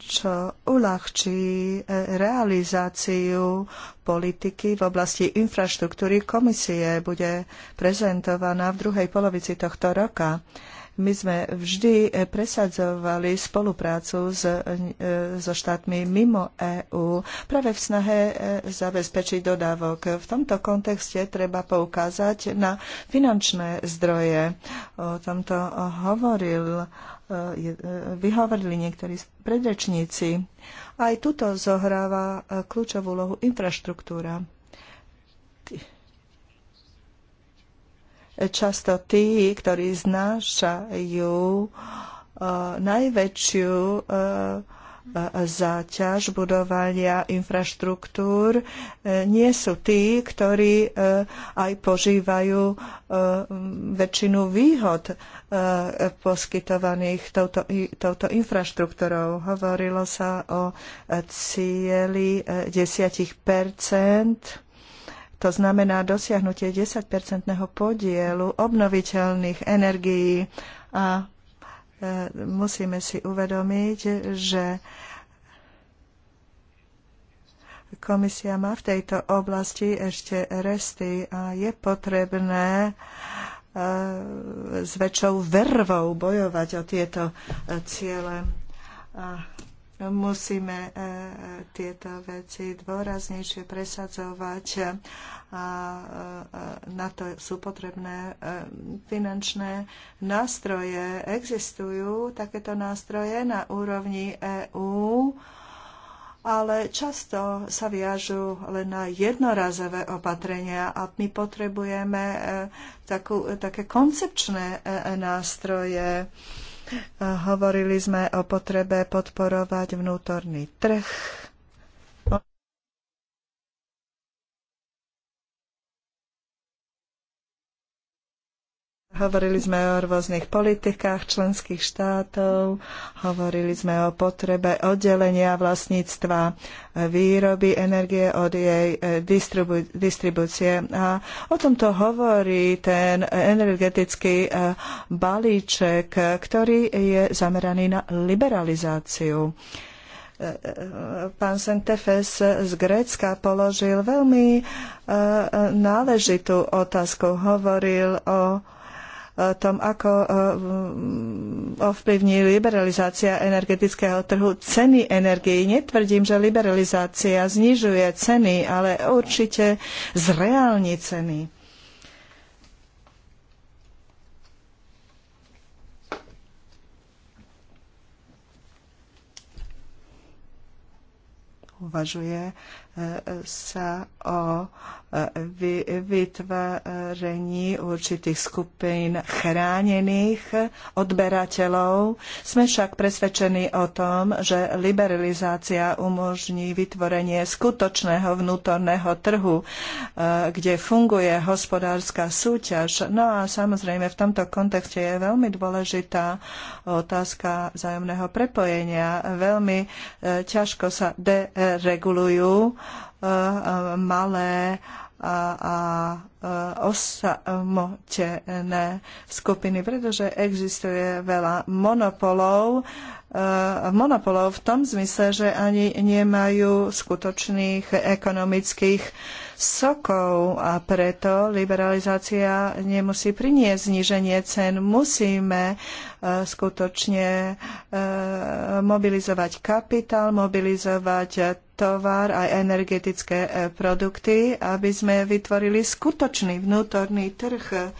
čo uľahčí e, realizáciu politiky v oblasti infraštruktúry komisie. Bude prezentovaná v druhej polovici tohto roka. My sme vždy eh, presadzovali spoluprácu s, eh, eh, so štátmi mimo EÚ práve v snahe zabezpečiť dodávok. V tomto kontexte treba poukázať na finančné zdroje. O tomto hovoril vyhovorili niektorí predrečníci. Aj tuto zohráva kľúčovú úlohu infraštruktúra. často tí, ktorí znášajú eh, najväčšiu eh, záťaž budovania infraštruktúr eh, nie sú tí, ktorí aj požívajú väčšinu výhod poskytovaných touto, touto infraštruktúrou. Hovorilo sa o cieli 10 to znamená dosiahnutie 10-percentného podielu obnoviteľných energií a e, musíme si uvedomiť, že komisia má v tejto oblasti ešte resty a je potrebné e, s väčšou vervou bojovať o tieto e, ciele. A musíme e, e, tieto veci dôraznejšie presadzovať a e, na to sú potrebné finančné nástroje. Existujú takéto nástroje na úrovni EÚ, ale často sa viažu len na jednorazové opatrenia a my potrebujeme takú, také koncepčné nástroje Hovorili sme o potrebe podporovať vnútorný trh Hovorili sme o rôznych politikách členských štátov, hovorili sme o potrebe oddelenia vlastníctva výroby energie od jej e, distribu- distribúcie. A o tomto hovorí ten energetický e, balíček, ktorý je zameraný na liberalizáciu e, pán Sentefes z Grécka položil veľmi náležitú otázku. Hovoril o tom, ako e, ovplyvní liberalizácia energetického trhu ceny energií. Netvrdím, že liberalizácia znižuje ceny, ale určite zreálni ceny. Uvažuje e, e, sa o vytvorení určitých skupín chránených odberateľov. Sme však presvedčení o tom, že liberalizácia umožní vytvorenie skutočného vnútorného trhu, eh, kde funguje hospodárska súťaž. No a samozrejme v tomto kontexte je veľmi dôležitá otázka vzájomného prepojenia. Veľmi eh, ťažko sa deregulujú malé a, a osamotené skupiny, pretože existuje veľa monopolov, monopolov v tom zmysle, že ani nemajú skutočných ekonomických sokov a preto liberalizácia nemusí priniesť zníženie cen. Musíme e, skutočne e, mobilizovať kapitál, mobilizovať tovar aj energetické e, produkty, aby sme vytvorili skutočný vnútorný trh.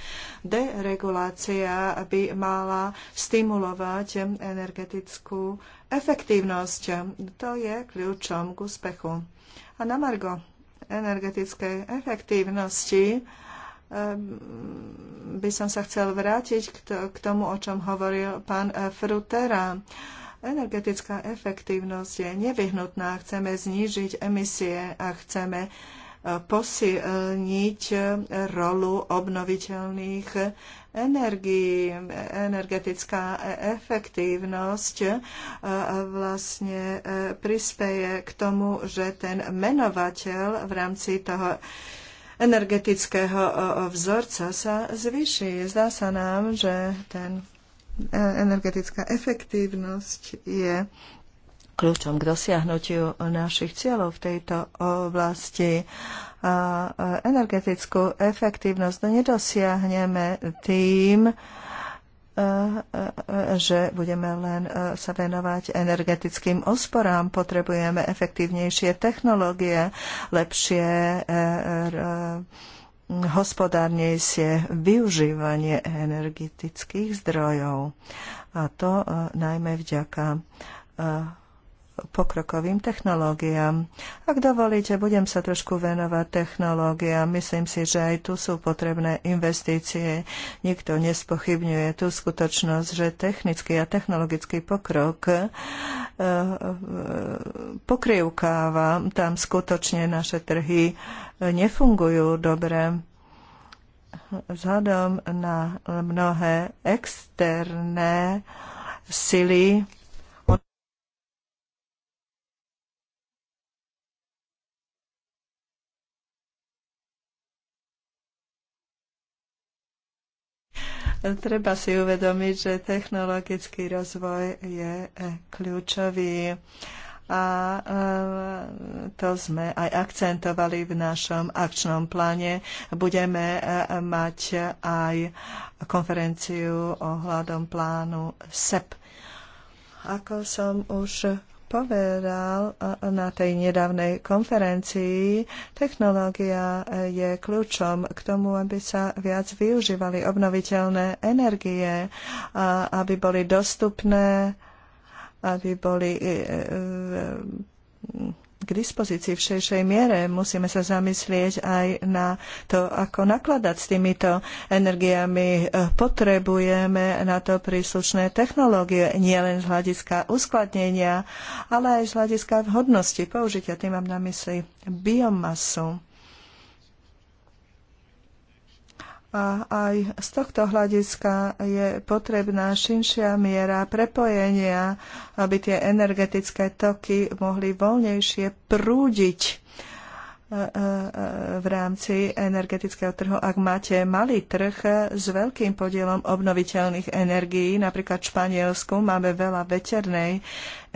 Deregulácia by mala stimulovať energetickú efektívnosť. To je kľúčom k úspechu. A na Margo energetickej efektívnosti eh, by som sa chcel vrátiť k tomu, o čom hovoril pán eh, Frutera. Energetická efektívnosť je nevyhnutná. Chceme znížiť emisie a chceme eh, posilniť rolu obnoviteľných energií, energetická efektívnosť e, vlastne e, prispieje k tomu, že ten menovateľ v rámci toho energetického e, vzorca sa zvyší. Zdá sa nám, že ten energetická efektívnosť je kľúčom k dosiahnutiu našich cieľov v tejto oblasti a energetickú efektívnosť no nedosiahneme tým, že budeme len sa venovať energetickým osporám. Potrebujeme efektívnejšie technológie, lepšie e, e, hospodárnejšie využívanie energetických zdrojov. A to e, najmä vďaka pokrokovým technológiám. Ak dovolíte, budem sa trošku venovať technológiám. Myslím si, že aj tu sú potrebné investície. Nikto nespochybňuje tú skutočnosť, že technický a technologický pokrok eh, eh, pokrývkáva Tam skutočne naše trhy eh, nefungujú dobre vzhľadom na mnohé externé sily Treba si uvedomiť, že technologický rozvoj je e, kľúčový a e, to sme aj akcentovali v našom akčnom pláne. Budeme e, mať aj konferenciu ohľadom plánu SEP. Ako som už povedal na tej nedávnej konferencii, technológia e, je kľúčom k tomu, aby sa viac využívali obnoviteľné energie, aby boli dostupné, aby boli e, e, k dispozícii v širšej miere. Musíme sa zamyslieť aj na to, ako nakladať s týmito energiami. Potrebujeme na to príslušné technológie, nielen z hľadiska uskladnenia, ale aj z hľadiska vhodnosti použitia. Tým mám na mysli biomasu. A aj z tohto hľadiska je potrebná širšia miera prepojenia, aby tie energetické toky mohli voľnejšie prúdiť e, e, v rámci energetického trhu. Ak máte malý trh s veľkým podielom obnoviteľných energií, napríklad v Španielsku máme veľa veternej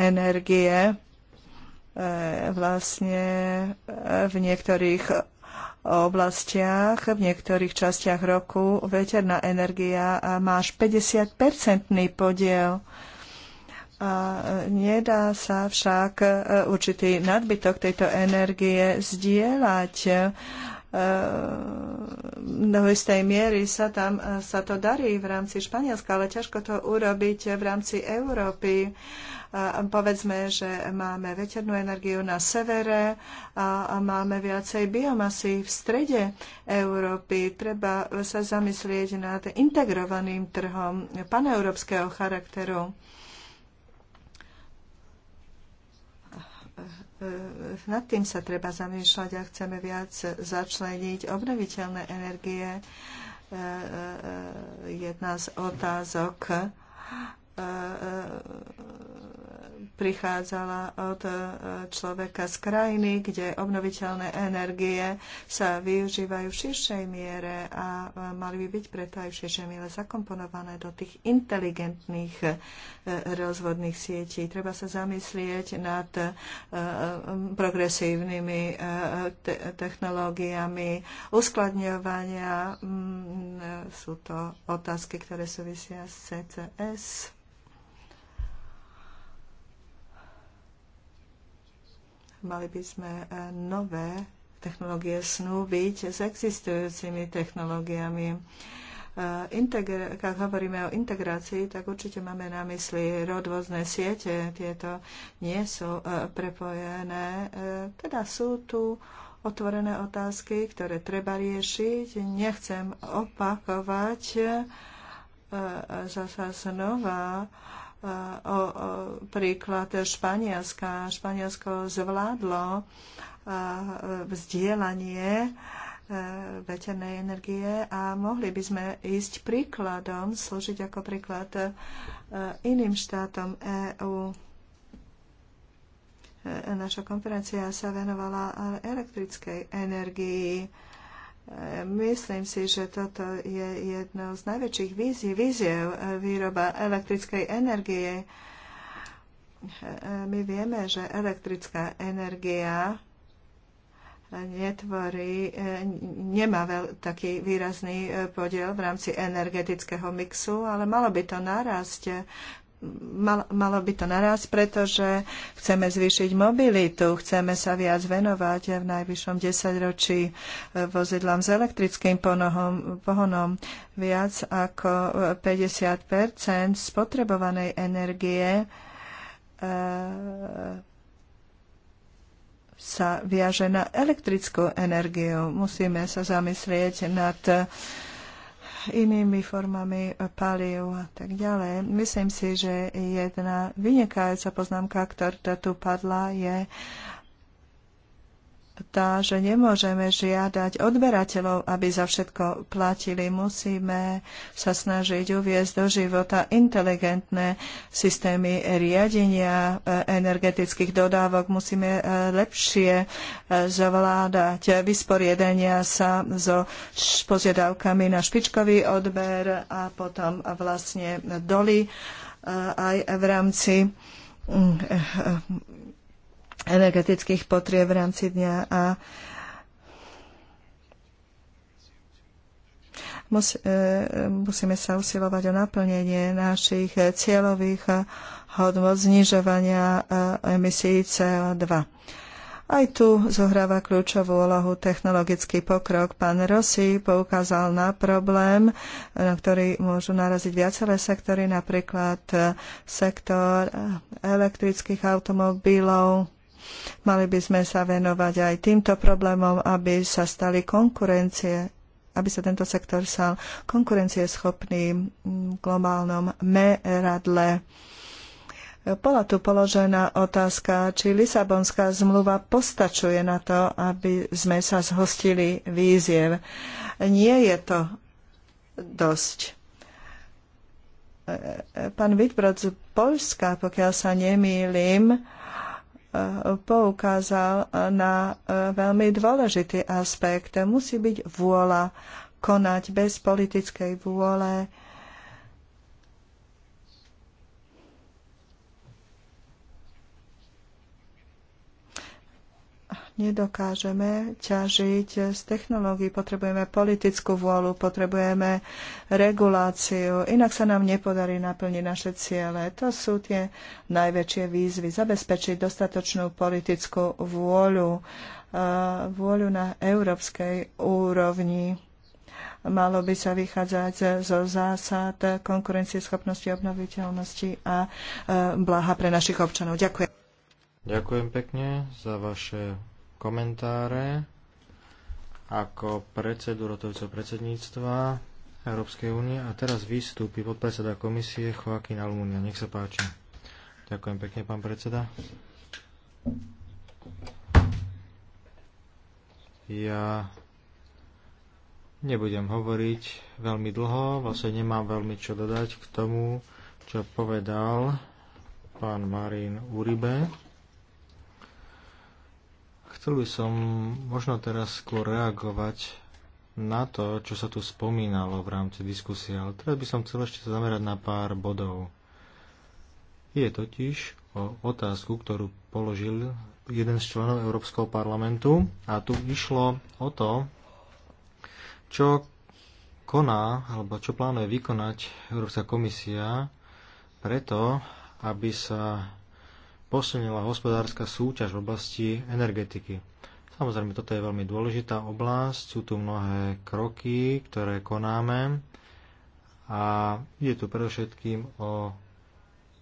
energie, e, vlastne v niektorých oblastiach, v niektorých častiach roku, veterná energia má až 50-percentný podiel. A nedá sa však e, určitý nadbytok tejto energie zdieľať do eh, no, istej miery sa tam eh, sa to darí v rámci Španielska, ale ťažko to urobiť v rámci Európy. Eh, povedzme, že máme veternú energiu na severe a máme viacej biomasy v strede Európy. Treba sa zamyslieť nad integrovaným trhom paneurópskeho charakteru. E, nad tým sa treba zamýšľať a chceme viac začleniť obnoviteľné energie. E, e, jedna z otázok prichádzala od e, človeka z krajiny, kde obnoviteľné energie sa využívajú v širšej miere a e, mali by byť preto aj v širšej miere zakomponované do tých inteligentných e, rozvodných sietí. Treba sa zamyslieť nad progresívnymi technológiami uskladňovania. Mm, sú to otázky, ktoré súvisia s CCS. Mali by sme e, nové technológie snúbiť s existujúcimi technológiami. E, integra- keď hovoríme o integrácii, tak určite máme na mysli rodvozné siete. Tieto nie sú e, prepojené. Teda sú tu otvorené otázky, ktoré treba riešiť. Nechcem opakovať zasa znova o, o príklad Španielska. Španielsko zvládlo vzdielanie e, veternej energie a mohli by sme ísť príkladom, slúžiť ako príklad e, iným štátom EÚ. E, naša konferencia sa venovala elektrickej energii Myslím si, že toto je jedno z najväčších víziev, víziev výroba elektrickej energie. E, my vieme, že elektrická energia netvorí, e, nemá veľ, taký výrazný e, podiel v rámci energetického mixu, ale malo by to narásť mal, malo by to naraz, pretože chceme zvýšiť mobilitu, chceme sa viac venovať v najvyššom desaťročí e, vozidlám s elektrickým ponohom, pohonom. Viac ako 50 e, spotrebovanej energie e, sa viaže na elektrickú energiu. Musíme sa zamyslieť nad inými formami palív a tak ďalej. Myslím si, že jedna vynikajúca poznámka, ktorá tu padla, je tá, že nemôžeme žiadať odberateľov, aby za všetko platili. Musíme sa snažiť uviezť do života inteligentné systémy riadenia e, energetických dodávok. Musíme e, lepšie e, zvládať vysporiedenia sa so požiadavkami na špičkový odber a potom vlastne doly aj v rámci mm, energetických potrieb v rámci dňa a e, musíme sa usilovať o naplnenie našich cieľových hodnot znižovania e, emisí CO2. Aj tu zohráva kľúčovú úlohu technologický pokrok. Pán Rossi poukázal na problém, na ktorý môžu naraziť viaceré sektory, napríklad e, sektor elektrických automobilov, Mali by sme sa venovať aj týmto problémom, aby sa stali konkurencie aby sa tento sektor stal konkurencieschopným v globálnom meradle. Bola tu položená otázka, či Lisabonská zmluva postačuje na to, aby sme sa zhostili víziev. Nie je to dosť. E, e, pán Vitbrod z Polska, pokiaľ sa nemýlim, poukázal e, na e, veľmi dôležitý aspekt. Musí byť vôľa konať bez politickej vôle nedokážeme ťažiť z technológií. Potrebujeme politickú vôľu, potrebujeme reguláciu, inak sa nám nepodarí naplniť naše ciele. To sú tie najväčšie výzvy. Zabezpečiť dostatočnú politickú vôľu, vôľu na európskej úrovni malo by sa vychádzať zo zásad konkurencieschopnosti, obnoviteľnosti a blaha pre našich občanov. Ďakujem. Ďakujem pekne za vaše komentáre ako predsedu rotovceho predsedníctva Európskej únie a teraz vystúpi podpredseda komisie Joaquín Almunia. Nech sa páči. Ďakujem pekne, pán predseda. Ja nebudem hovoriť veľmi dlho, vlastne nemám veľmi čo dodať k tomu, čo povedal pán Marín Uribe. Chcel by som možno teraz skôr reagovať na to, čo sa tu spomínalo v rámci diskusie, ale teraz by som chcel ešte sa zamerať na pár bodov. Je totiž o otázku, ktorú položil jeden z členov Európskeho parlamentu a tu išlo o to, čo koná alebo čo plánuje vykonať Európska komisia preto, aby sa posilnila hospodárska súťaž v oblasti energetiky. Samozrejme, toto je veľmi dôležitá oblasť, sú tu mnohé kroky, ktoré konáme a ide tu predovšetkým o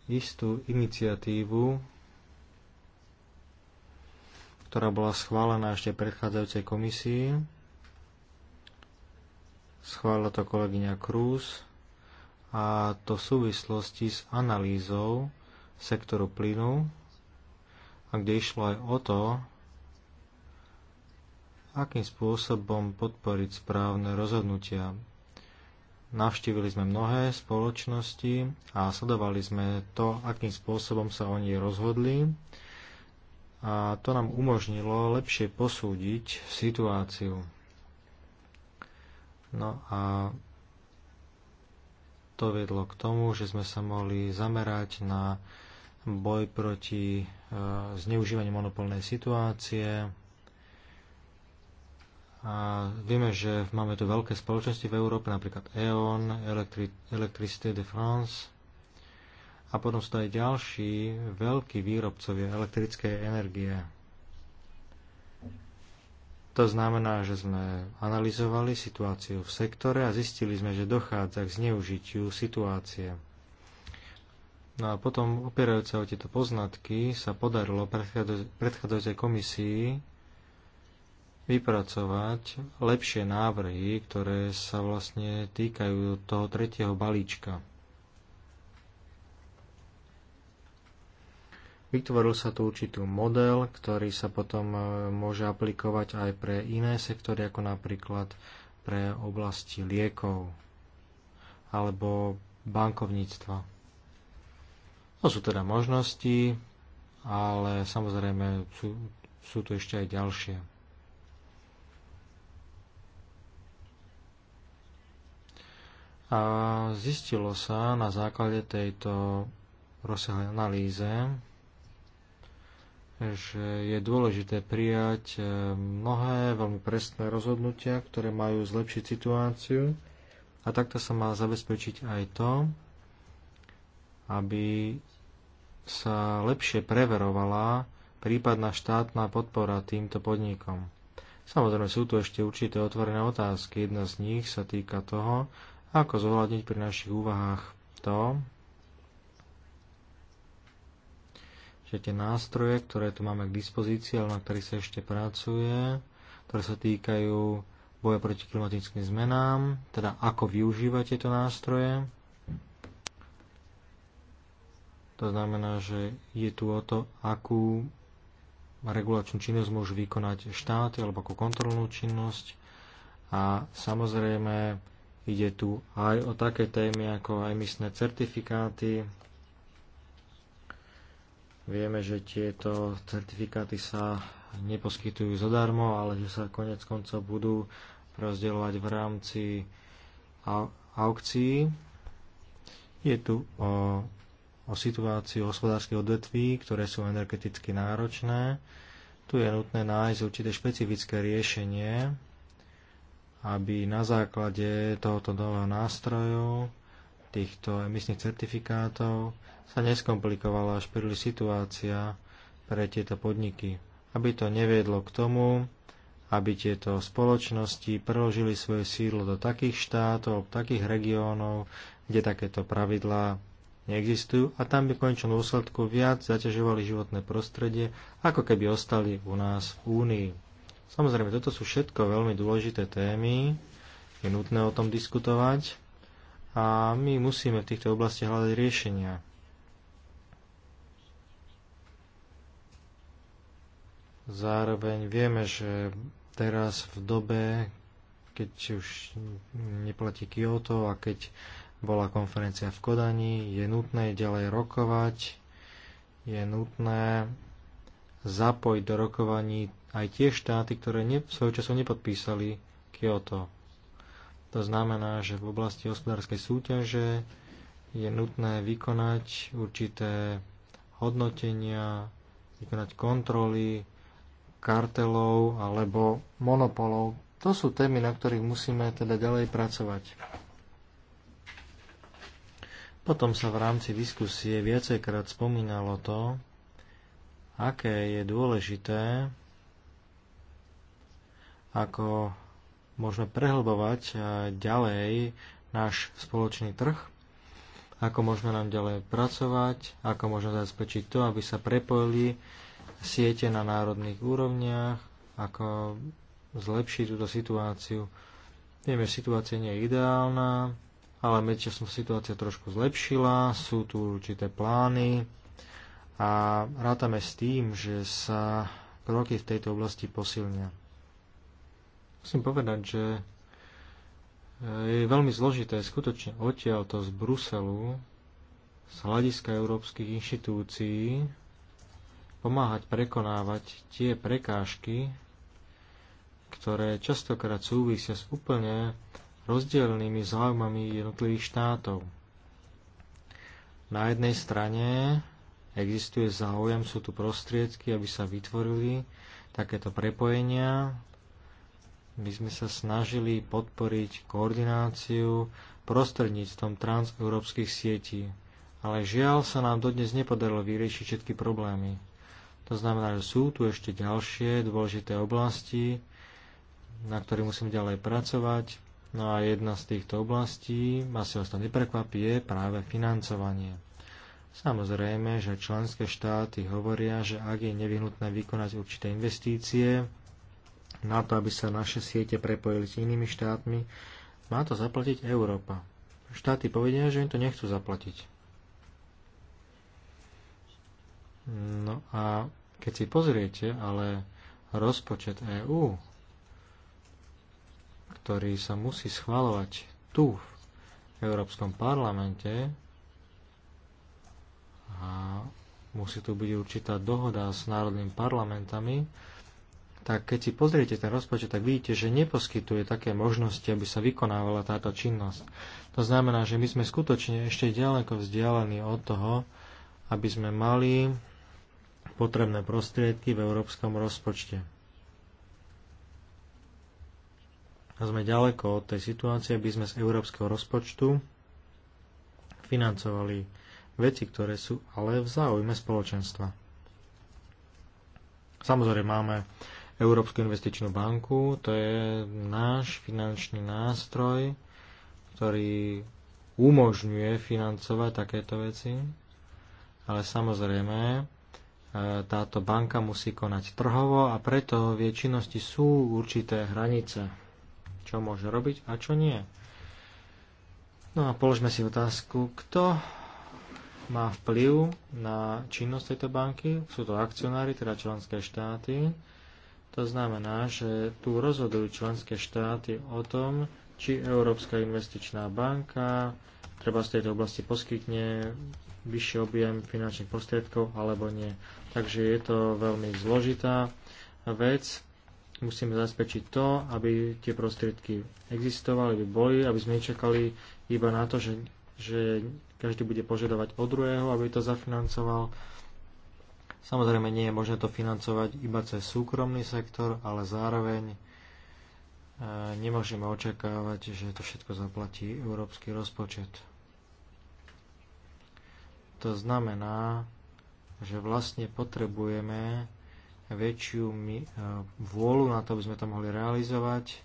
istú iniciatívu, ktorá bola schválená ešte v predchádzajúcej komisii. Schválila to kolegyňa Krús a to v súvislosti s analýzou sektoru plynu a kde išlo aj o to, akým spôsobom podporiť správne rozhodnutia. Navštívili sme mnohé spoločnosti a sledovali sme to, akým spôsobom sa oni rozhodli a to nám umožnilo lepšie posúdiť situáciu. No a to viedlo k tomu, že sme sa mohli zamerať na boj proti zneužívanie monopolnej situácie. A vieme, že máme tu veľké spoločnosti v Európe, napríklad E.ON, Electricité de France a potom sú aj ďalší veľkí výrobcovia elektrickej energie. To znamená, že sme analyzovali situáciu v sektore a zistili sme, že dochádza k zneužitiu situácie. No a potom, opierajúce o tieto poznatky, sa podarilo predchádzajúcej komisii vypracovať lepšie návrhy, ktoré sa vlastne týkajú toho tretieho balíčka. Vytvoril sa tu určitý model, ktorý sa potom e, môže aplikovať aj pre iné sektory, ako napríklad pre oblasti liekov alebo bankovníctva. To no, sú teda možnosti, ale samozrejme sú, sú tu ešte aj ďalšie. A zistilo sa na základe tejto rozsiahlej analýze, že je dôležité prijať e, mnohé veľmi presné rozhodnutia, ktoré majú zlepšiť situáciu a takto sa má zabezpečiť aj to, aby sa lepšie preverovala prípadná štátna podpora týmto podnikom. Samozrejme sú tu ešte určité otvorené otázky. Jedna z nich sa týka toho, ako zohľadniť pri našich úvahách to, že tie nástroje, ktoré tu máme k dispozícii, ale na ktorých sa ešte pracuje, ktoré sa týkajú boja proti klimatickým zmenám, teda ako využívať tieto nástroje, to znamená, že je tu o to, akú regulačnú činnosť môžu vykonať štáty alebo ako kontrolnú činnosť. A samozrejme ide tu aj o také témy ako emisné certifikáty. Vieme, že tieto certifikáty sa neposkytujú zadarmo, ale že sa konec koncov budú rozdielovať v rámci aukcií. Je tu o o situáciu hospodárskych odvetví, ktoré sú energeticky náročné. Tu je nutné nájsť určité špecifické riešenie, aby na základe tohoto nového nástroju, týchto emisných certifikátov, sa neskomplikovala až príliš situácia pre tieto podniky. Aby to neviedlo k tomu, aby tieto spoločnosti preložili svoje sídlo do takých štátov, takých regiónov, kde takéto pravidlá neexistujú a tam by v konečnom dôsledku viac zaťažovali životné prostredie, ako keby ostali u nás v Únii. Samozrejme, toto sú všetko veľmi dôležité témy, je nutné o tom diskutovať a my musíme v týchto oblastiach hľadať riešenia. Zároveň vieme, že teraz v dobe, keď už neplatí Kyoto a keď uh, bola konferencia v Kodani, je nutné ďalej rokovať, je nutné zapojiť do rokovaní aj tie štáty, ktoré ne, svojho času nepodpísali Kyoto. To znamená, že v oblasti hospodárskej súťaže je nutné vykonať určité hodnotenia, vykonať kontroly kartelov alebo monopolov. To sú témy, na ktorých musíme teda ďalej pracovať. Potom sa v rámci diskusie viacejkrát spomínalo to, aké je dôležité, ako môžeme prehlbovať eh, ďalej náš spoločný trh, ako môžeme nám ďalej pracovať, ako môžeme zabezpečiť to, aby sa prepojili siete na národných úrovniach, ako zlepšiť túto situáciu. Vieme, že situácia nie je ideálna, ale medzičasom situácia trošku zlepšila, sú tu určité plány a rátame s tým, že sa kroky v tejto oblasti posilnia. Musím povedať, že e, je veľmi zložité skutočne odtiaľto z Bruselu, z hľadiska európskych inštitúcií, pomáhať prekonávať tie prekážky, ktoré častokrát súvisia s úplne rozdielnými záujmami jednotlivých štátov. Na jednej strane existuje záujem, sú tu prostriedky, aby sa vytvorili takéto prepojenia. My sme sa snažili podporiť koordináciu prostredníctvom transeurópskych sietí, ale žiaľ sa nám dodnes nepodarilo vyriešiť všetky problémy. To znamená, že sú tu ešte ďalšie dôležité oblasti, na ktoré musíme ďalej pracovať. No a jedna z týchto oblastí, asi vás to neprekvapí, je práve financovanie. Samozrejme, že členské štáty hovoria, že ak je nevyhnutné vykonať určité investície na to, aby sa naše siete prepojili s inými štátmi, má to zaplatiť Európa. Štáty povedia, že im to nechcú zaplatiť. No a keď si pozriete ale rozpočet EÚ ktorý sa musí schvalovať tu v Európskom parlamente a musí tu byť určitá dohoda s národnými parlamentami, tak keď si pozriete ten rozpočet, tak vidíte, že neposkytuje také možnosti, aby sa vykonávala táto činnosť. To znamená, že my sme skutočne ešte ďaleko vzdialení od toho, aby sme mali potrebné prostriedky v európskom rozpočte. a sme ďaleko od tej situácie, aby sme z európskeho rozpočtu financovali veci, ktoré sú ale v záujme spoločenstva. Samozrejme máme Európsku investičnú banku, to je náš finančný nástroj, ktorý umožňuje financovať takéto veci, ale samozrejme e, táto banka musí konať trhovo a preto v jej činnosti sú určité hranice čo môže robiť a čo nie. No a položme si otázku, kto má vplyv na činnosť tejto banky. Sú to akcionári, teda členské štáty. To znamená, že tu rozhodujú členské štáty o tom, či Európska investičná banka treba z tejto oblasti poskytne vyšší objem finančných prostriedkov alebo nie. Takže je to veľmi zložitá vec musíme zabezpečiť to, aby tie prostriedky existovali, aby boli, aby sme nečakali iba na to, že, že každý bude požadovať od druhého, aby to zafinancoval. Samozrejme, nie je možné to financovať iba cez súkromný sektor, ale zároveň e, nemôžeme očakávať, že to všetko zaplatí európsky rozpočet. To znamená, že vlastne potrebujeme väčšiu e, vôľu na to, aby sme to mohli realizovať.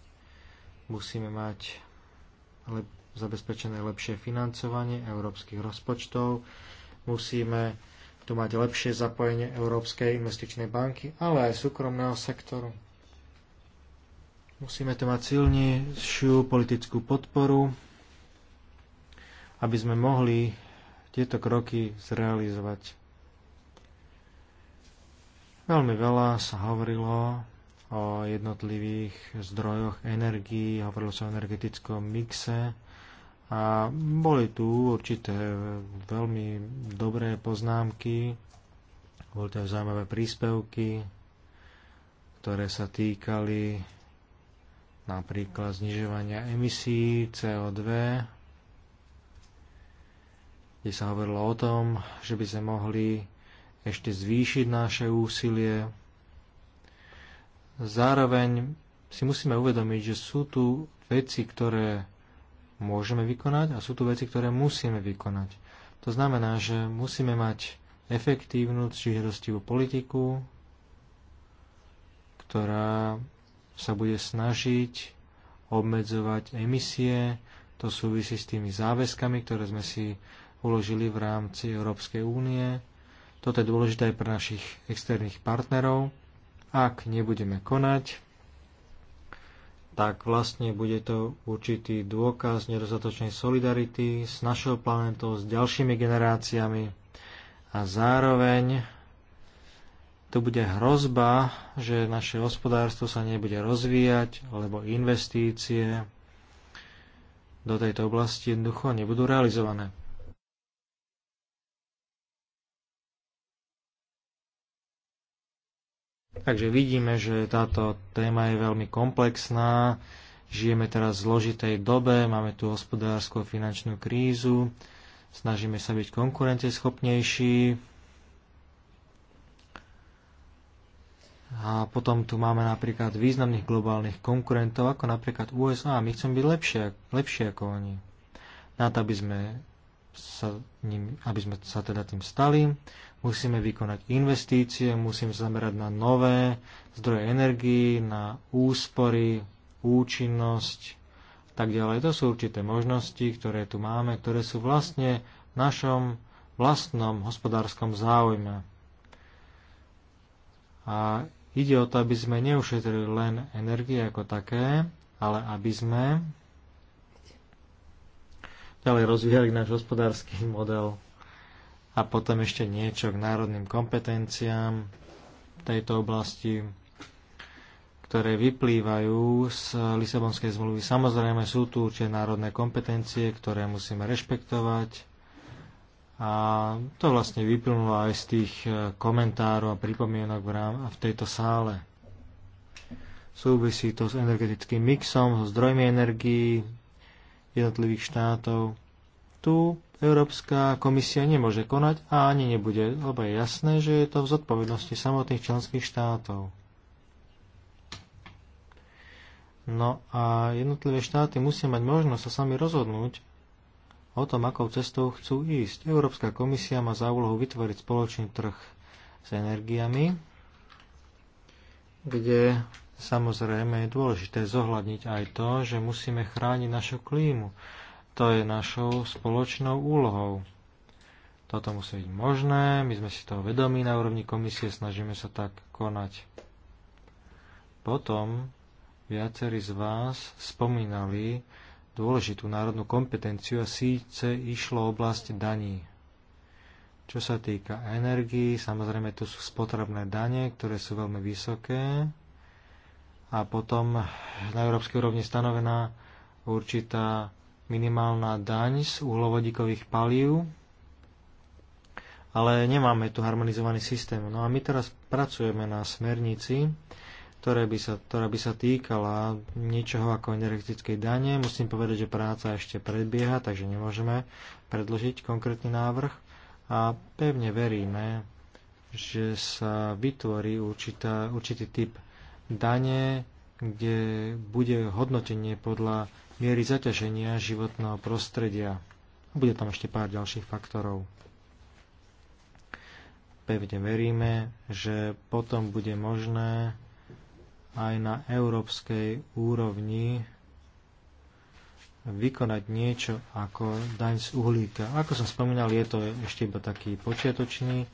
Musíme mať lep- zabezpečené lepšie financovanie európskych rozpočtov. Musíme tu mať lepšie zapojenie Európskej investičnej banky, ale aj súkromného sektoru. Musíme tu mať silnejšiu politickú podporu, aby sme mohli tieto kroky zrealizovať. Veľmi veľa sa hovorilo o jednotlivých zdrojoch energií, hovorilo sa o energetickom mixe a boli tu určité veľmi dobré poznámky, boli tam zaujímavé príspevky, ktoré sa týkali napríklad znižovania emisí CO2, kde sa hovorilo o tom, že by sme mohli ešte zvýšiť naše úsilie. Zároveň si musíme uvedomiť, že sú tu veci, ktoré môžeme vykonať a sú tu veci, ktoré musíme vykonať. To znamená, že musíme mať efektívnu, čižrostivú politiku, ktorá sa bude snažiť obmedzovať emisie. To súvisí s tými záväzkami, ktoré sme si uložili v rámci Európskej únie toto je dôležité aj pre našich externých partnerov. Ak nebudeme konať, tak vlastne bude to určitý dôkaz nedostatočnej solidarity s našou planetou, s ďalšími generáciami a zároveň to bude hrozba, že naše hospodárstvo sa nebude rozvíjať, alebo investície do tejto oblasti jednoducho nebudú realizované. Takže vidíme, že táto téma je veľmi komplexná. Žijeme teraz v zložitej dobe, máme tu hospodárskú a finančnú krízu, snažíme sa byť konkurenceschopnejší. A potom tu máme napríklad významných globálnych konkurentov, ako napríklad USA. My chceme byť lepšie, lepšie ako oni. Na to, aby sme sa, ním, aby sme sa teda tým stali, Musíme vykonať investície, musíme zamerať na nové zdroje energii, na úspory, účinnosť a tak ďalej. To sú určité možnosti, ktoré tu máme, ktoré sú vlastne v našom vlastnom hospodárskom záujme. A ide o to, aby sme neušetrili len energie ako také, ale aby sme ďalej rozvíjali náš hospodársky model. A potom ešte niečo k národným kompetenciám v tejto oblasti, ktoré vyplývajú z Lisabonskej zmluvy. Samozrejme sú tu určite národné kompetencie, ktoré musíme rešpektovať. A to vlastne vyplnulo aj z tých e, komentárov a pripomienok v tejto sále. Súvisí to s energetickým mixom, so zdrojmi energií jednotlivých štátov. Tu Európska komisia nemôže konať a ani nebude, lebo je jasné, že je to v zodpovednosti samotných členských štátov. No a jednotlivé štáty musia mať možnosť sa sami rozhodnúť o tom, akou cestou chcú ísť. Európska komisia má za úlohu vytvoriť spoločný trh s energiami, kde samozrejme je dôležité zohľadniť aj to, že musíme chrániť našu klímu. To je našou spoločnou úlohou. Toto musí byť možné, my sme si toho vedomí na úrovni komisie, snažíme sa tak konať. Potom viacerí z vás spomínali dôležitú národnú kompetenciu a síce išlo oblasť daní. Čo sa týka energii, samozrejme tu sú spotrebné dane, ktoré sú veľmi vysoké a potom na európskej úrovni stanovená určitá minimálna daň z uhlovodíkových palív, ale nemáme tu harmonizovaný systém. No a my teraz pracujeme na smernici, ktoré by sa, ktorá by sa týkala niečoho ako energetickej dane. Musím povedať, že práca ešte predbieha, takže nemôžeme predložiť konkrétny návrh a pevne veríme, že sa vytvorí určitá, určitý typ dane, kde bude hodnotenie podľa miery zaťaženia životného prostredia. Bude tam ešte pár ďalších faktorov. Pevne veríme, že potom bude možné aj na európskej úrovni vykonať niečo ako daň z uhlíka. Ako som spomínal, je to ešte iba taký počiatočný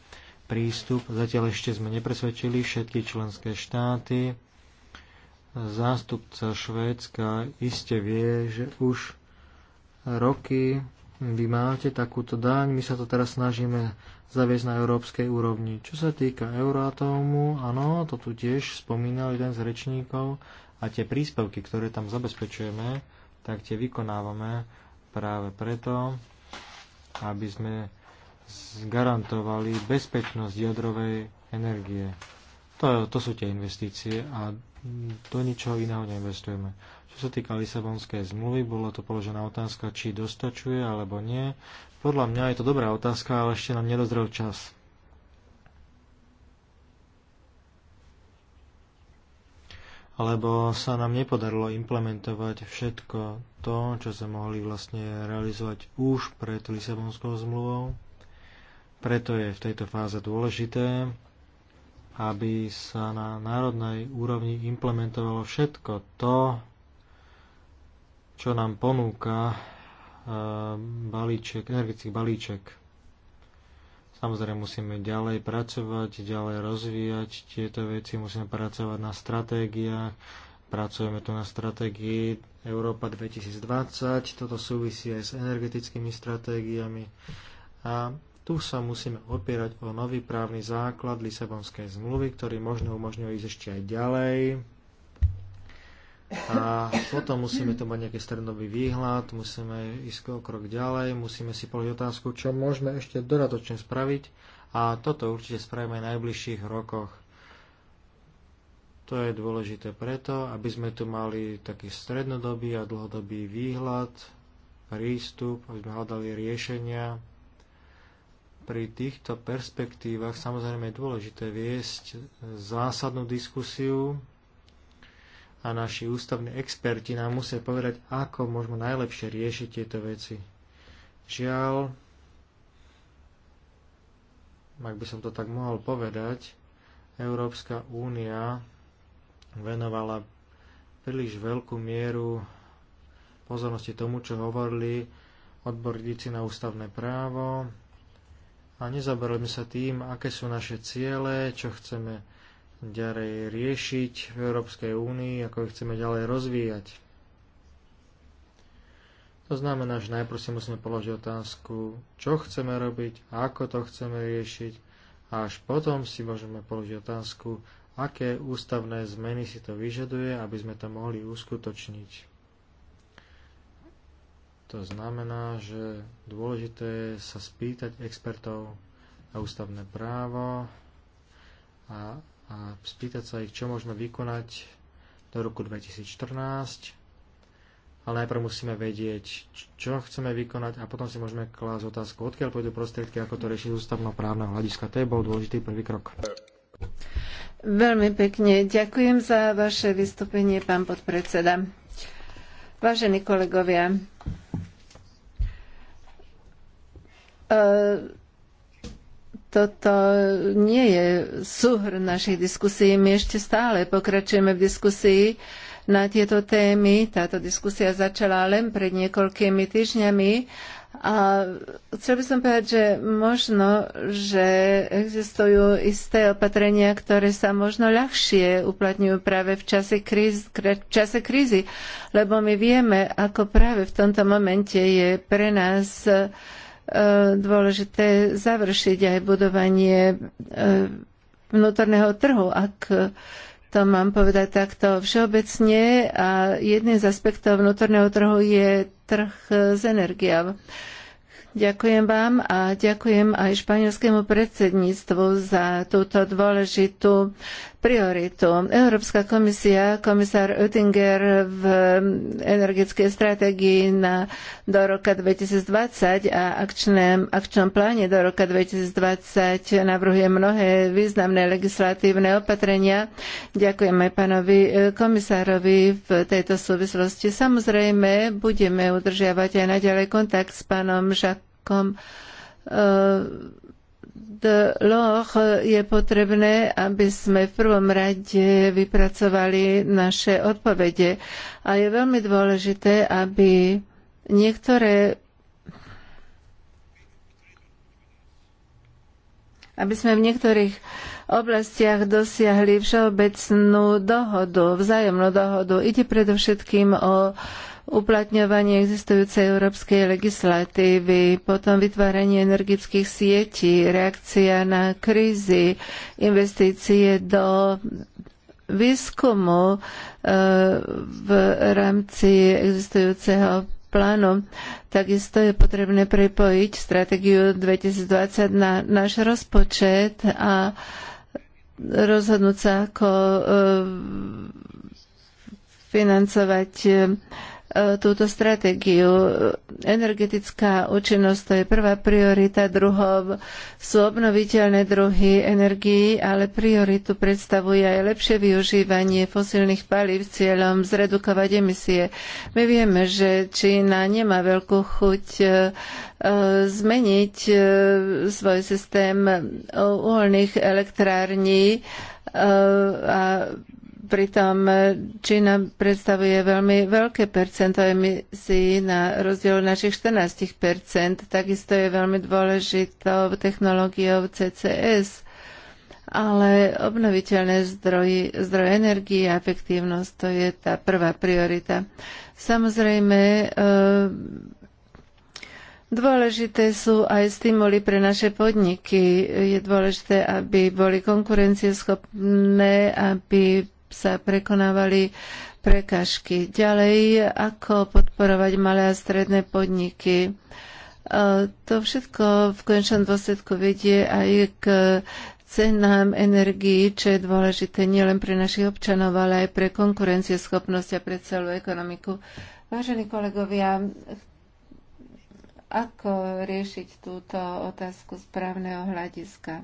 prístup. Zatiaľ ešte sme nepresvedčili všetky členské štáty zástupca Švédska iste vie, že už roky vy máte takúto daň, my sa to teraz snažíme zaviesť na európskej úrovni. Čo sa týka Euroatómu, áno, to tu tiež spomínal jeden z rečníkov a tie príspevky, ktoré tam zabezpečujeme, tak tie vykonávame práve preto, aby sme garantovali bezpečnosť jadrovej energie. To, to sú tie investície a do ničoho iného neinvestujeme. Čo sa týka Lisabonskej zmluvy, bola to položená otázka, či dostačuje alebo nie. Podľa mňa je to dobrá otázka, ale ešte nám nedozrel čas. Alebo sa nám nepodarilo implementovať všetko to, čo sme mohli vlastne realizovať už pred Lisabonskou zmluvou. Preto je v tejto fáze dôležité, aby sa na národnej úrovni implementovalo všetko to, čo nám ponúka e, balíček, energetický balíček. Samozrejme musíme ďalej pracovať, ďalej rozvíjať tieto veci, musíme pracovať na stratégiách, pracujeme tu na stratégii Európa 2020, toto súvisí aj s energetickými stratégiami a tu sa musíme opierať o nový právny základ Lisabonskej zmluvy, ktorý možno umožňuje ísť ešte aj ďalej. A potom musíme to mať nejaký strednový výhľad, musíme ísť o krok ďalej, musíme si položiť otázku, čo môžeme ešte dodatočne spraviť a toto určite spravíme aj v najbližších rokoch. To je dôležité preto, aby sme tu mali taký strednodobý a dlhodobý výhľad, prístup, aby sme hľadali riešenia, pri týchto perspektívach samozrejme je dôležité viesť zásadnú diskusiu a naši ústavní experti nám musia povedať, ako môžeme najlepšie riešiť tieto veci. Žiaľ, ak by som to tak mohol povedať, Európska únia venovala príliš veľkú mieru pozornosti tomu, čo hovorili odborníci na ústavné právo, a nezabrali sa tým, aké sú naše ciele, čo chceme ďalej riešiť v Európskej únii, ako ich chceme ďalej rozvíjať. To znamená, že najprv si musíme položiť otázku, čo chceme robiť, ako to chceme riešiť a až potom si môžeme položiť otázku, aké ústavné zmeny si to vyžaduje, aby sme to mohli uskutočniť. To znamená, že dôležité je sa spýtať expertov na ústavné právo a, a spýtať sa ich, čo môžeme vykonať do roku 2014. Ale najprv musíme vedieť, čo chceme vykonať a potom si môžeme klásť otázku, odkiaľ pôjdu prostriedky, ako to riešiť z ústavnoprávneho hľadiska. To je bol dôležitý prvý krok. Veľmi pekne ďakujem za vaše vystúpenie, pán podpredseda. Vážení kolegovia, e, toto nie je súhrn našich diskusí. My ešte stále pokračujeme v diskusii na tieto témy. Táto diskusia začala len pred niekoľkými týždňami a chcel by som povedať, že možno, že existujú isté opatrenia, ktoré sa možno ľahšie uplatňujú práve v čase, kríz, v čase krízy, lebo my vieme, ako práve v tomto momente je pre nás e, dôležité završiť aj budovanie e, vnútorného trhu, ak to mám povedať takto všeobecne a jedným z aspektov vnútorného trhu je trh s energiou. Ďakujem vám a ďakujem aj španielskému predsedníctvu za túto dôležitú prioritu. Európska komisia, komisár Oettinger v energetickej stratégii na, do roka 2020 a akčném, akčnom pláne do roka 2020 navrhuje mnohé významné legislatívne opatrenia. Ďakujem aj pánovi e, komisárovi v tejto súvislosti. Samozrejme, budeme udržiavať aj naďalej kontakt s pánom Žakom uh, E, je potrebné, aby sme v prvom rade vypracovali naše odpovede. A je veľmi dôležité, aby niektoré aby sme v niektorých oblastiach dosiahli všeobecnú dohodu, vzájomnú dohodu. Ide predovšetkým o uplatňovanie existujúcej európskej legislatívy, potom vytváranie energických sietí, reakcia na krízy, investície do výskumu e, v rámci existujúceho plánu. Takisto je potrebné prepojiť stratégiu 2020 na náš rozpočet a rozhodnúť sa, ako e, financovať túto stratégiu. Energetická účinnosť to je prvá priorita druhov. Sú obnoviteľné druhy energií, ale prioritu predstavuje aj lepšie využívanie fosílnych palív cieľom zredukovať emisie. My vieme, že Čína nemá veľkú chuť e, zmeniť e, svoj systém uholných elektrární e, a Pritom e, Čína predstavuje veľmi veľké percento emisí na rozdiel našich 14 Takisto je veľmi dôležitou technológiou CCS. Ale obnoviteľné zdroje, zdroje energie a efektívnosť, to je tá prvá priorita. Samozrejme, e, Dôležité sú aj stimuly pre naše podniky. Je dôležité, aby boli konkurencieschopné, aby sa prekonávali prekažky. Ďalej, ako podporovať malé a stredné podniky. E, to všetko v končnom dôsledku vedie aj k cenám energií, čo je dôležité nielen pre našich občanov, ale aj pre konkurencieschopnosť a pre celú ekonomiku. Vážení kolegovia, ako riešiť túto otázku správneho hľadiska?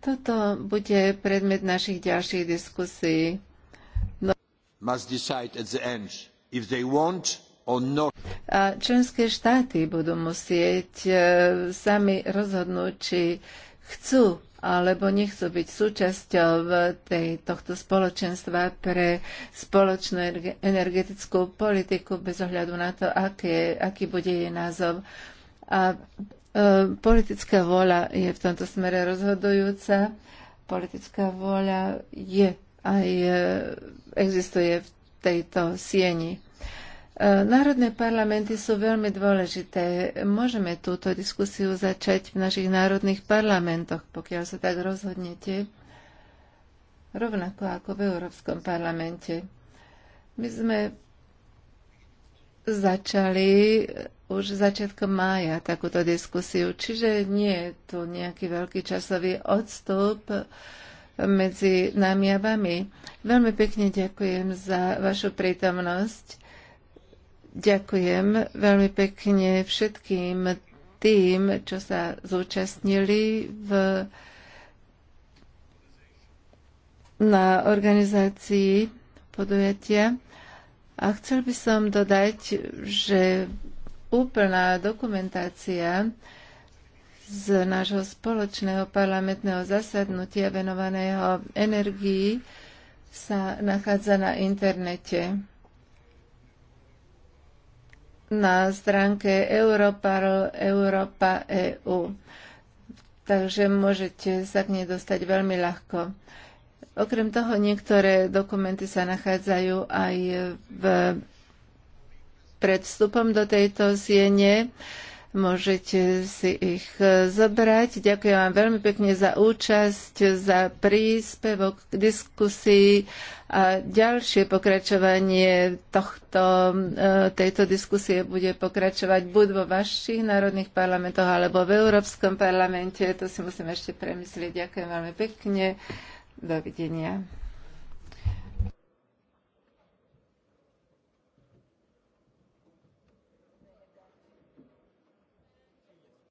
Toto bude predmet našich ďalších diskusí. No... Must decide at the end if they want or not. A členské štáty budú musieť e, sami rozhodnúť, či chcú alebo nechcú byť súčasťou tej, tohto spoločenstva pre spoločnú energetickú politiku bez ohľadu na to, aké, aký bude jej názov. A E, politická vôľa je v tomto smere rozhodujúca. Politická vôľa je aj e, existuje v tejto sieni. E, národné parlamenty sú veľmi dôležité. Môžeme túto diskusiu začať v našich národných parlamentoch, pokiaľ sa tak rozhodnete, rovnako ako v Európskom parlamente. My sme začali už začiatkom mája takúto diskusiu, čiže nie je tu nejaký veľký časový odstup medzi nami a vami. Veľmi pekne ďakujem za vašu prítomnosť. Ďakujem veľmi pekne všetkým tým, čo sa zúčastnili v, na organizácii podujatia. A chcel by som dodať, že úplná dokumentácia z nášho spoločného parlamentného zasadnutia venovaného energii sa nachádza na internete. Na stránke Europarl Europa EU. Takže môžete sa k nej dostať veľmi ľahko. Okrem toho niektoré dokumenty sa nachádzajú aj v predstupom do tejto siene. Môžete si ich zobrať. Ďakujem vám veľmi pekne za účasť, za príspevok k diskusii a ďalšie pokračovanie tohto, e, tejto diskusie bude pokračovať buď vo vašich národných parlamentoch alebo v Európskom parlamente. To si musím ešte premyslieť. Ďakujem veľmi pekne. Dovidenia.